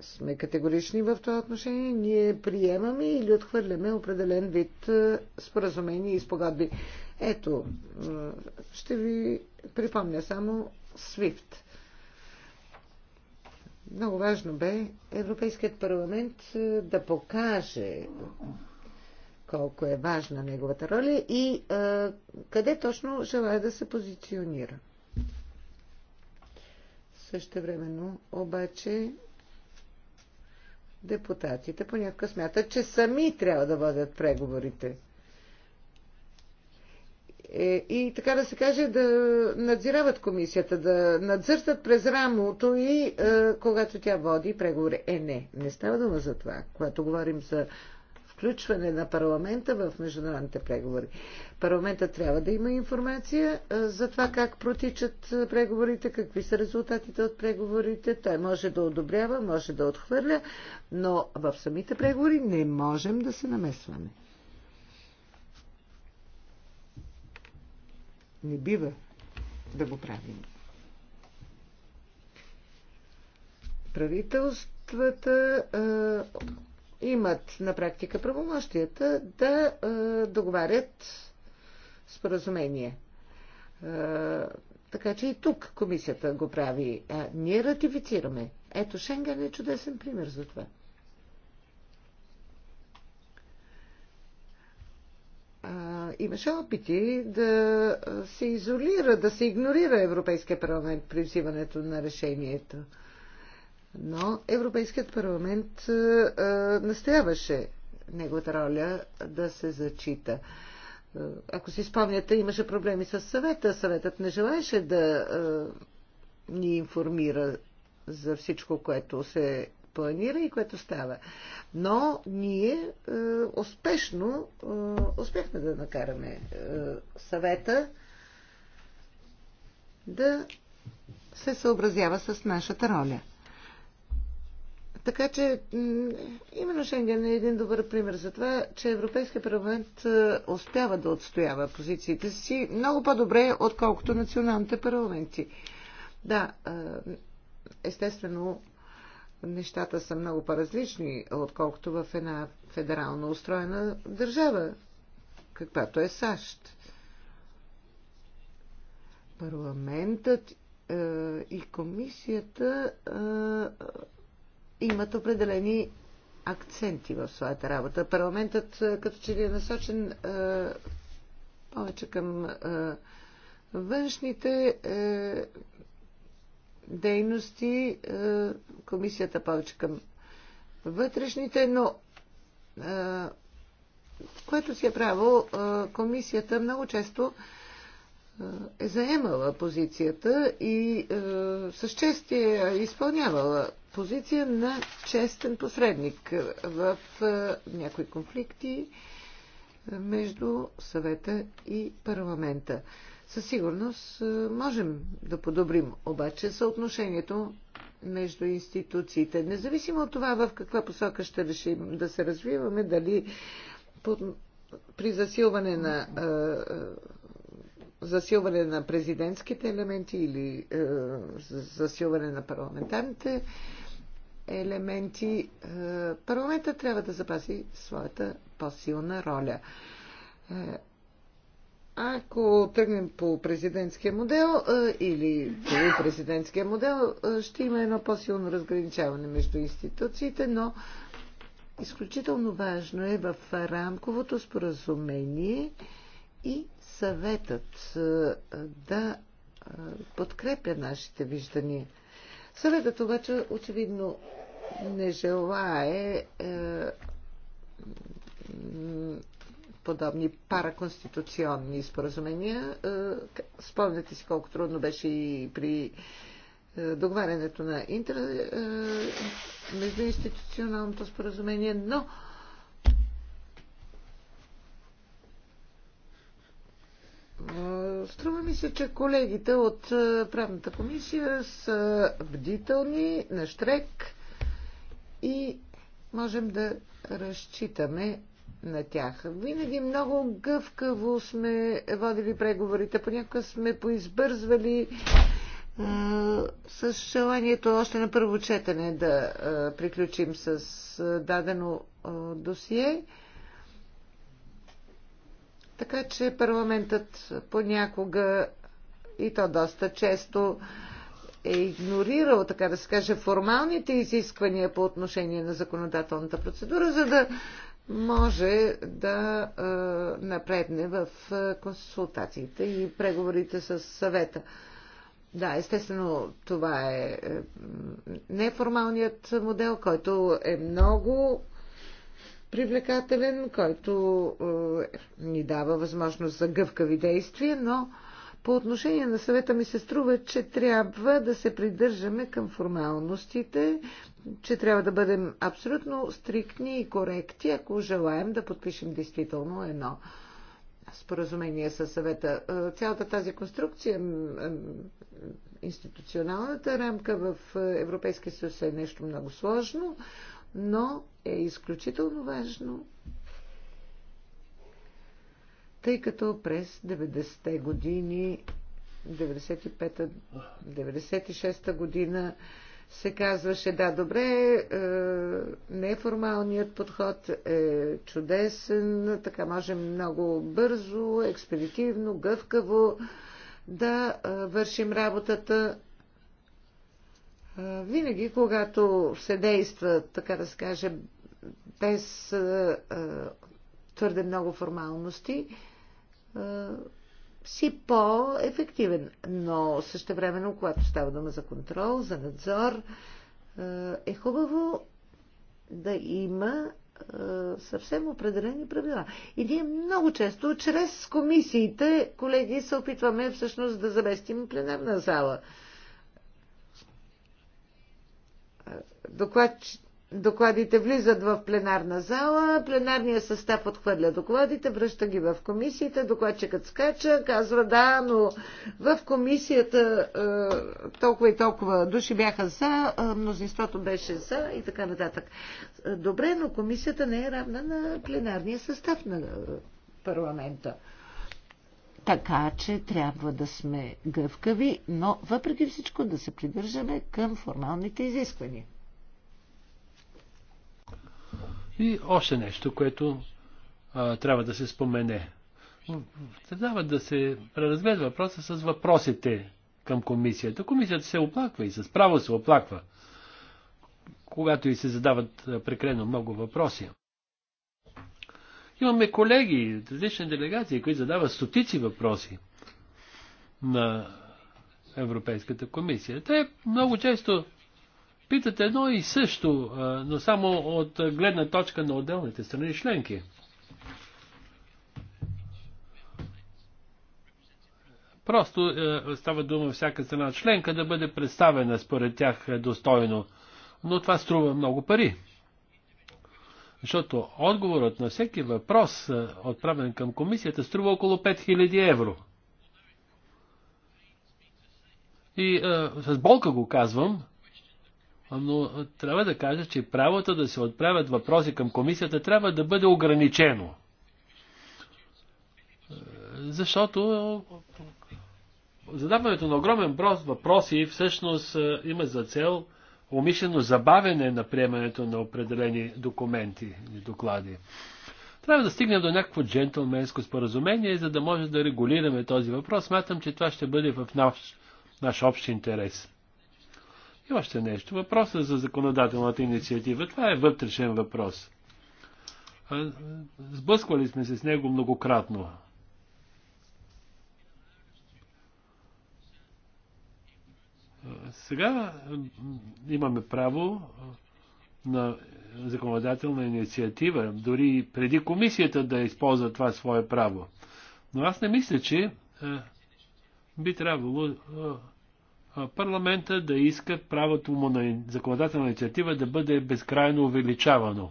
S2: сме категорични в това отношение. Ние приемаме или отхвърляме определен вид споразумения и спогадби. Ето, ще ви припомня само SWIFT – много важно бе Европейският парламент е, да покаже колко е важна неговата роля и а, е, къде точно желая да се позиционира. времено, обаче депутатите понякога смятат, че сами трябва да водят преговорите. Е, и така да се каже да надзирават комисията, да надзъртат през рамото и е, когато тя води преговори. Е, не, не става дума за това. Когато говорим за включване на парламента в международните преговори. Парламента трябва да има информация е, за това как протичат преговорите, какви са резултатите от преговорите. Той може да одобрява, може да отхвърля, но в самите преговори не можем да се намесваме. Не бива да го правим. Правителствата а, имат на практика правомощията да а, договарят споразумение. А, така че и тук комисията го прави. А, ние ратифицираме. Ето Шенген е чудесен пример за това. А, имаше опити да се изолира, да се игнорира Европейския парламент при взимането на решението. Но Европейският парламент настояваше неговата роля да се зачита. Ако си спомняте, имаше проблеми с съвета. Съветът не желаеше да ни информира за всичко, което се планира и което става. Но ние е, успешно е, успяхме да накараме е, съвета да се съобразява с нашата роля. Така че именно Шенген е един добър пример за това, че Европейския парламент е, успява да отстоява позициите си много по-добре, отколкото националните парламенти. Да, е, естествено, нещата са много по-различни, отколкото в една федерално устроена държава, каквато е САЩ. Парламентът е, и комисията е, имат определени акценти в своята работа. Парламентът е, като че ли е насочен е, повече към е, външните е, дейности, е, комисията повече към вътрешните, но е, което си е право, е, комисията много често е заемала позицията и с честие е изпълнявала позиция на честен посредник в някои конфликти между съвета и парламента. Със сигурност е, можем да подобрим обаче съотношението между институциите. Независимо от това в каква посока ще решим да се развиваме, дали при засилване на е, е, засилване на президентските елементи или е, засилване на парламентарните елементи, е, парламента трябва да запази своята по-силна роля. Ако тръгнем по президентския модел или президентския модел, ще има едно по-силно разграничаване между институциите, но изключително важно е в рамковото споразумение и съветът да подкрепя нашите виждания. Съветът обаче очевидно не желае подобни параконституционни споразумения. Е, спомняте си колко трудно беше и при е, договарянето на интер... Е, междуинституционалното споразумение, но Струва ми се, че колегите от правната комисия са бдителни, на штрек и можем да разчитаме на тях. Винаги много гъвкаво сме водили преговорите, понякога сме поизбързвали е, с желанието още на първо четене да е, приключим с е, дадено е, досие. Така че парламентът понякога и то доста често е игнорирал, така да се каже, формалните изисквания по отношение на законодателната процедура, за да може да напредне в консултациите и преговорите с съвета. Да, естествено, това е, е неформалният модел, който е много привлекателен, който е, ни дава възможност за гъвкави действия, но по отношение на съвета ми се струва, че трябва да се придържаме към формалностите, че трябва да бъдем абсолютно стриктни и коректи, ако желаем да подпишем действително едно споразумение със съвета. Е, цялата тази конструкция, институционалната рамка в е, Европейския съюз е нещо много сложно, но е изключително важно тъй като през 90-те години, 95-та, 96-та година се казваше, да, добре, е, неформалният е подход е чудесен, така можем много бързо, експедитивно, гъвкаво да е, вършим работата. Е, винаги, когато се действа, така да се каже, без е, е твърде много формалности, е, си по-ефективен. Но също времено, когато става дума за контрол, за надзор, е, е хубаво да има е, съвсем определени правила. И ние много често, чрез комисиите, колеги, се опитваме всъщност да заместим пленарна зала. Докладчик Докладите влизат в пленарна зала, пленарния състав отхвърля докладите, връща ги в комисията, докладчикът скача, казва да, но в комисията е, толкова и толкова души бяха за, е, мнозинството беше за и така нататък. Е, добре, но комисията не е равна на пленарния състав на е, парламента. Така че трябва да сме гъвкави, но въпреки всичко да се придържаме към формалните изисквания.
S1: И още нещо, което а, трябва да се спомене. Трябва да се преразгледа въпроса с въпросите към комисията. Комисията се оплаква и с право се оплаква, когато и се задават прекрено много въпроси. Имаме колеги, различни делегации, които задават стотици въпроси на Европейската комисия. Те много често Питате едно и също, но само от гледна точка на отделните страни членки. Просто е, става дума всяка страна членка да бъде представена според тях е, достойно, но това струва много пари. Защото отговорът на всеки въпрос, е, отправен към комисията, струва около 5000 евро. И а, с болка го казвам, но трябва да кажа, че правото да се отправят въпроси към комисията трябва да бъде ограничено. Защото задаването на огромен брос въпроси всъщност има за цел умишлено забавене на приемането на определени документи и доклади. Трябва да стигнем до някакво джентлменско споразумение, за да може да регулираме този въпрос. Смятам, че това ще бъде в наш, наш общ интерес. И още нещо. Въпросът за законодателната инициатива. Това е вътрешен въпрос. Сблъсквали сме се с него многократно. Сега имаме право на законодателна инициатива, дори преди комисията да използва това свое право. Но аз не мисля, че би трябвало парламента да иска правото му на законодателна инициатива да бъде безкрайно увеличавано.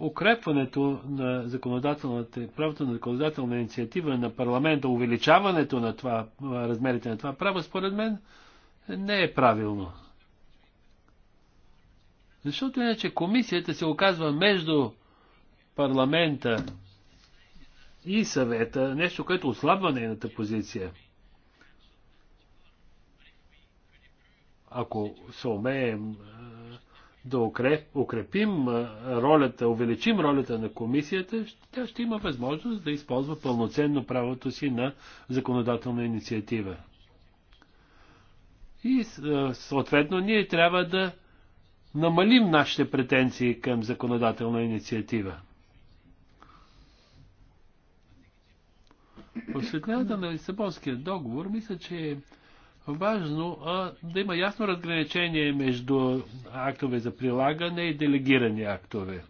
S1: укрепването на законодателната, правото на законодателна инициатива на парламента, увеличаването на това, размерите на това право, според мен, не е правилно. Защото иначе комисията се оказва между парламента и съвета, нещо, което ослабва нейната позиция. Ако се умеем да укрепим ролята, увеличим ролята на комисията, тя ще има възможност да използва пълноценно правото си на законодателна инициатива. И съответно ние трябва да намалим нашите претенции към законодателна инициатива. В на Лисабонския договор мисля, че е важно а, да има ясно разграничение между актове за прилагане и делегирани актове.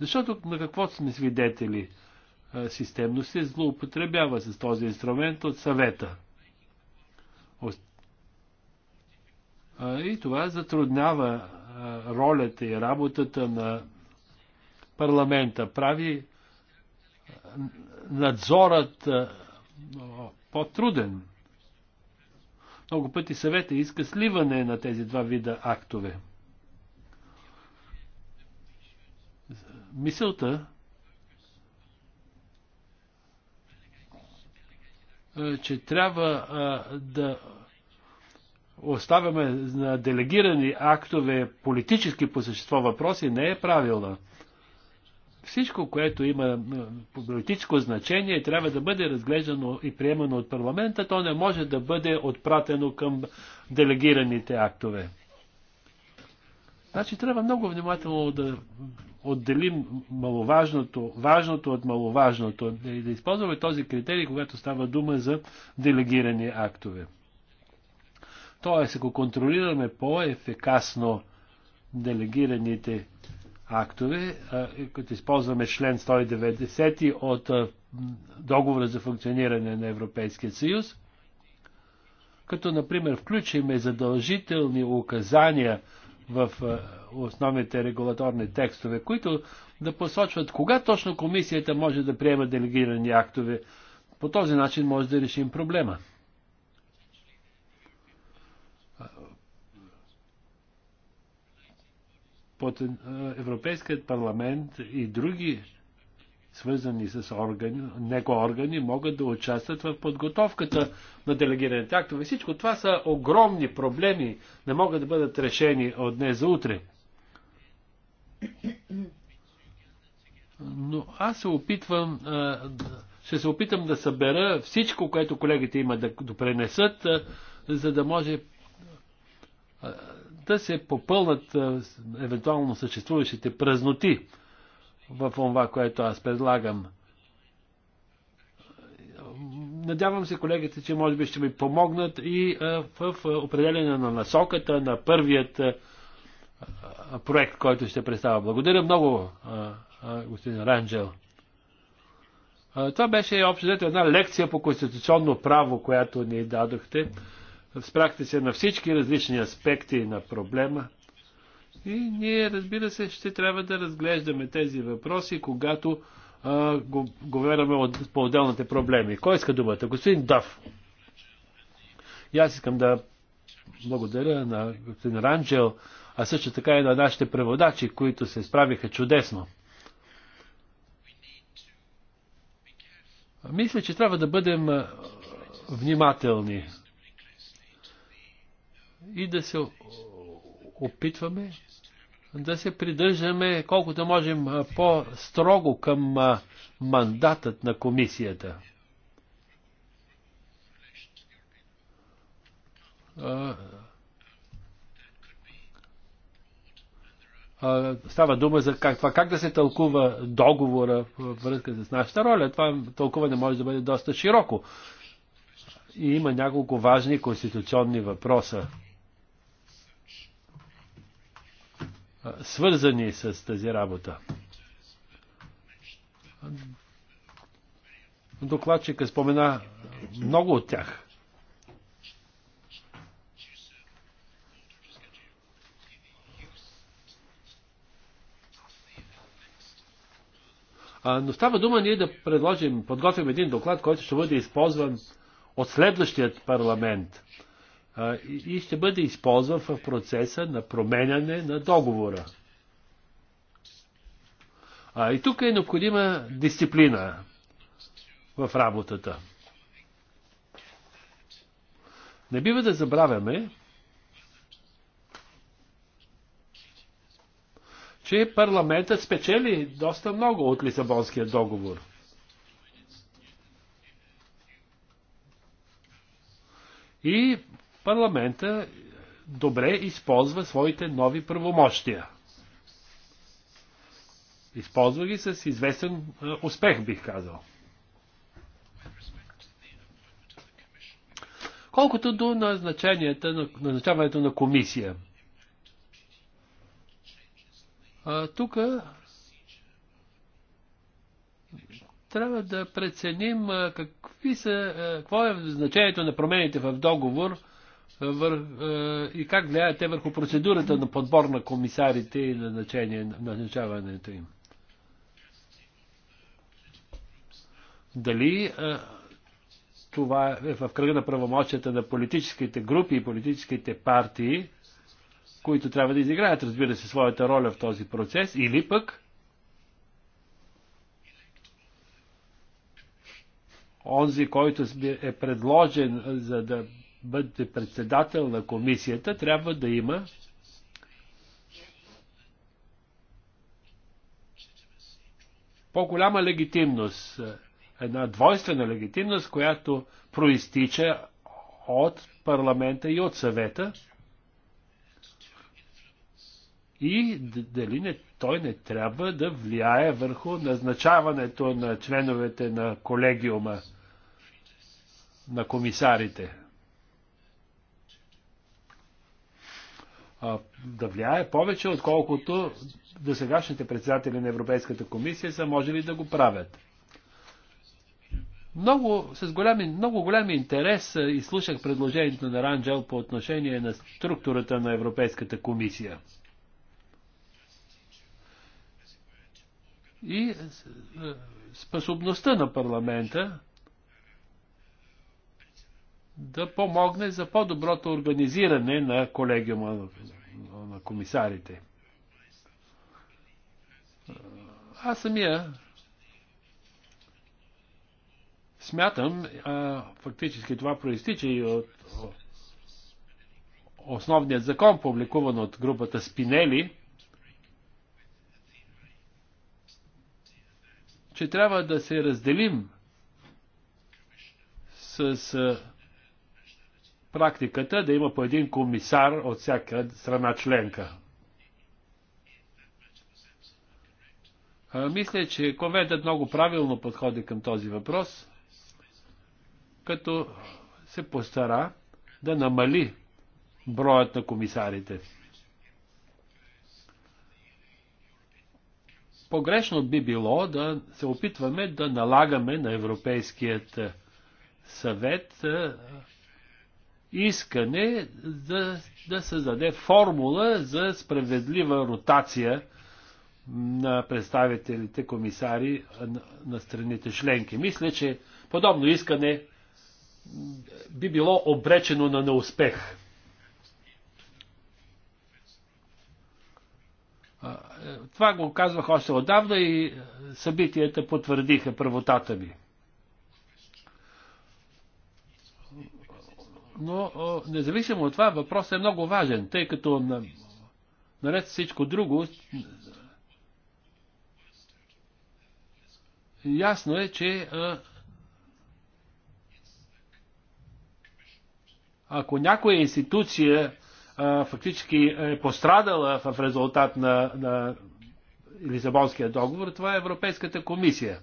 S1: Защото на какво сме свидетели? А, системно се злоупотребява с този инструмент от съвета. И това затруднява ролята и работата на парламента, прави надзорът по-труден. Много пъти съвета иска сливане на тези два вида актове. Мисълта, че трябва да оставяме на делегирани актове политически по същество въпроси не е правилна. Всичко, което има политическо значение, трябва да бъде разглеждано и приемано от парламента, то не може да бъде отпратено към делегираните актове. Значи трябва много внимателно да отделим маловажното, важното от маловажното и да използваме този критерий, когато става дума за делегирани актове. Тоест, ако контролираме по-ефикасно делегираните актове, като използваме член 190 от договора за функциониране на Европейския съюз, като например включиме задължителни указания в основните регулаторни текстове, които да посочват кога точно комисията може да приема делегирани актове. По този начин може да решим проблема. Е, Европейският парламент и други свързани с органи, него органи, могат да участват в подготовката на делегираните актове. Всичко това са огромни проблеми, не могат да бъдат решени от днес за утре. Но аз се опитвам, е, ще се опитам да събера всичко, което колегите имат да допренесат, е, за да може да се попълнат евентуално съществуващите празноти в това, което аз предлагам. Надявам се колегите, че може би ще ми помогнат и в определение на насоката на първият проект, който ще представя. Благодаря много, господин Ранджел. Това беше общо една лекция по конституционно право, която ни дадохте. Спряхте се на всички различни аспекти на проблема. И ние, разбира се, ще трябва да разглеждаме тези въпроси, когато а, го, говоряме от, по отделните проблеми. Кой иска думата? Господин Дав. И аз искам да благодаря на господин Ранджел, а също така и на нашите преводачи, които се справиха чудесно. Мисля, че трябва да бъдем внимателни и да се опитваме да се придържаме колкото можем по-строго към мандатът на комисията. става дума за как, това, как да се тълкува договора във връзка с нашата роля. Това тълкуване може да бъде доста широко. И има няколко важни конституционни въпроса. свързани с тази работа. Докладчика спомена много от тях. Но става дума ние да предложим, подготвим един доклад, който ще бъде използван от следващият парламент и ще бъде използван в процеса на променяне на договора. А, и тук е необходима дисциплина в работата. Не бива да забравяме, че парламентът спечели доста много от Лисабонския договор. И парламента добре използва своите нови правомощия. Използва ги с известен е, успех, бих казал. Колкото до назначенията, назначаването на комисия. Тук трябва да преценим какви са, какво е значението на промените в договор вър... Е, и как влияят те върху процедурата на подбор на комисарите и на назначение, назначаването им. Дали е, това е в кръга на правомощията на политическите групи и политическите партии, които трябва да изиграят, разбира се, своята роля в този процес, или пък онзи, който е предложен за да бъде председател на комисията, трябва да има по-голяма легитимност, една двойствена легитимност, която проистича от парламента и от съвета. И дали не, той не трябва да влияе върху назначаването на членовете на колегиума на комисарите. да влияе повече, отколкото до сегашните председатели на Европейската комисия са можели да го правят. Много, с голям, много голям интерес изслушах предложението на Ранджел по отношение на структурата на Европейската комисия. И способността на парламента да помогне за по-доброто организиране на колегиума на, комисарите. Аз самия смятам, а, фактически това проистича и от основният закон, публикуван от групата Спинели, че трябва да се разделим с практиката да има по един комисар от всяка страна членка. А, мисля, че конвентът много правилно подходи към този въпрос, като се постара да намали броят на комисарите. Погрешно би било да се опитваме да налагаме на Европейският съвет искане да, да създаде формула за справедлива ротация на представителите комисари на, на страните членки. Мисля, че подобно искане би било обречено на неуспех. Е, това го казвах още отдавна и събитията потвърдиха правотата ми. Но независимо от това, въпросът е много важен, тъй като на, наред всичко друго, ясно е, че ако някоя институция а, фактически е пострадала в резултат на, на Лисабонския договор, това е Европейската комисия.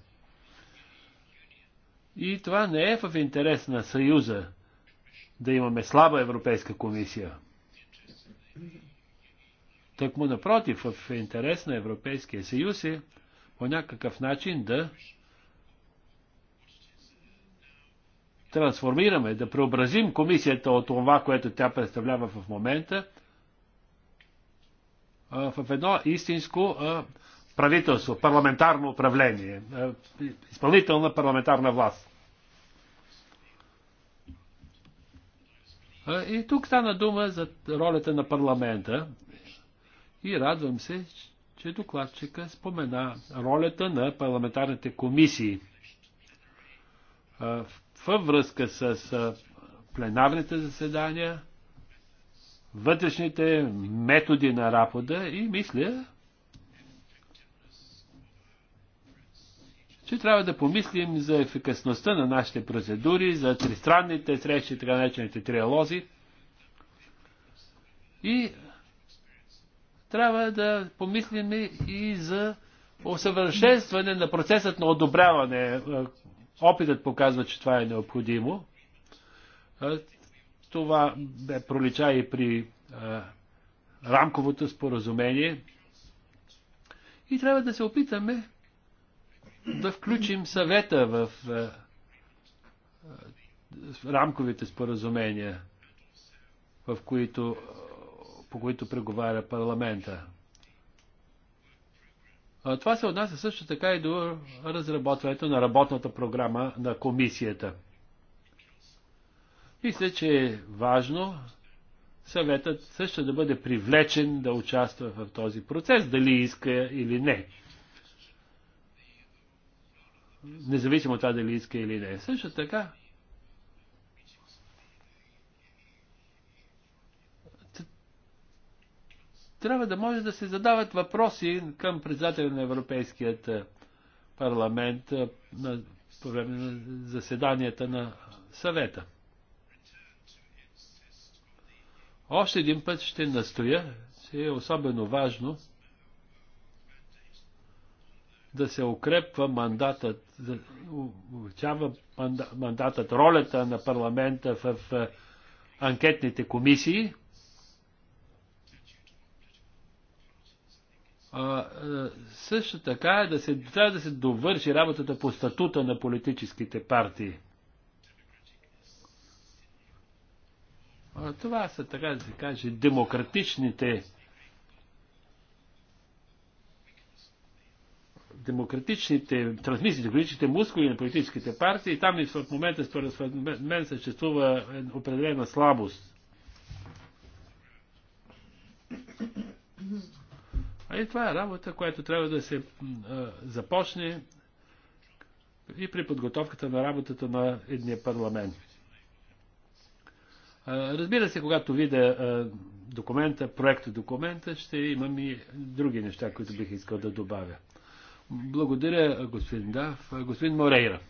S1: И това не е в интерес на Съюза да имаме слаба Европейска комисия. Так му напротив, в интерес на Европейския съюз е по някакъв начин да трансформираме, да преобразим комисията от това, което тя представлява в момента, в едно истинско правителство, парламентарно управление, изпълнителна парламентарна власт. И тук стана дума за ролята на парламента и радвам се, че докладчика спомена ролята на парламентарните комисии във връзка с пленарните заседания, вътрешните методи на работа и мисля, че трябва да помислим за ефикасността на нашите процедури, за тристранните срещи, така наречените триалози. И трябва да помислим и за усъвършенстване на процесът на одобряване. Е, опитът показва, че това е необходимо. Е, това бе пролича и при е, рамковото споразумение. И трябва да се опитаме да включим съвета е, е, в рамковите споразумения, в които, по които преговаря парламента. Това се отнася също така и до разработването на работната програма на комисията. Мисля, че е важно съветът също да бъде привлечен да участва в този процес, дали иска или не независимо от това дали иска или не. Също така, трябва да може да се задават въпроси към председателя на Европейският парламент на, по време на заседанията на съвета. Още един път ще настоя, че е особено важно да се укрепва мандатът, да увеличава мандатът, ролята на парламента в анкетните комисии. А, също така е да се, трябва да се довърши работата по статута на политическите партии. А, това са, така да се каже, демократичните демократичните трансмисии, демократичните мускули на политическите партии. Там и в момента според мен съществува определена слабост. А и това е работа, която трябва да се а, започне и при подготовката на работата на едния парламент. А, разбира се, когато видя документа, проекта документа, ще имам и други неща, които бих искал да добавя. Благодаря, господин Дав. Господин Морейра.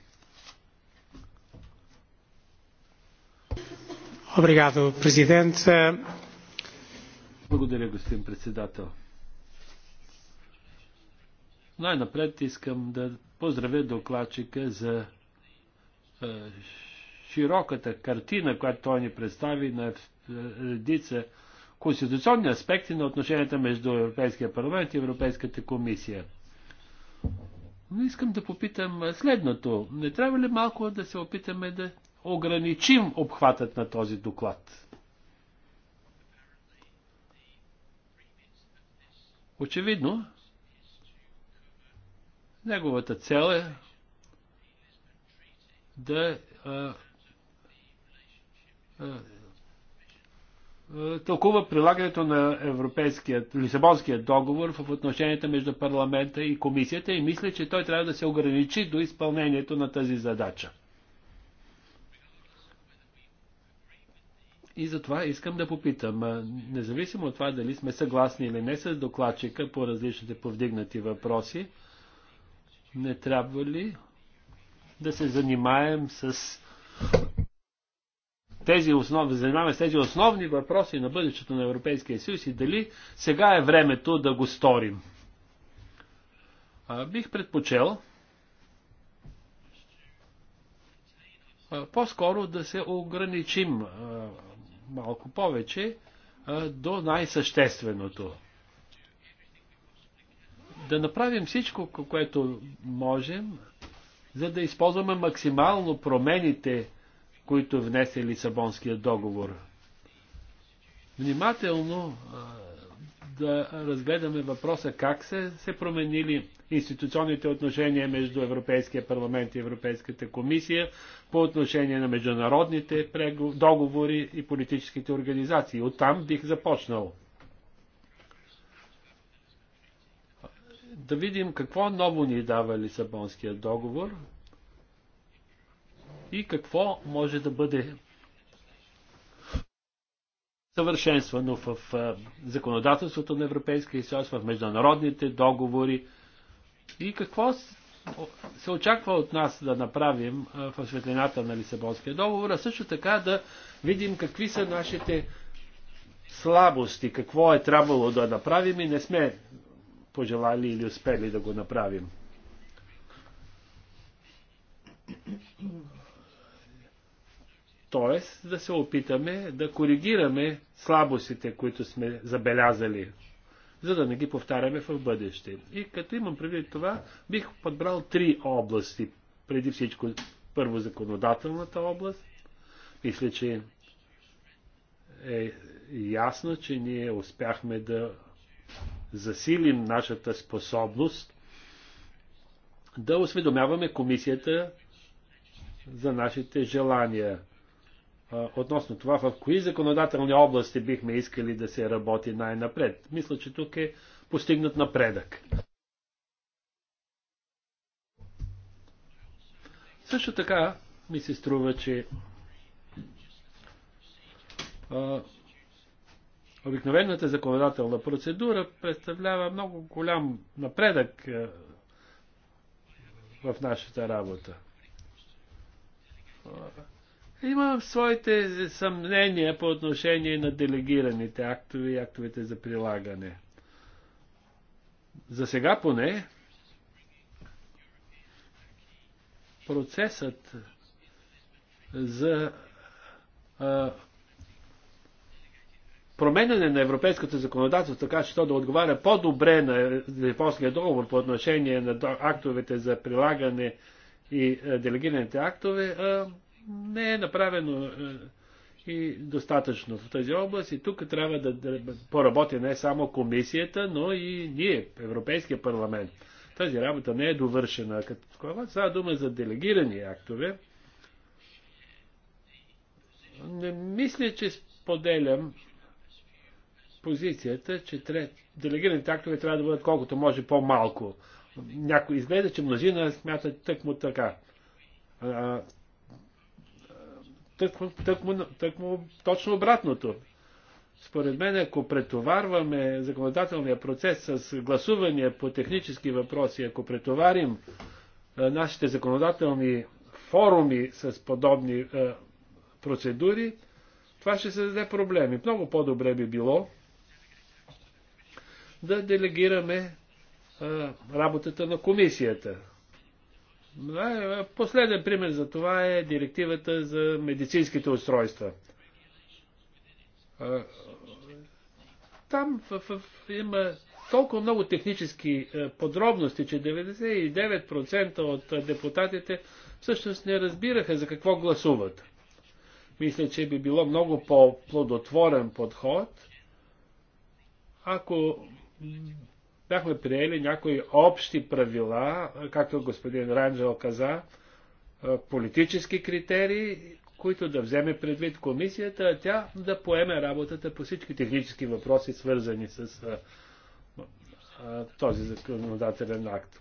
S3: Обригадо, президент.
S1: Благодаря, господин председател. Най-напред искам да поздравя докладчика за широката картина, която той ни представи на редица конституционни аспекти на отношенията между Европейския парламент и Европейската комисия. Но искам да попитам следното. Не трябва ли малко да се опитаме да ограничим обхватът на този доклад? Очевидно, неговата цел е да а, а, е, тълкува прилагането на европейският, Лисабонският договор в отношенията между парламента и комисията и мисля, че той трябва да се ограничи до изпълнението на тази задача. И затова искам да попитам, независимо от това дали сме съгласни или не с докладчика по различните повдигнати въпроси, не трябва ли да се занимаем с тези основни, занимаваме с тези основни въпроси на бъдещето на Европейския съюз и дали сега е времето да го сторим. А, бих предпочел по-скоро да се ограничим а, малко повече а, до най-същественото. Да направим всичко, което можем, за да използваме максимално промените, които внесе Лисабонския договор. Внимателно да разгледаме въпроса как се, се променили институционните отношения между Европейския парламент и Европейската комисия по отношение на международните договори и политическите организации. Оттам бих започнал. Да видим какво ново ни дава Лисабонския договор – и какво може да бъде съвършенствано в законодателството на Европейския съюз, в международните договори и какво се очаква от нас да направим в светлината на Лисабонския договор, а също така да видим какви са нашите слабости, какво е трябвало да направим и не сме пожелали или успели да го направим. Т.е. да се опитаме да коригираме слабостите, които сме забелязали, за да не ги повтаряме в бъдеще. И като имам предвид това, бих подбрал три области. Преди всичко, първо законодателната област. Мисля, че е ясно, че ние успяхме да засилим нашата способност да осведомяваме комисията за нашите желания относно това в кои законодателни области бихме искали да се работи най-напред. Мисля, че тук е постигнат напредък. Също така ми се струва, че а, обикновената законодателна процедура представлява много голям напредък а, в нашата работа. Имам своите съмнения по отношение на делегираните актове и актовете за прилагане. За сега поне процесът за а, променяне на европейското законодателство, така че то да отговаря по-добре на после договор по отношение на актовете за прилагане и делегираните актове, а, не е направено е, и достатъчно в тази област и тук трябва да, да поработи не само комисията, но и ние, Европейския парламент. Тази работа не е довършена. Като това, сега дума за делегирани актове, не мисля, че споделям позицията, че делегираните актове трябва да бъдат колкото може по-малко. Някой изглежда, че мнозина смятат тъкмо така тъкмо, тъкмо, тъкмо точно обратното. Според мен, ако претоварваме законодателния процес с гласувания по технически въпроси, ако претоварим нашите законодателни форуми с подобни процедури, това ще създаде проблеми. Много по-добре би било да делегираме а, работата на комисията. Е, последен пример за това е директивата за медицинските устройства. Там в, в, има толкова много технически е, подробности, че 99% от депутатите всъщност не разбираха за какво гласуват. Мисля, че би било много по-плодотворен подход, ако бяхме приели някои общи правила, както господин Ранджел каза, политически критерии, които да вземе предвид комисията, а тя да поеме работата по всички технически въпроси, свързани с а, а, този законодателен акт.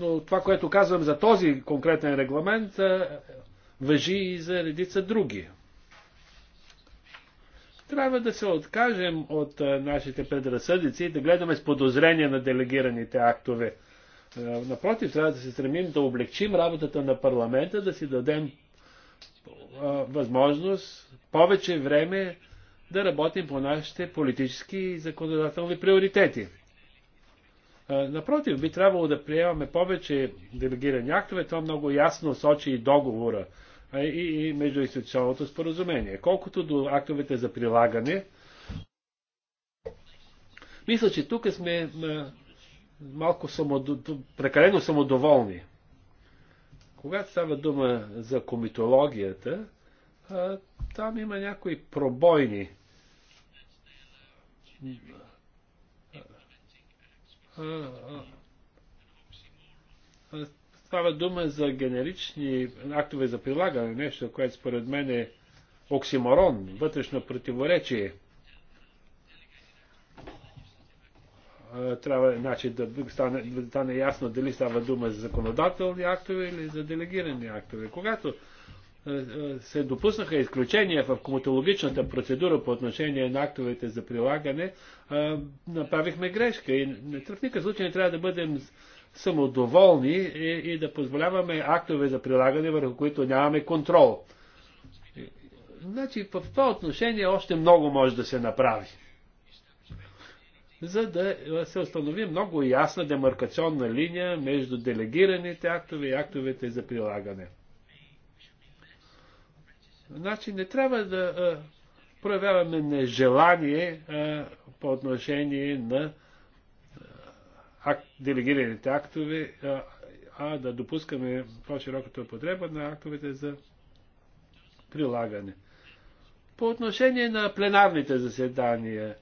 S1: Но това, което казвам за този конкретен регламент, а, въжи и за редица други трябва да се откажем от нашите предразсъдици и да гледаме с подозрение на делегираните актове. Напротив, трябва да се стремим да облегчим работата на парламента, да си дадем възможност повече време да работим по нашите политически и законодателни приоритети. Напротив, би трябвало да приемаме повече делегирани актове. Това много ясно сочи и договора и, и междуинституционалното споразумение. Колкото до актовете за прилагане, мисля, че тук сме малко самодо... прекалено самодоволни. Когато става дума за комитологията, там има някои пробойни. А, а, Става дума за генерични актове за прилагане, нещо, което според мен е оксиморон, вътрешно противоречие. Трябва значи, да, стане, да стане ясно дали става дума за законодателни актове или за делегирани актове. Когато се допуснаха изключения в коматологичната процедура по отношение на актовете за прилагане, направихме грешка. И в никакъв случай не трябва да бъдем самодоволни и, и да позволяваме актове за прилагане, върху които нямаме контрол. Значи в това отношение още много може да се направи. За да се установи много ясна демаркационна линия между делегираните актове и актовете за прилагане. Значи не трябва да а, проявяваме нежелание а, по отношение на делегираните актове, а, а да допускаме по-широката употреба на актовете за прилагане. По отношение на пленарните заседания,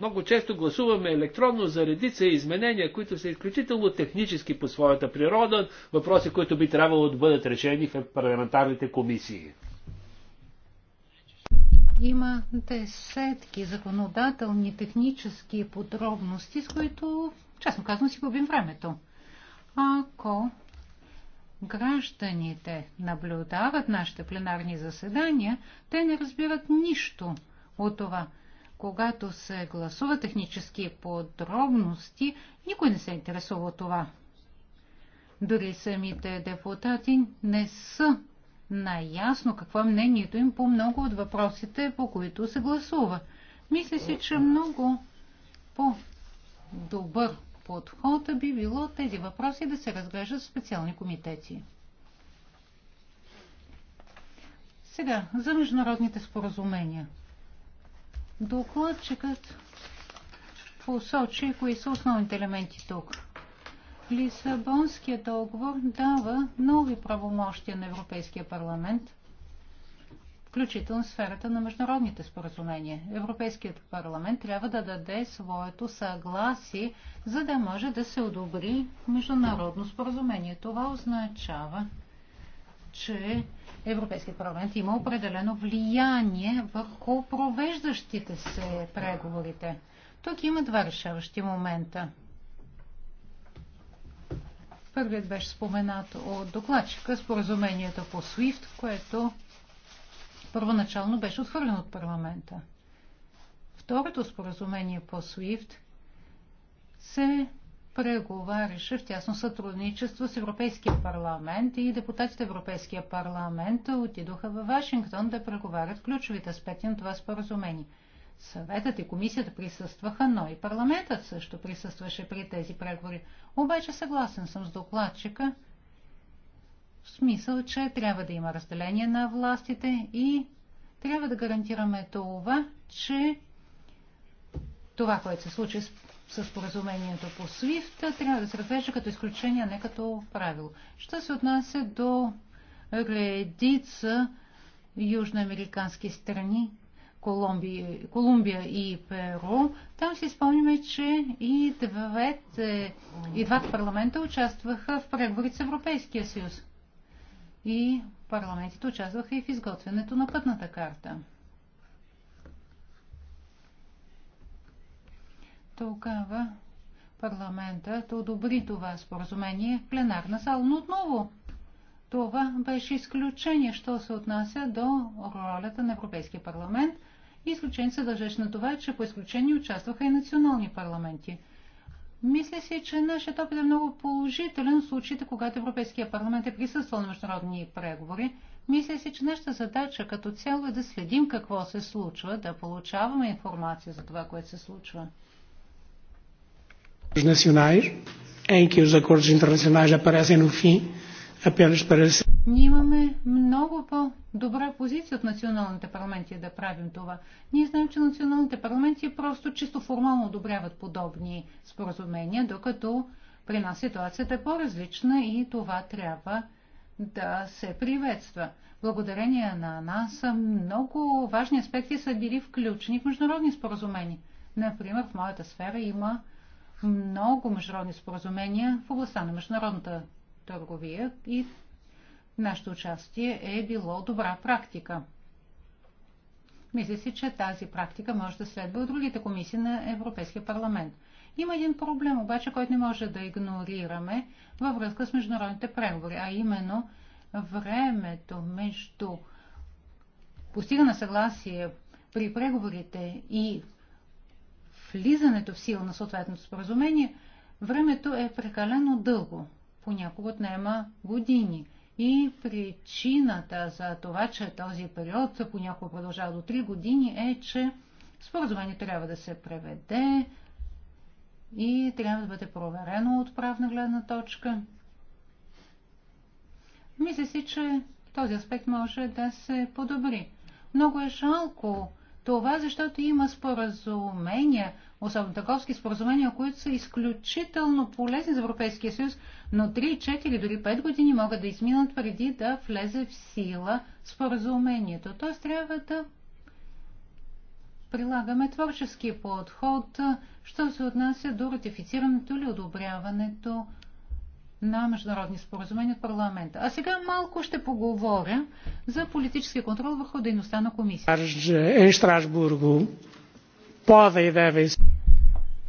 S1: много често гласуваме електронно за редица изменения, които са изключително технически по своята природа, въпроси, които би трябвало да бъдат решени в парламентарните комисии.
S3: Има десетки законодателни технически подробности, с които Честно казвам си губим времето. Ако гражданите наблюдават нашите пленарни заседания, те не разбират нищо от това. Когато се гласува технически подробности, никой не се интересува от това. Дори самите депутати не са наясно какво е мнението им по много от въпросите, по които се гласува. Мисля си, че много по-добър подход би било тези въпроси да се разглеждат в специални комитети. Сега, за международните споразумения. Докладчикът посочи кои са основните елементи тук. Лисабонският договор дава нови правомощия на Европейския парламент – включително сферата на международните споразумения. Европейският парламент трябва да даде своето съгласие, за да може да се одобри международно споразумение. Това означава, че Европейският парламент има определено влияние върху провеждащите се преговорите. Тук има два решаващи момента. Първият беше споменат от докладчика споразумението по SWIFT, което първоначално беше отхвърлен от парламента. Второто споразумение по SWIFT се преговаряше в тясно сътрудничество с Европейския парламент и депутатите Европейския парламент отидоха във Вашингтон да преговарят ключовите аспекти на това споразумение. Съветът и комисията присъстваха, но и парламентът също присъстваше при тези преговори. Обаче съгласен съм с докладчика – смисъл, че трябва да има разделение на властите и трябва да гарантираме това, че това, което се случи с с поразумението по SWIFT трябва да се разглежда като изключение, а не като правило. Що се отнася до редица южноамерикански страни, Колумбия, Колумбия и Перу, там си спомняме, че и, двете, и двата парламента участваха в преговори с Европейския съюз и парламентите участваха и в изготвянето на пътната карта. Тогава парламентът одобри това споразумение в пленарна зала, но отново това беше изключение, що се отнася до ролята на Европейския парламент. Изключение се дължеше на това, че по изключение участваха и национални парламенти – мисля си, че нашият опит е много положителен в случаите, когато Европейския парламент е присъствал на международни преговори. Мисля си, че нашата задача като цяло е да следим какво се случва, да получаваме информация за това, което се случва. Os nacionais, em que os acordos internacionais aparecem no fim, ние имаме много по-добра позиция от националните парламенти да правим това. Ние знаем, че националните парламенти просто чисто формално одобряват подобни споразумения, докато при нас ситуацията е по-различна и това трябва да се приветства. Благодарение на нас много важни аспекти са били включени в международни споразумения. Например, в моята сфера има много международни споразумения в областта на международната търговия и нашето участие е било добра практика. Мисля си, че тази практика може да следва от другите комисии на Европейския парламент. Има един проблем обаче, който не може да игнорираме във връзка с международните преговори, а именно времето между постигане съгласие при преговорите и влизането в сила на съответното споразумение, времето е прекалено дълго понякога отнема години. И причината за това, че този период понякога продължава до 3 години е, че споразумение трябва да се преведе и трябва да бъде проверено от правна гледна точка. Мисля си, че този аспект може да се подобри. Много е жалко това, защото има споразумения, особено търговски споразумения, които са изключително полезни за Европейския съюз, но 3, 4, дори 5 години могат да изминат преди да влезе в сила споразумението. Т.е. трябва да прилагаме творчески подход, що се отнася до ратифицирането или одобряването на международни споразумения от парламента. А сега малко ще поговоря за политически контрол върху дейността на комисията. Е,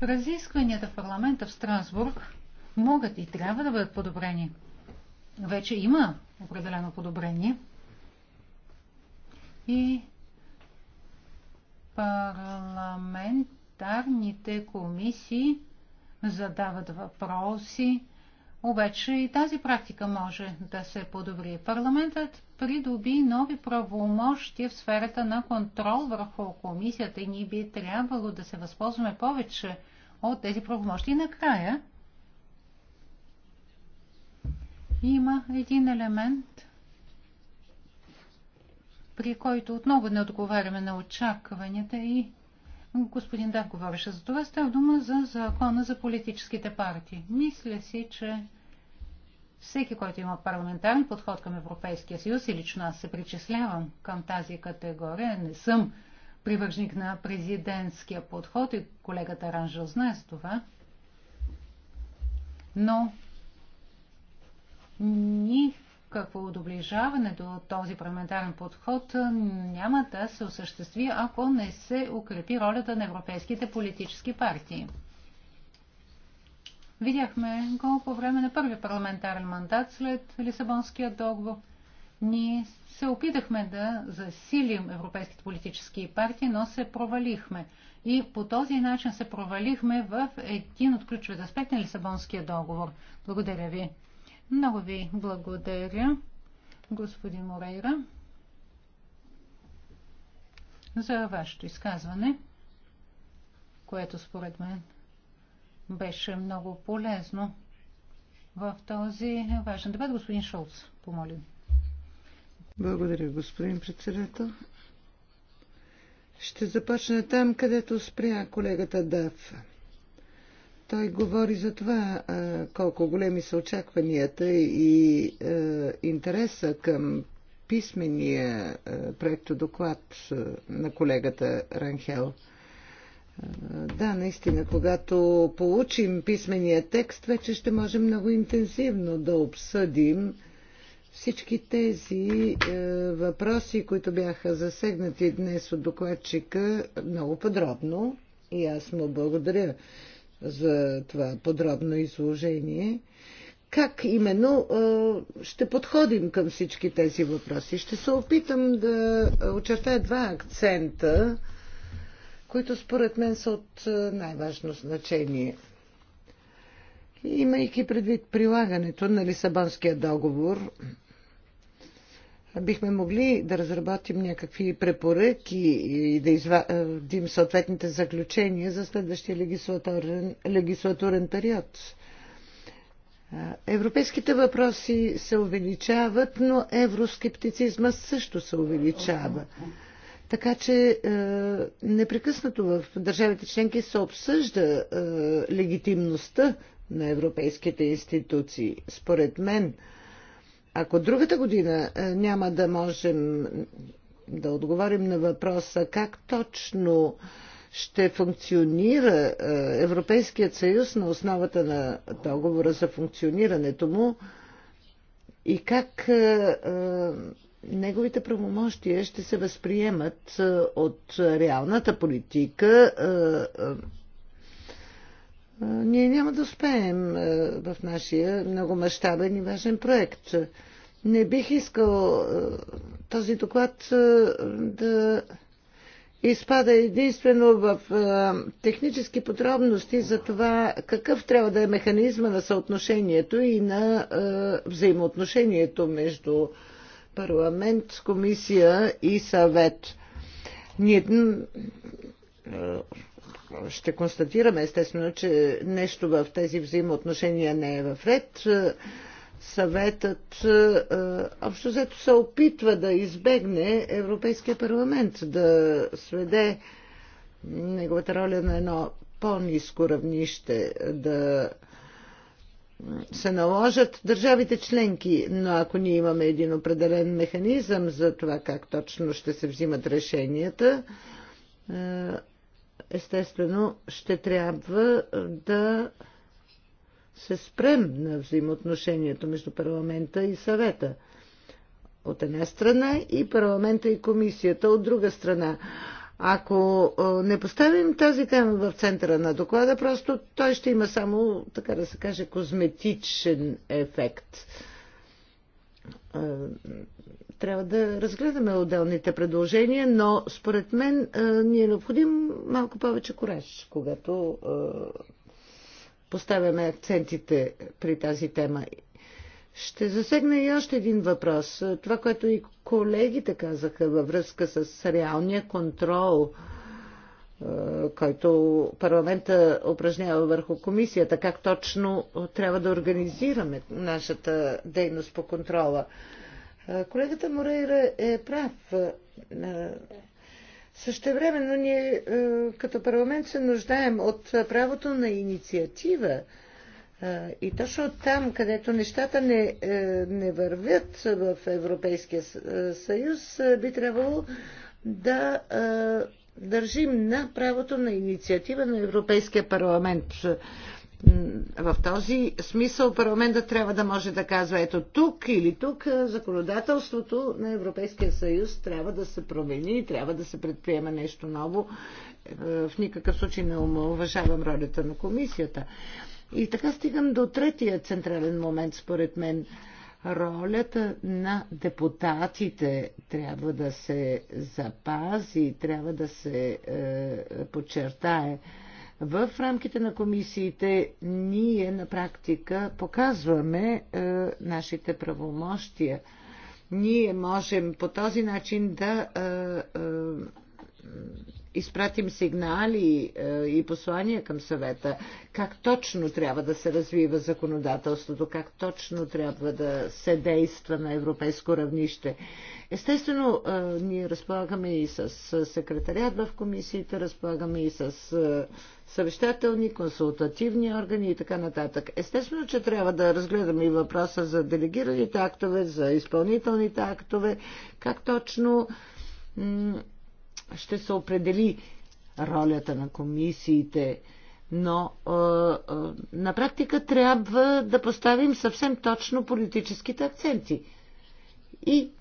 S3: Разискванията в парламента в Страсбург могат и трябва да бъдат подобрени. Вече има определено подобрение. И парламентарните комисии задават въпроси обаче и тази практика може да се подобри. Парламентът придоби нови правомощия в сферата на контрол върху комисията и ние би трябвало да се възползваме повече от тези правомощи. И накрая има един елемент, при който отново не отговаряме на очакванията и Господин Дар говореше за това. Става дума за закона за политическите партии. Мисля си, че всеки, който има парламентарен подход към Европейския съюз, и лично аз се причислявам към тази категория, не съм привържник на президентския подход и колегата Ранжел знае с това, но ние какво доближаване до този парламентарен подход няма да се осъществи, ако не се укрепи ролята на европейските политически партии. Видяхме го по време на първи парламентарен мандат след Лисабонския договор. Ние се опитахме да засилим европейските политически партии, но се провалихме. И по този начин се провалихме в един от ключовите аспекти на Лисабонския договор. Благодаря ви. Много ви благодаря, господин Морейра, за вашето изказване, което според мен беше много полезно в този важен дебат. Господин Шолц, помолим.
S2: Благодаря, господин председател. Ще започна там, където спря колегата Дафа. Той говори за това колко големи са очакванията и интереса към писмения проектодоклад на колегата Ранхел. Да, наистина, когато получим писмения текст, вече ще можем много интензивно да обсъдим всички тези е, въпроси, които бяха засегнати днес от докладчика много подробно и аз му благодаря за това подробно изложение. Как именно ще подходим към всички тези въпроси? Ще се опитам да очертая два акцента, които според мен са от най-важно значение. Имайки предвид прилагането на Лисабонския договор, бихме могли да разработим някакви препоръки и да извадим съответните заключения за следващия легислатурен, легислатурен период. Европейските въпроси се увеличават, но евроскептицизма също се увеличава. Така че е, непрекъснато в държавите членки се обсъжда е, легитимността на европейските институции. Според мен, е, ако другата година е, няма да можем да отговорим на въпроса как точно ще функционира е, Европейският съюз на основата на договора за функционирането му и как е, неговите правомощия ще се възприемат от реалната политика ние няма да успеем в нашия много мащабен и важен проект. Не бих искал този доклад да изпада единствено в технически подробности за това какъв трябва да е механизма на съотношението и на взаимоотношението между парламент, комисия и съвет. Ние ще констатираме естествено, че нещо в тези взаимоотношения не е в ред. Съветът е, е, общо взето се опитва да избегне Европейския парламент, да сведе неговата роля на едно по-низко равнище, да се наложат държавите членки, но ако ние имаме един определен механизъм за това как точно ще се взимат решенията, е, естествено ще трябва да се спрем на взаимоотношението между парламента и съвета. От една страна и парламента и комисията от друга страна. Ако не поставим тази тема в центъра на доклада, просто той ще има само, така да се каже, козметичен ефект. Трябва да разгледаме отделните предложения, но според мен ни е необходим малко повече кореш, когато поставяме акцентите при тази тема. Ще засегна и още един въпрос. Това, което и колегите казаха във връзка с реалния контрол, който парламента упражнява върху комисията, как точно трябва да организираме нашата дейност по контрола. Колегата Морейра е прав. Същевременно ние като парламент се нуждаем от правото на инициатива. И точно там, където нещата не, е, не вървят в Европейския съюз, би трябвало да държим на правото на инициатива на Европейския парламент. В този смисъл парламентът трябва да може да казва ето тук или тук законодателството на Европейския съюз трябва да се промени, трябва да се предприема нещо ново. Е, в никакъв случай не уважавам ролята на комисията. И така стигам до третия централен момент, според мен. Ролята на депутатите трябва да се запази, трябва да се е, подчертае в рамките на комисиите ние на практика показваме е, нашите правомощия. Ние можем по този начин да е, е, изпратим сигнали е, и послания към съвета как точно трябва да се развива законодателството, как точно трябва да се действа на европейско равнище. Естествено, е, ние разполагаме и с секретарят в комисията, разполагаме и с. Е, съвещателни, консултативни органи и така нататък. Естествено, че трябва да разгледаме и въпроса за делегираните актове, за изпълнителните актове, как точно ще се определи ролята на комисиите. Но е, на практика трябва да поставим съвсем точно политическите акценти. И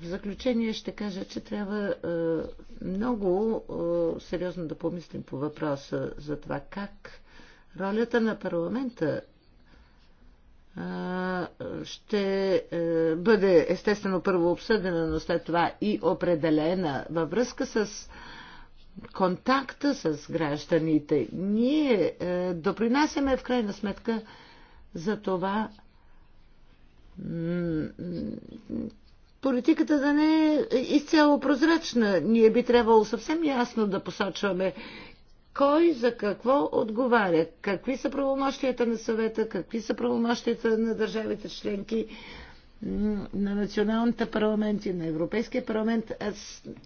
S2: в заключение ще кажа, че трябва е, много е, сериозно да помислим по въпроса за това как ролята на парламента е, ще бъде естествено първо обсъдена, но след това и определена във връзка с контакта с гражданите. Ние допринасяме в крайна сметка за това политиката да не е изцяло прозрачна. Ние би трябвало съвсем ясно да посочваме кой за какво отговаря, какви са правомощията на съвета, какви са правомощията на държавите членки, на националните парламенти, на Европейския парламент.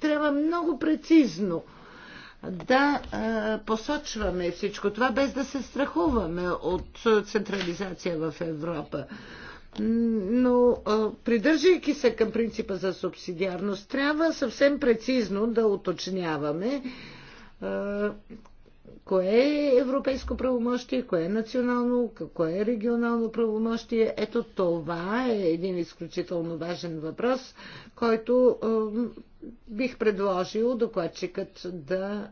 S2: Трябва много прецизно да посочваме всичко това, без да се страхуваме от централизация в Европа но придържайки се към принципа за субсидиарност, трябва съвсем прецизно да уточняваме кое е европейско правомощие, кое е национално, кое е регионално правомощие. Ето това е един изключително важен въпрос, който бих предложил докладчикът да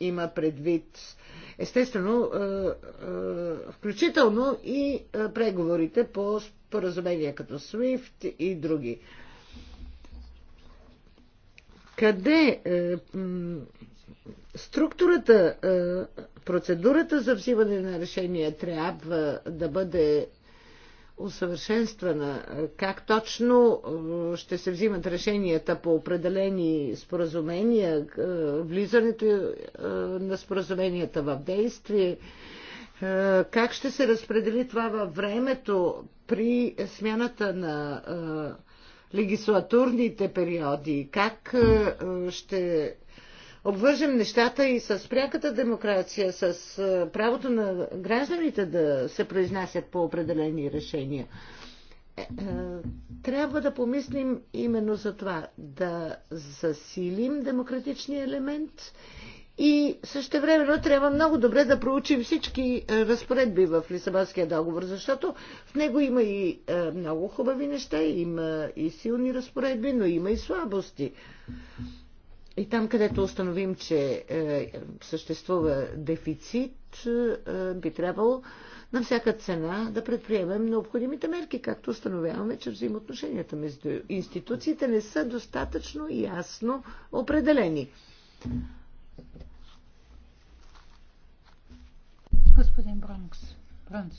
S2: има предвид Естествено, е, е, включително и е, преговорите по споразумения като SWIFT и други. Къде структурата, процедурата за взимане на решение трябва да бъде усъвършенствана. Как точно ще се взимат решенията по определени споразумения, е, влизането е, на споразуменията в действие, е, как ще се разпредели това във времето при смяната на легислатурните периоди, как ще обвържем нещата и с пряката демокрация, с правото на гражданите да се произнасят по определени решения. Е, е, трябва да помислим именно за това, да засилим демократичния елемент и също времено трябва много добре да проучим всички е, разпоредби в Лисабонския договор, защото в него има и много хубави неща, има и силни разпоредби, но има и слабости. И там, където установим, че е, съществува дефицит, е, би трябвало на всяка цена да предприемем необходимите мерки, както установяваме, че взаимоотношенията между институциите не са достатъчно ясно определени.
S3: Господин Бронкс, Бронкс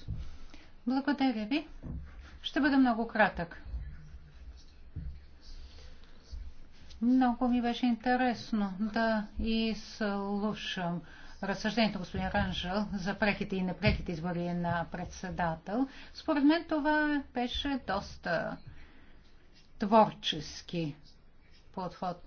S3: благодаря ви. Ще бъда много кратък. Много ми беше интересно да изслушам разсъждението господин Ранжел за преките и непреките избори на председател. Според мен това беше доста творчески подход.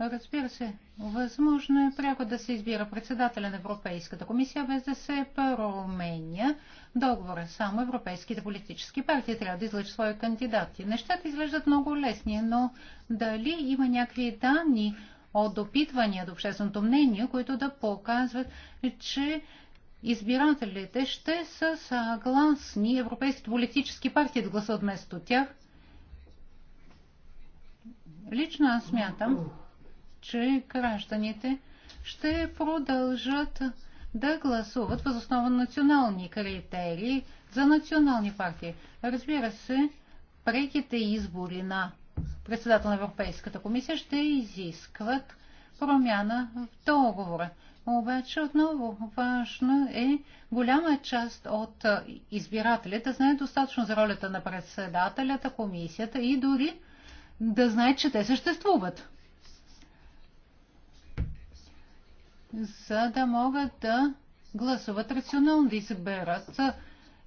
S3: Разбира се, възможно е пряко да се избира председателя на Европейската комисия, без да се променя договора. Само европейските политически партии трябва да излъчат свои кандидати. Нещата изглеждат много лесни, но дали има някакви данни от допитвания до общественото мнение, които да показват, че избирателите ще са съгласни европейските политически партии да гласуват вместо тях? Лично аз смятам, че гражданите ще продължат да гласуват възоснова на национални критерии за национални партии. Разбира се, преките избори на председател на Европейската комисия ще изискват промяна в договора. Обаче отново важно е голяма част от избирателите да знаят достатъчно за ролята на председателята, комисията и дори да знаят, че те съществуват. за да могат да гласуват рационално, да изберат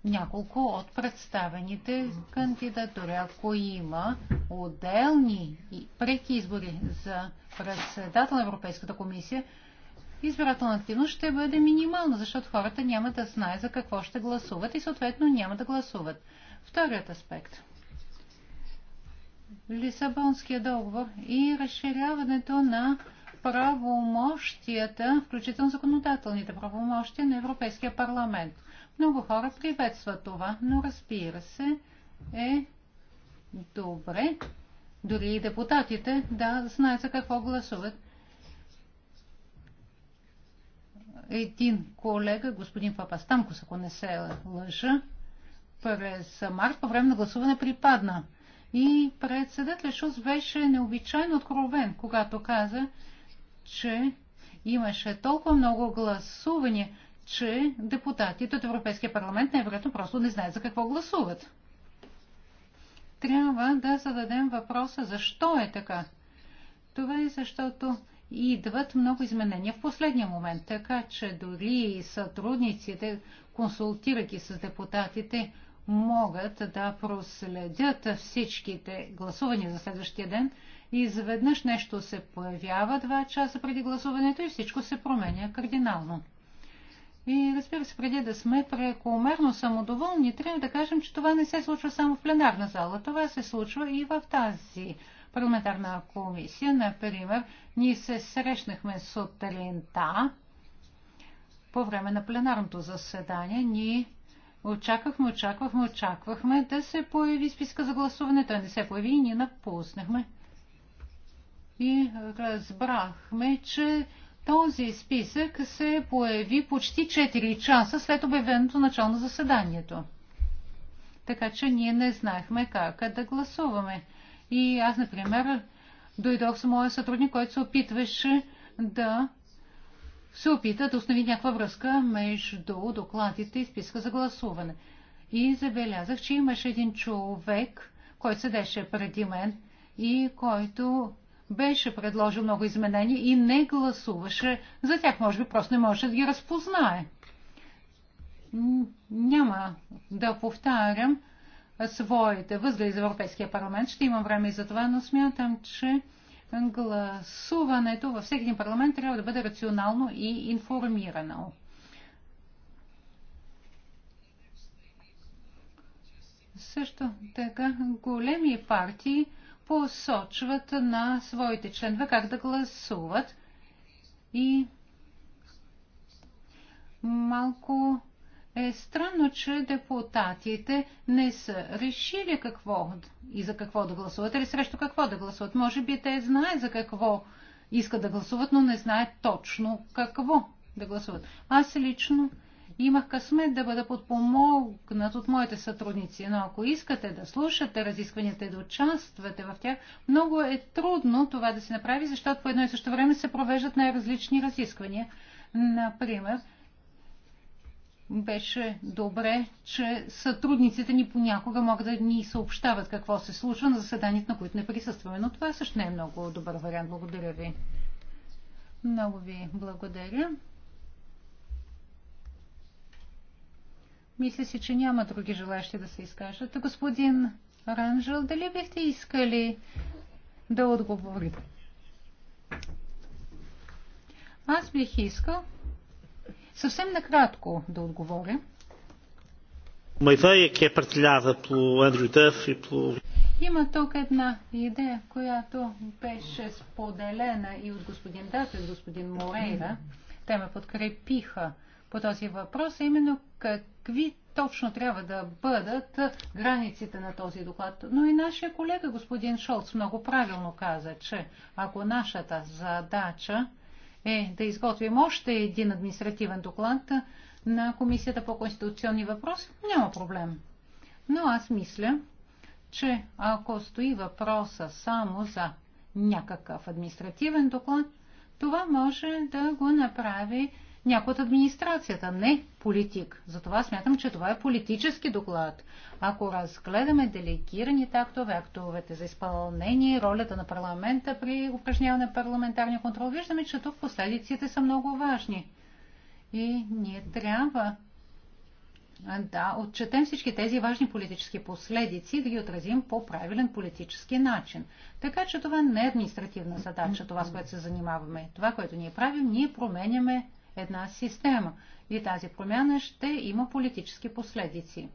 S3: няколко от представените кандидатури. Ако има отделни и преки избори за председател на Европейската комисия, избирателна активност ще бъде минимална, защото хората няма да знаят за какво ще гласуват и съответно няма да гласуват. Вторият аспект. Лисабонския договор и разширяването на правомощията, включително законодателните правомощия на Европейския парламент. Много хора приветстват това, но разбира се, е добре дори и депутатите да знаят за какво гласуват. Един колега, господин Папастамкос, ако не се лъжа, през март по време на гласуване припадна. И председателят Шус беше необичайно откровен, когато каза, че имаше толкова много гласувания, че депутатите от Европейския парламент най-вероятно просто не знаят за какво гласуват. Трябва да зададем въпроса защо е така. Това е защото идват много изменения в последния момент, така че дори и сътрудниците, консултирайки с депутатите, могат да проследят всичките гласувания за следващия ден изведнъж нещо се появява два часа преди гласуването и всичко се променя кардинално. И разбира се, преди да сме прекомерно самодоволни, трябва да кажем, че това не се случва само в пленарна зала. Това се случва и в тази парламентарна комисия. Например, ние се срещнахме сутринта по време на пленарното заседание. Ние очаквахме, очаквахме, очаквахме да се появи списка за гласуване. Той не се появи и ние напуснахме и разбрахме, че този списък се появи почти 4 часа след обявеното начало на заседанието. Така че ние не знаехме как да гласуваме. И аз, например, дойдох с моя сътрудник, който се опитваше да се опита да установи някаква връзка между докладите и списка за гласуване. И забелязах, че имаше един човек, който седеше преди мен и който беше предложил много изменения и не гласуваше за тях. Може би просто не може да ги разпознае. Няма да повтарям своите възгледи за Европейския парламент. Ще имам време и за това, но смятам, че гласуването във всеки един парламент трябва да бъде рационално и информирано. Също така големи партии посочват на своите членове как да гласуват и малко е странно, че депутатите не са решили какво и за какво да гласуват или срещу какво да гласуват. Може би те знаят за какво искат да гласуват, но не знаят точно какво да гласуват. Аз лично Имах късмет да бъда подпомогнат от моите сътрудници, но ако искате да слушате разискванията и да участвате в тях, много е трудно това да се направи, защото по едно и също време се провеждат най-различни разисквания. Например, беше добре, че сътрудниците ни понякога могат да ни съобщават какво се случва на заседанието, на които не присъстваме. Но това също не е много добър вариант. Благодаря ви. Много ви благодаря. Мисля си, че няма други желащи да се изкажат. Господин Ранжел, дали бихте искали да отговорите? Аз бих искал съвсем накратко да отговоря. E Има тук една идея, която беше споделена и от господин Дат, и от господин Морейра. Те ме подкрепиха по този въпрос, а именно какви точно трябва да бъдат границите на този доклад. Но и нашия колега господин Шолц много правилно каза, че ако нашата задача е да изготвим още един административен доклад на Комисията по конституционни въпроси, няма проблем. Но аз мисля, че ако стои въпроса само за някакъв административен доклад, това може да го направи някой от администрацията, не политик. Затова смятам, че това е политически доклад. Ако разгледаме делегираните актове, актовете за изпълнение, ролята на парламента при упражняване на парламентарния контрол, виждаме, че тук последиците са много важни. И ние трябва да отчетем всички тези важни политически последици и да ги отразим по правилен политически начин. Така че това не е административна задача, това с което се занимаваме. Това, което ние правим, ние променяме една система. И тази промяна ще има политически последици.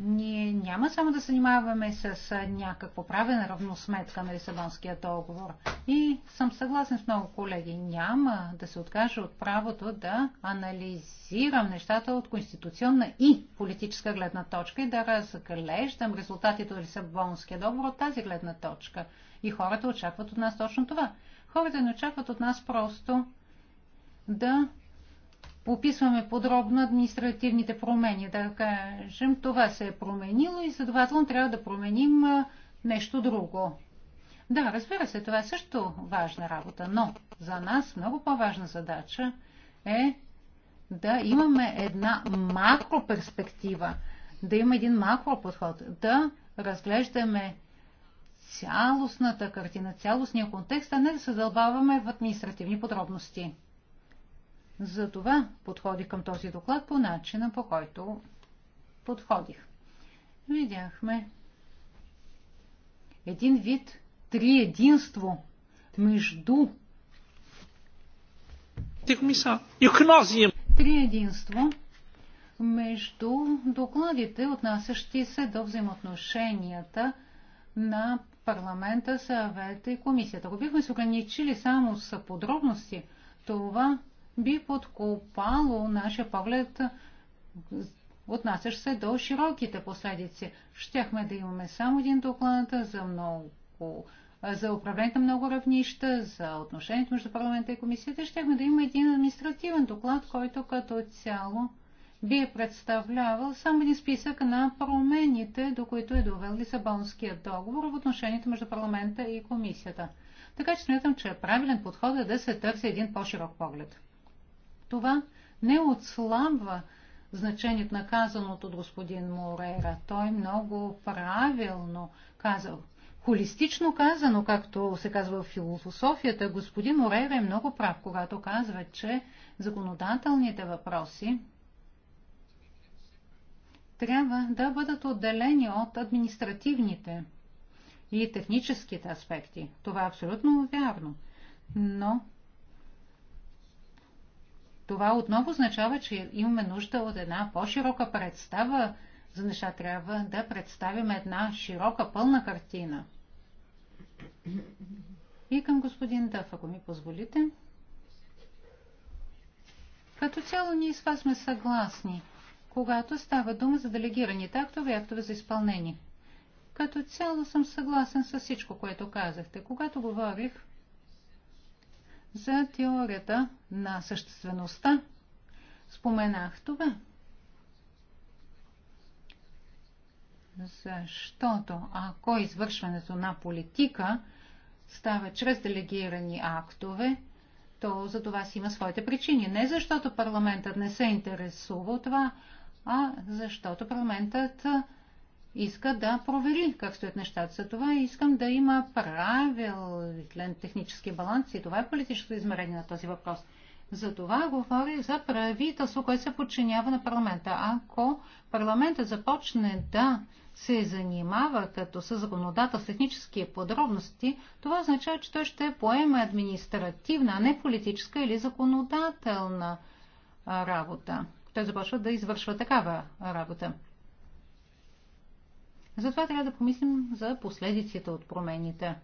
S3: Ние няма само да се занимаваме с някакво правен равносметка на Лисабонския договор. И съм съгласен с много колеги. Няма да се откаже от правото да анализирам нещата от конституционна и политическа гледна точка и да разглеждам резултатите от Лисабонския договор от тази гледна точка. И хората очакват от нас точно това. Хората не очакват от нас просто да описваме подробно административните промени. Да кажем, това се е променило и следователно трябва да променим нещо друго. Да, разбира се, това е също важна работа, но за нас много по-важна задача е да имаме една макроперспектива, да има един макроподход, да разглеждаме цялостната картина, цялостния контекст, а не да се задълбаваме в административни подробности. Затова подходих към този доклад по начина, по който подходих. Видяхме един вид триединство между триединство между докладите, отнасящи се до взаимоотношенията на парламента, съвета и комисията. Ако бихме се ограничили само с подробности, това би подкопало нашия поглед, отнасящ се до широките последици. Щяхме да имаме само един доклад за много за управлението на много равнища, за отношението между парламента и комисията, щяхме да има един административен доклад, който като цяло би представлявал само един списък на промените, до които е довел Лисабонският договор в отношенията между парламента и комисията. Така че смятам, че е правилен подход е да се търси един по-широк поглед. Това не отслабва значението на казаното от господин Морера. Той много правилно казал. Холистично казано, както се казва в философията, господин Морера е много прав, когато казва, че законодателните въпроси трябва да бъдат отделени от административните и техническите аспекти. Това е абсолютно вярно. Но това отново означава, че имаме нужда от една по-широка представа за неща. Трябва да представим една широка, пълна картина. И към господин Дъв, ако ми позволите. Като цяло ние с вас сме съгласни – когато става дума за делегираните актове и актове за изпълнение. Като цяло съм съгласен с всичко, което казахте. Когато говорих за теорията на съществеността, споменах това. Защото ако извършването на политика става чрез делегирани актове, то за това си има своите причини. Не защото парламентът не се интересува от това, а защото парламентът иска да провери как стоят нещата. За това искам да има правилен технически баланс и това е политическо измерение на този въпрос. За това говорих за правителство, което се подчинява на парламента. Ако парламентът започне да се занимава като със законодател с технически подробности, това означава, че той ще поеме административна, а не политическа или законодателна работа той започва да извършва такава работа. Затова трябва да помислим за последиците от промените.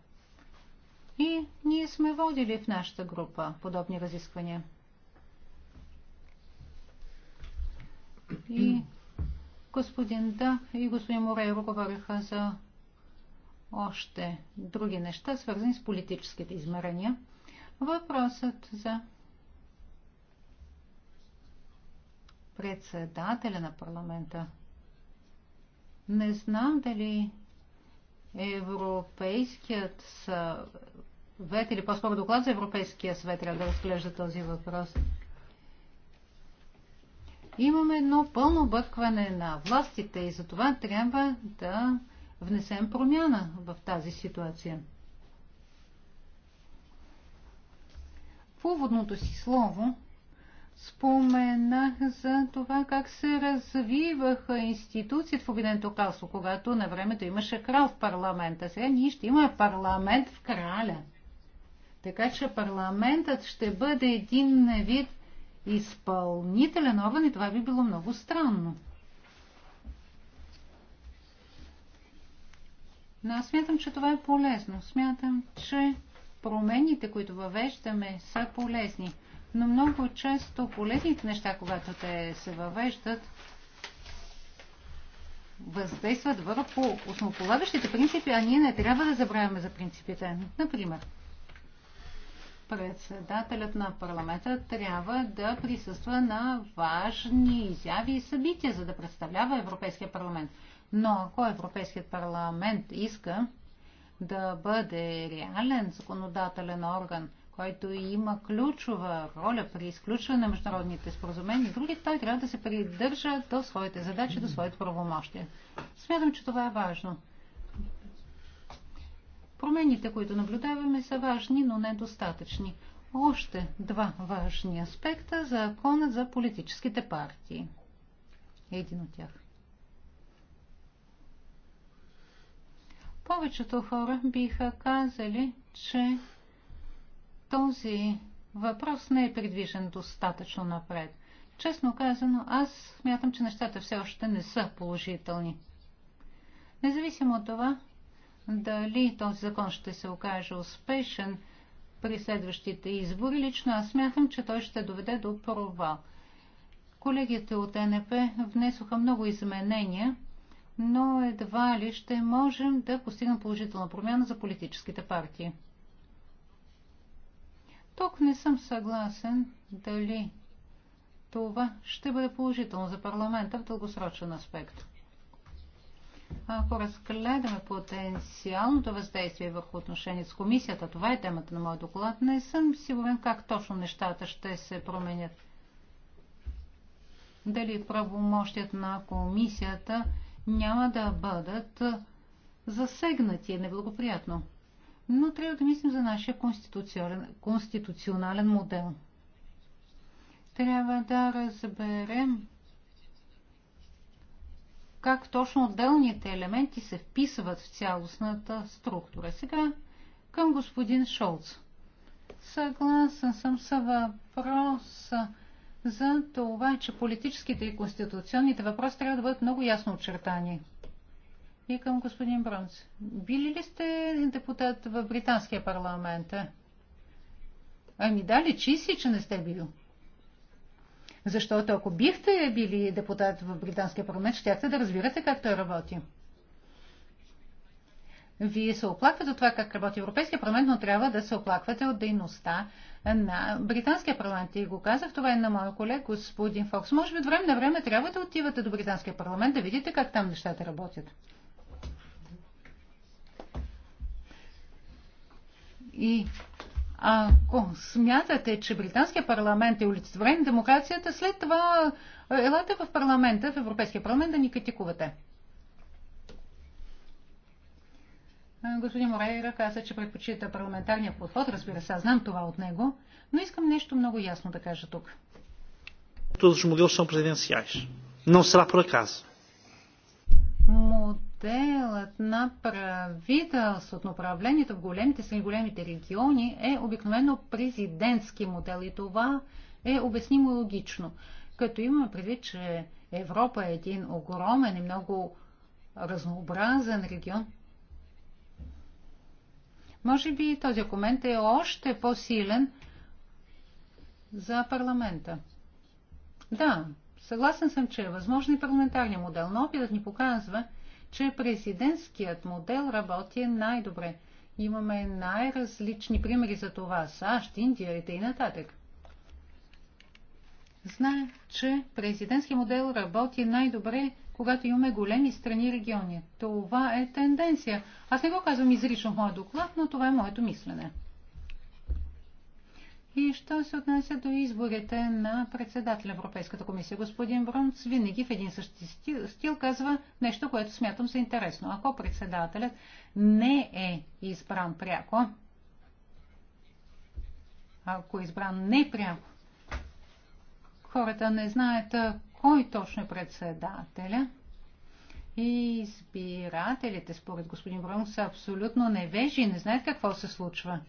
S3: И ние сме водили в нашата група подобни разисквания. И господин Да и господин Морейро говориха за още други неща, свързани с политическите измерения. Въпросът за председателя на парламента. Не знам дали Европейският съвет или по-скоро доклад за Европейския съвет трябва да разглежда този въпрос. Имаме едно пълно объркване на властите и за това трябва да внесем промяна в тази ситуация. В уводното си слово споменах за това как се развиваха институциите в Обединеното кралство, когато на времето имаше крал в парламента. Сега ние ще имаме парламент в краля. Така че парламентът ще бъде един вид изпълнителен орган и това би било много странно. Но аз смятам, че това е полезно. Смятам, че промените, които въвеждаме, са полезни но много често полезните неща, когато те се въвеждат, въздействат върху основополагащите принципи, а ние не трябва да забравяме за принципите. Например, председателят на парламента трябва да присъства на важни изяви и събития, за да представлява Европейския парламент. Но ако Европейският парламент иска да бъде реален законодателен орган – който има ключова роля при изключване на международните споразумения и други, той трябва да се придържа до своите задачи, до своите правомощия. Смятам, че това е важно. Промените, които наблюдаваме, са важни, но недостатъчни. Още два важни аспекта за закона за политическите партии. Един от тях. Повечето хора биха казали, че този въпрос не е придвижен достатъчно напред. Честно казано, аз смятам, че нещата все още не са положителни. Независимо от това, дали този закон ще се окаже успешен при следващите избори, лично аз смятам, че той ще доведе до провал. Колегите от НП внесоха много изменения, но едва ли ще можем да постигнем положителна промяна за политическите партии. Тук не съм съгласен дали това ще бъде положително за парламента в дългосрочен аспект. Ако разгледаме потенциалното въздействие върху отношение с комисията, това е темата на моят доклад, не съм сигурен как точно нещата ще се променят. Дали правомощият на комисията няма да бъдат засегнати е неблагоприятно но трябва да мислим за нашия конституционален, конституционален модел. Трябва да разберем как точно отделните елементи се вписват в цялостната структура. Сега към господин Шолц. Съгласен съм с въпроса за това, че политическите и конституционните въпроси трябва да бъдат много ясно очертани и към господин Бронс. Били ли сте депутат в британския парламент? Ами да, личи си, че не сте били. Защото ако бихте били депутат в британския парламент, щяхте да разбирате как той работи. Вие се оплаквате от това как работи Европейския парламент, но трябва да се оплаквате от дейността на Британския парламент. И го казах това и на моя колега, господин Фокс. Може би от време на време трябва да отивате до Британския парламент, да видите как там нещата работят. И ако смятате, че британския парламент е олицетворен демокрацията, след това елате в парламента, в Европейския парламент да ни критикувате. Господин Морейра каза, че предпочита парламентарния подход. Разбира се, аз знам това от него, но искам нещо много ясно да кажа тук. Todos os modelos são presidenciais. Não será por acaso. Моделът на правителството, на управлението в големите страни, големите региони е обикновено президентски модел и това е обяснимо логично. Като имаме предвид, че Европа е един огромен и много разнообразен регион, може би този документ е още по-силен за парламента. Да, съгласен съм, че е възможен и парламентарния модел, но опитът ни показва, че президентският модел работи най-добре. Имаме най-различни примери за това – САЩ, Индия и т.н. Знае, че президентски модел работи най-добре, когато имаме големи страни и региони. Това е тенденция. Аз не го казвам изрично в моя доклад, но това е моето мислене. И що се отнася до изборите на председателя на Европейската комисия, господин Бронц винаги в един същи стил, стил казва нещо, което смятам за интересно. Ако председателят не е избран пряко, ако е избран не пряко, хората не знаят кой точно е председателя. И избирателите, според господин Брунц, са абсолютно невежи и не знаят какво се случва.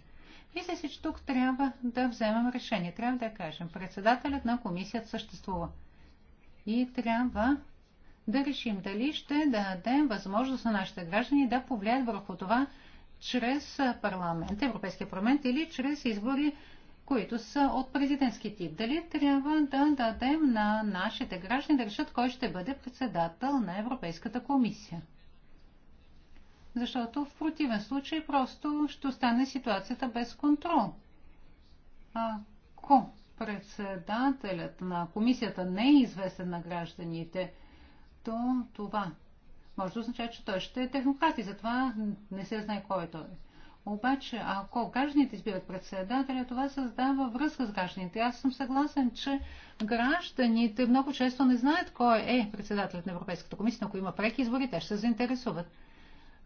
S3: Мисля си, че тук трябва да вземем решение. Трябва да кажем, председателят на комисията съществува. И трябва да решим дали ще дадем възможност на нашите граждани да повлияят върху това чрез парламент, Европейския парламент или чрез избори, които са от президентски тип. Дали трябва да дадем на нашите граждани да решат кой ще бъде председател на Европейската комисия? защото в противен случай просто ще остане ситуацията без контрол. Ако председателят на комисията не е известен на гражданите, то това може да означава, че той ще е технократ и затова не се знае кой е той. Обаче, ако гражданите избират председателя, това създава връзка с гражданите. Аз съм съгласен, че гражданите много често не знаят кой е председателят на Европейската комисия. Ако има преки избори, те ще се заинтересуват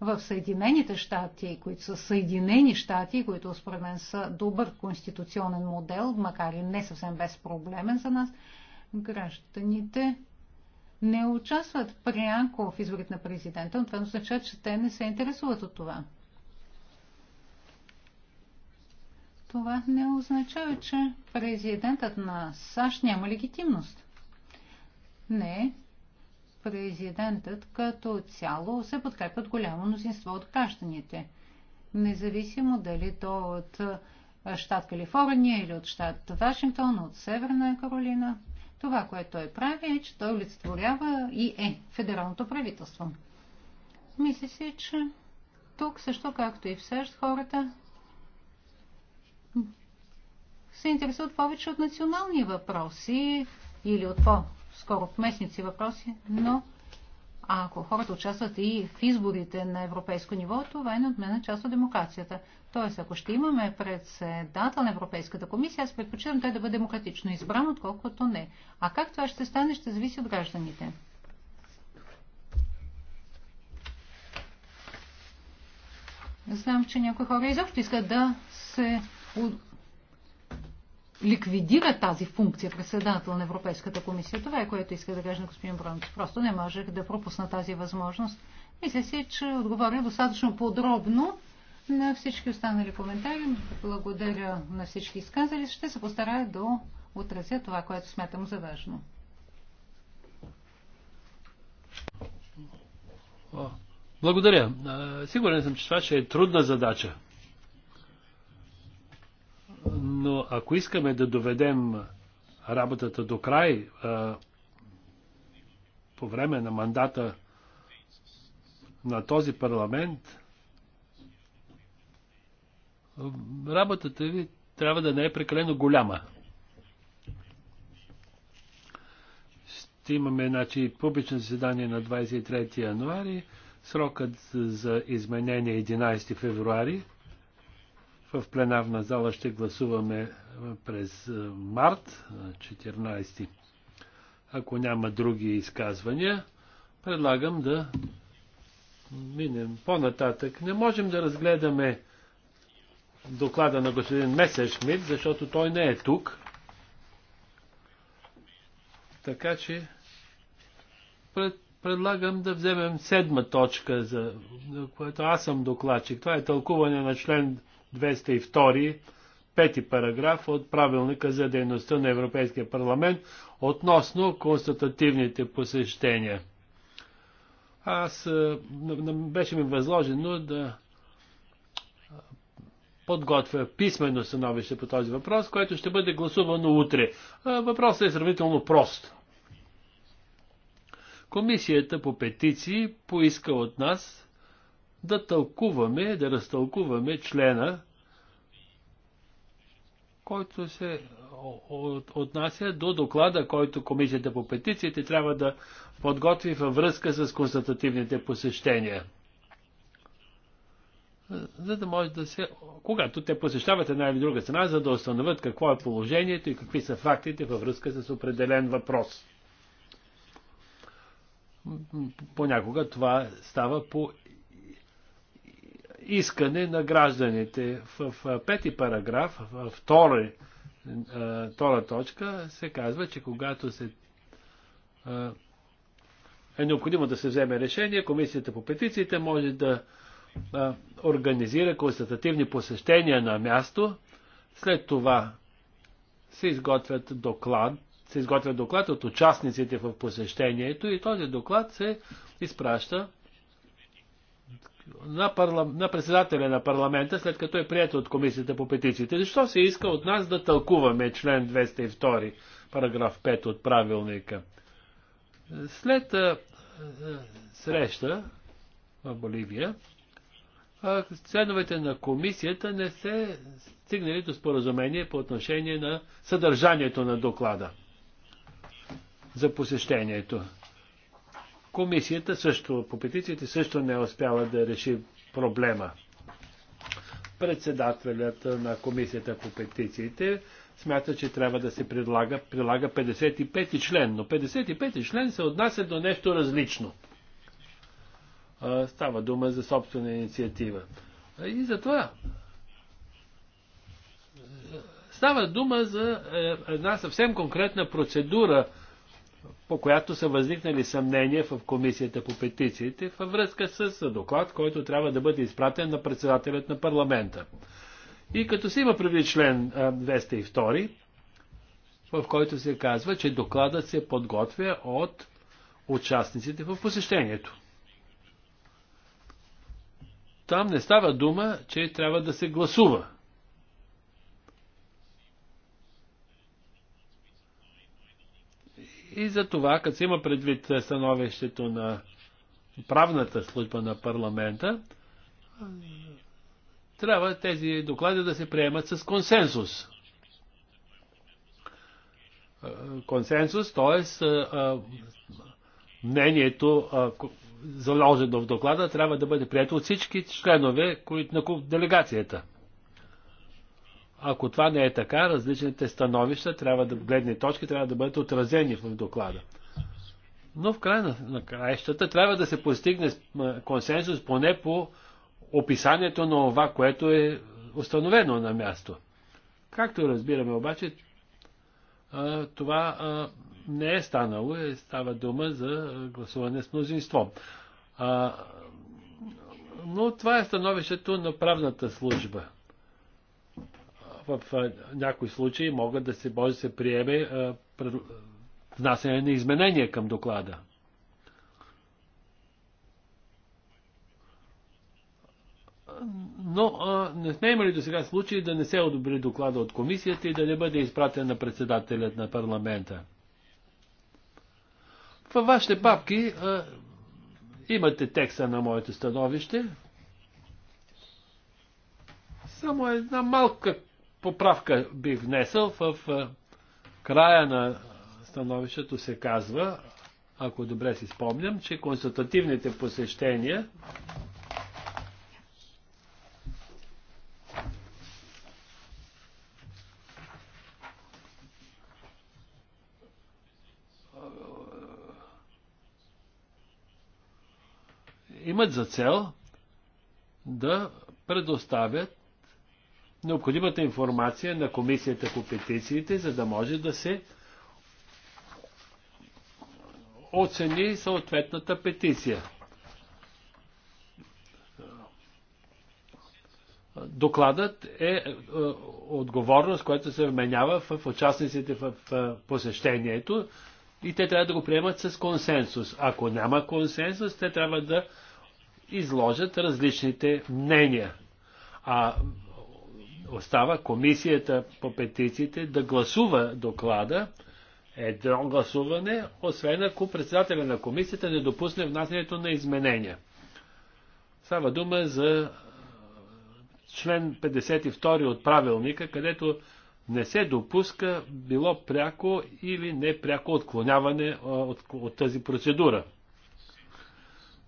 S3: в Съединените щати, които са Съединени щати, които според мен са добър конституционен модел, макар и не съвсем безпроблемен за нас, гражданите не участват пряко в изборите на президента, но това означава, че те не се интересуват от това. Това не означава, че президентът на САЩ няма легитимност. Не, президентът като цяло се подкрепят голямо мнозинство от гражданите. Независимо дали то от щат Калифорния или от щат Вашингтон, от Северна Каролина. Това, което той прави, е, че той олицетворява и е федералното правителство. Мисля си, че тук, също както и в САЩ, хората се интересуват повече от национални въпроси или от по скоро местници въпроси, но ако хората участват и в изборите на европейско ниво, това е мен част от демокрацията. Тоест, ако ще имаме председател на Европейската комисия, аз предпочитам той да бъде демократично избран, отколкото не. А как това ще стане, ще зависи от гражданите. Знам, че някои хора изобщо искат да се ликвидира тази функция председател на Европейската комисия. Това е което иска да кажа на господин Бронкс. Просто не можех да пропусна тази възможност. Мисля си, че отговоря достатъчно подробно на всички останали коментари. Благодаря на всички изказали. Ще се постарая да отразя това, което смятам за важно.
S1: Благодаря. Сигурен съм, че това ще е трудна задача. Но ако искаме да доведем работата до край а, по време на мандата на този парламент, работата ви трябва да не е прекалено голяма. Ще имаме значи, публично заседание на 23 януари, срокът за изменение 11 е февруари. В пленарна зала ще гласуваме през март 14. Ако няма други изказвания, предлагам да минем по-нататък. Не можем да разгледаме доклада на господин Месешмит, защото той не е тук. Така че пред, предлагам да вземем седма точка, за, която аз съм докладчик. Това е тълкуване на член 202, пети параграф от правилника за дейността на Европейския парламент относно констатативните посещения. Аз е, беше ми възложено да подготвя писмено становище по този въпрос, което ще бъде гласувано утре. Е, въпросът е сравнително прост. Комисията по петиции поиска от нас да тълкуваме, да разтълкуваме члена който се отнася до доклада, който комисията по петициите трябва да подготви във връзка с констатативните посещения. За да може да се... Когато те посещават една или друга страна, за да установят какво е положението и какви са фактите във връзка с определен въпрос. Понякога това става по искане на гражданите. В пети параграф, във втори, втора точка, се казва, че когато се е необходимо да се вземе решение, комисията по петициите може да организира констатативни посещения на място. След това се изготвят доклад, се изготвят доклад от участниците в посещението и този доклад се изпраща на, на председателя на парламента, след като е прието от комисията по петициите. Защо се иска от нас да тълкуваме член 202, параграф 5 от правилника? След а, а, среща в Боливия, а, членовете на комисията не се стигнали до споразумение по отношение на съдържанието на доклада за посещението. Комисията също, по петициите също не е успява да реши проблема. Председателят на Комисията по петициите смята, че трябва да се предлага, прилага 55-ти член, но 55-ти член се отнася до нещо различно. Става дума за собствена инициатива. И затова става дума за е, една съвсем конкретна процедура, по която са възникнали съмнения в Комисията по петициите във връзка с доклад, който трябва да бъде изпратен на председателят на парламента. И като се има преди член 202, в който се казва, че докладът се подготвя от участниците в посещението. Там не става дума, че трябва да се гласува И за това, като се има предвид становището на правната служба на парламента, трябва тези доклади да се приемат с консенсус. Консенсус, т.е. мнението, заложено в доклада, трябва да бъде прието от всички членове на делегацията. Ако това не е така, различните становища, трябва да, гледни точки трябва да бъдат отразени в доклада. Но в край на, на краищата трябва да се постигне консенсус поне по описанието на това, което е установено на място. Както разбираме обаче, това не е станало, и става дума за гласуване с мнозинство. Но това е становището на правната служба в някои случаи могат да се, може да се приеме внасяне на изменения към доклада. Но а, не сме имали до сега случаи да не се одобри доклада от комисията и да не бъде изпратен на председателят на парламента. Във вашите папки а, имате текста на моето становище. Само една малка поправка бих внесъл в края на становището се казва, ако добре си спомням, че консултативните посещения имат за цел да предоставят необходимата информация на комисията по петициите, за да може да се оцени съответната петиция. Докладът е, е отговорност, която се вменява в участниците в е, посещението и те трябва да го приемат с консенсус. Ако няма консенсус, те трябва да изложат различните мнения. А остава комисията по петициите да гласува доклада, едно гласуване, освен ако председателя на комисията не допусне внасянето на изменения. Става дума за член 52 от правилника, където не се допуска било пряко или непряко отклоняване от, от тази процедура.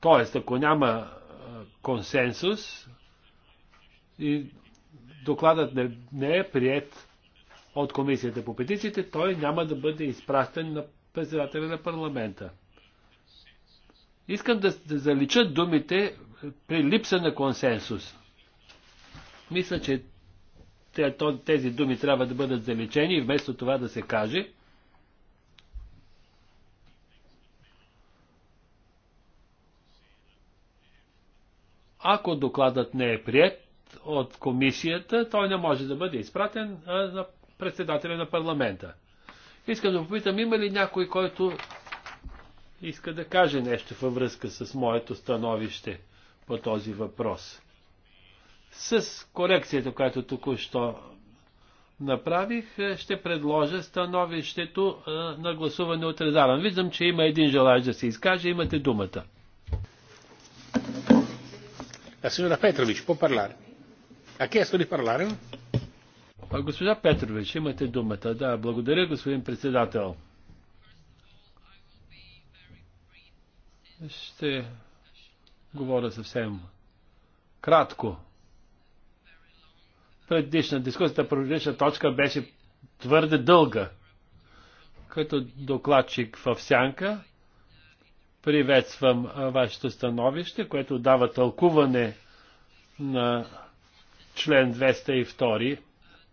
S1: Тоест, ако няма консенсус и докладът не, не е прият от комисията по петициите, той няма да бъде изпращан на председателя на парламента. Искам да, да залича думите при липса на консенсус. Мисля, че тези думи трябва да бъдат заличени и вместо това да се каже, ако докладът не е прият, от комисията, той не може да бъде изпратен а, на председателя на парламента. Искам да попитам, има ли някой, който иска да каже нещо във връзка с моето становище по този въпрос? С корекцията, която току-що направих, е, ще предложа становището а, е, на гласуване от Резаран. Виждам, че има един желаящ да се изкаже. Имате думата. La е, Петрович, по può Госпожа Петрович, имате думата. Да, благодаря, господин председател. Ще говоря съвсем кратко. Предишна дискусията, предишна точка беше твърде дълга. Като докладчик в сянка, приветствам вашето становище, което дава тълкуване на член 202,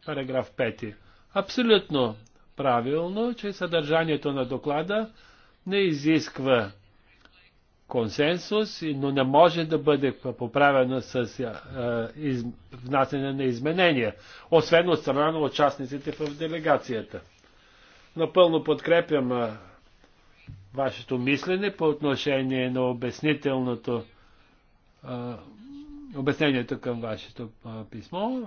S1: параграф 5. Абсолютно правилно, че съдържанието на доклада не изисква консенсус, но не може да бъде поправено с е, внасяне на изменения, освен от страна на участниците в делегацията. Напълно подкрепям е, вашето мислене по отношение на обяснителното е, обяснението към вашето писмо,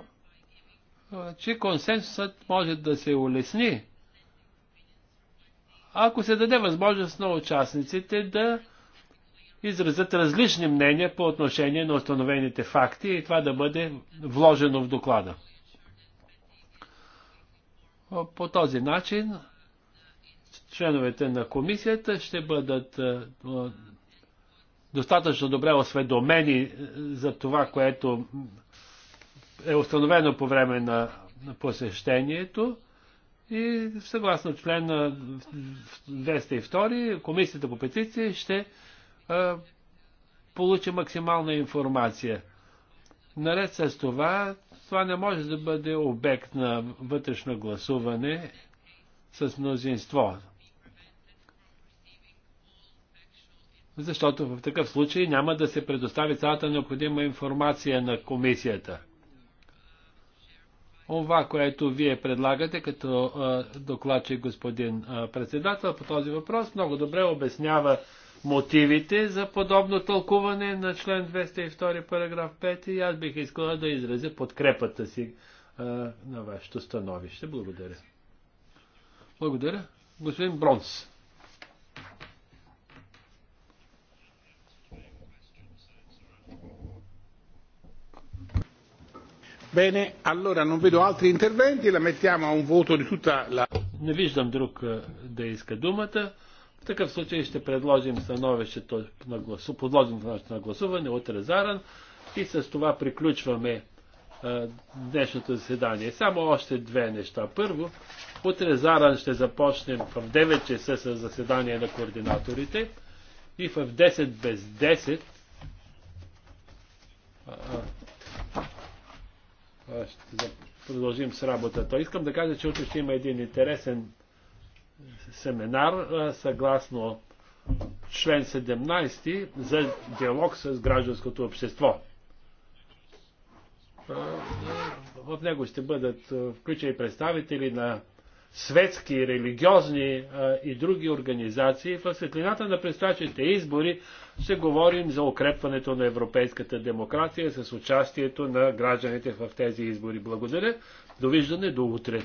S1: че консенсусът може да се улесни, ако се даде възможност на участниците да изразят различни мнения по отношение на установените факти и това да бъде вложено в доклада. По този начин членовете на комисията ще бъдат достатъчно добре осведомени е, за това, което е установено по време на посещението. И съгласно член 202, комисията по петиции ще е, получи максимална информация. Наред с това, това не може да бъде обект на вътрешно гласуване с мнозинство. защото в такъв случай няма да се предостави цялата необходима информация на комисията. Това, което вие предлагате като докладчик господин председател по този въпрос, много добре обяснява мотивите за подобно тълкуване на член 202 параграф 5 и аз бих искала да изразя подкрепата си на вашето становище. Благодаря. Благодаря. Господин Бронс. Bene, allora non vedo altri interventi, la mettiamo a un voto di tutta la... Не виждам друг е, да иска думата. В такъв случай ще предложим становището на, гласу... на гласуване от Резаран и с това приключваме е, днешното заседание. Само още две неща. Първо, от Резаран ще започнем в 9 часа с заседание на координаторите и в 10 без 10 а, ще продължим с работата. Искам да кажа, че утре ще има един интересен семинар съгласно член 17 за диалог с гражданското общество. В него ще бъдат включени представители на светски, религиозни а, и други организации. В светлината на предстоящите избори ще говорим за укрепването на европейската демокрация с участието на гражданите в тези избори. Благодаря. Довиждане до утре.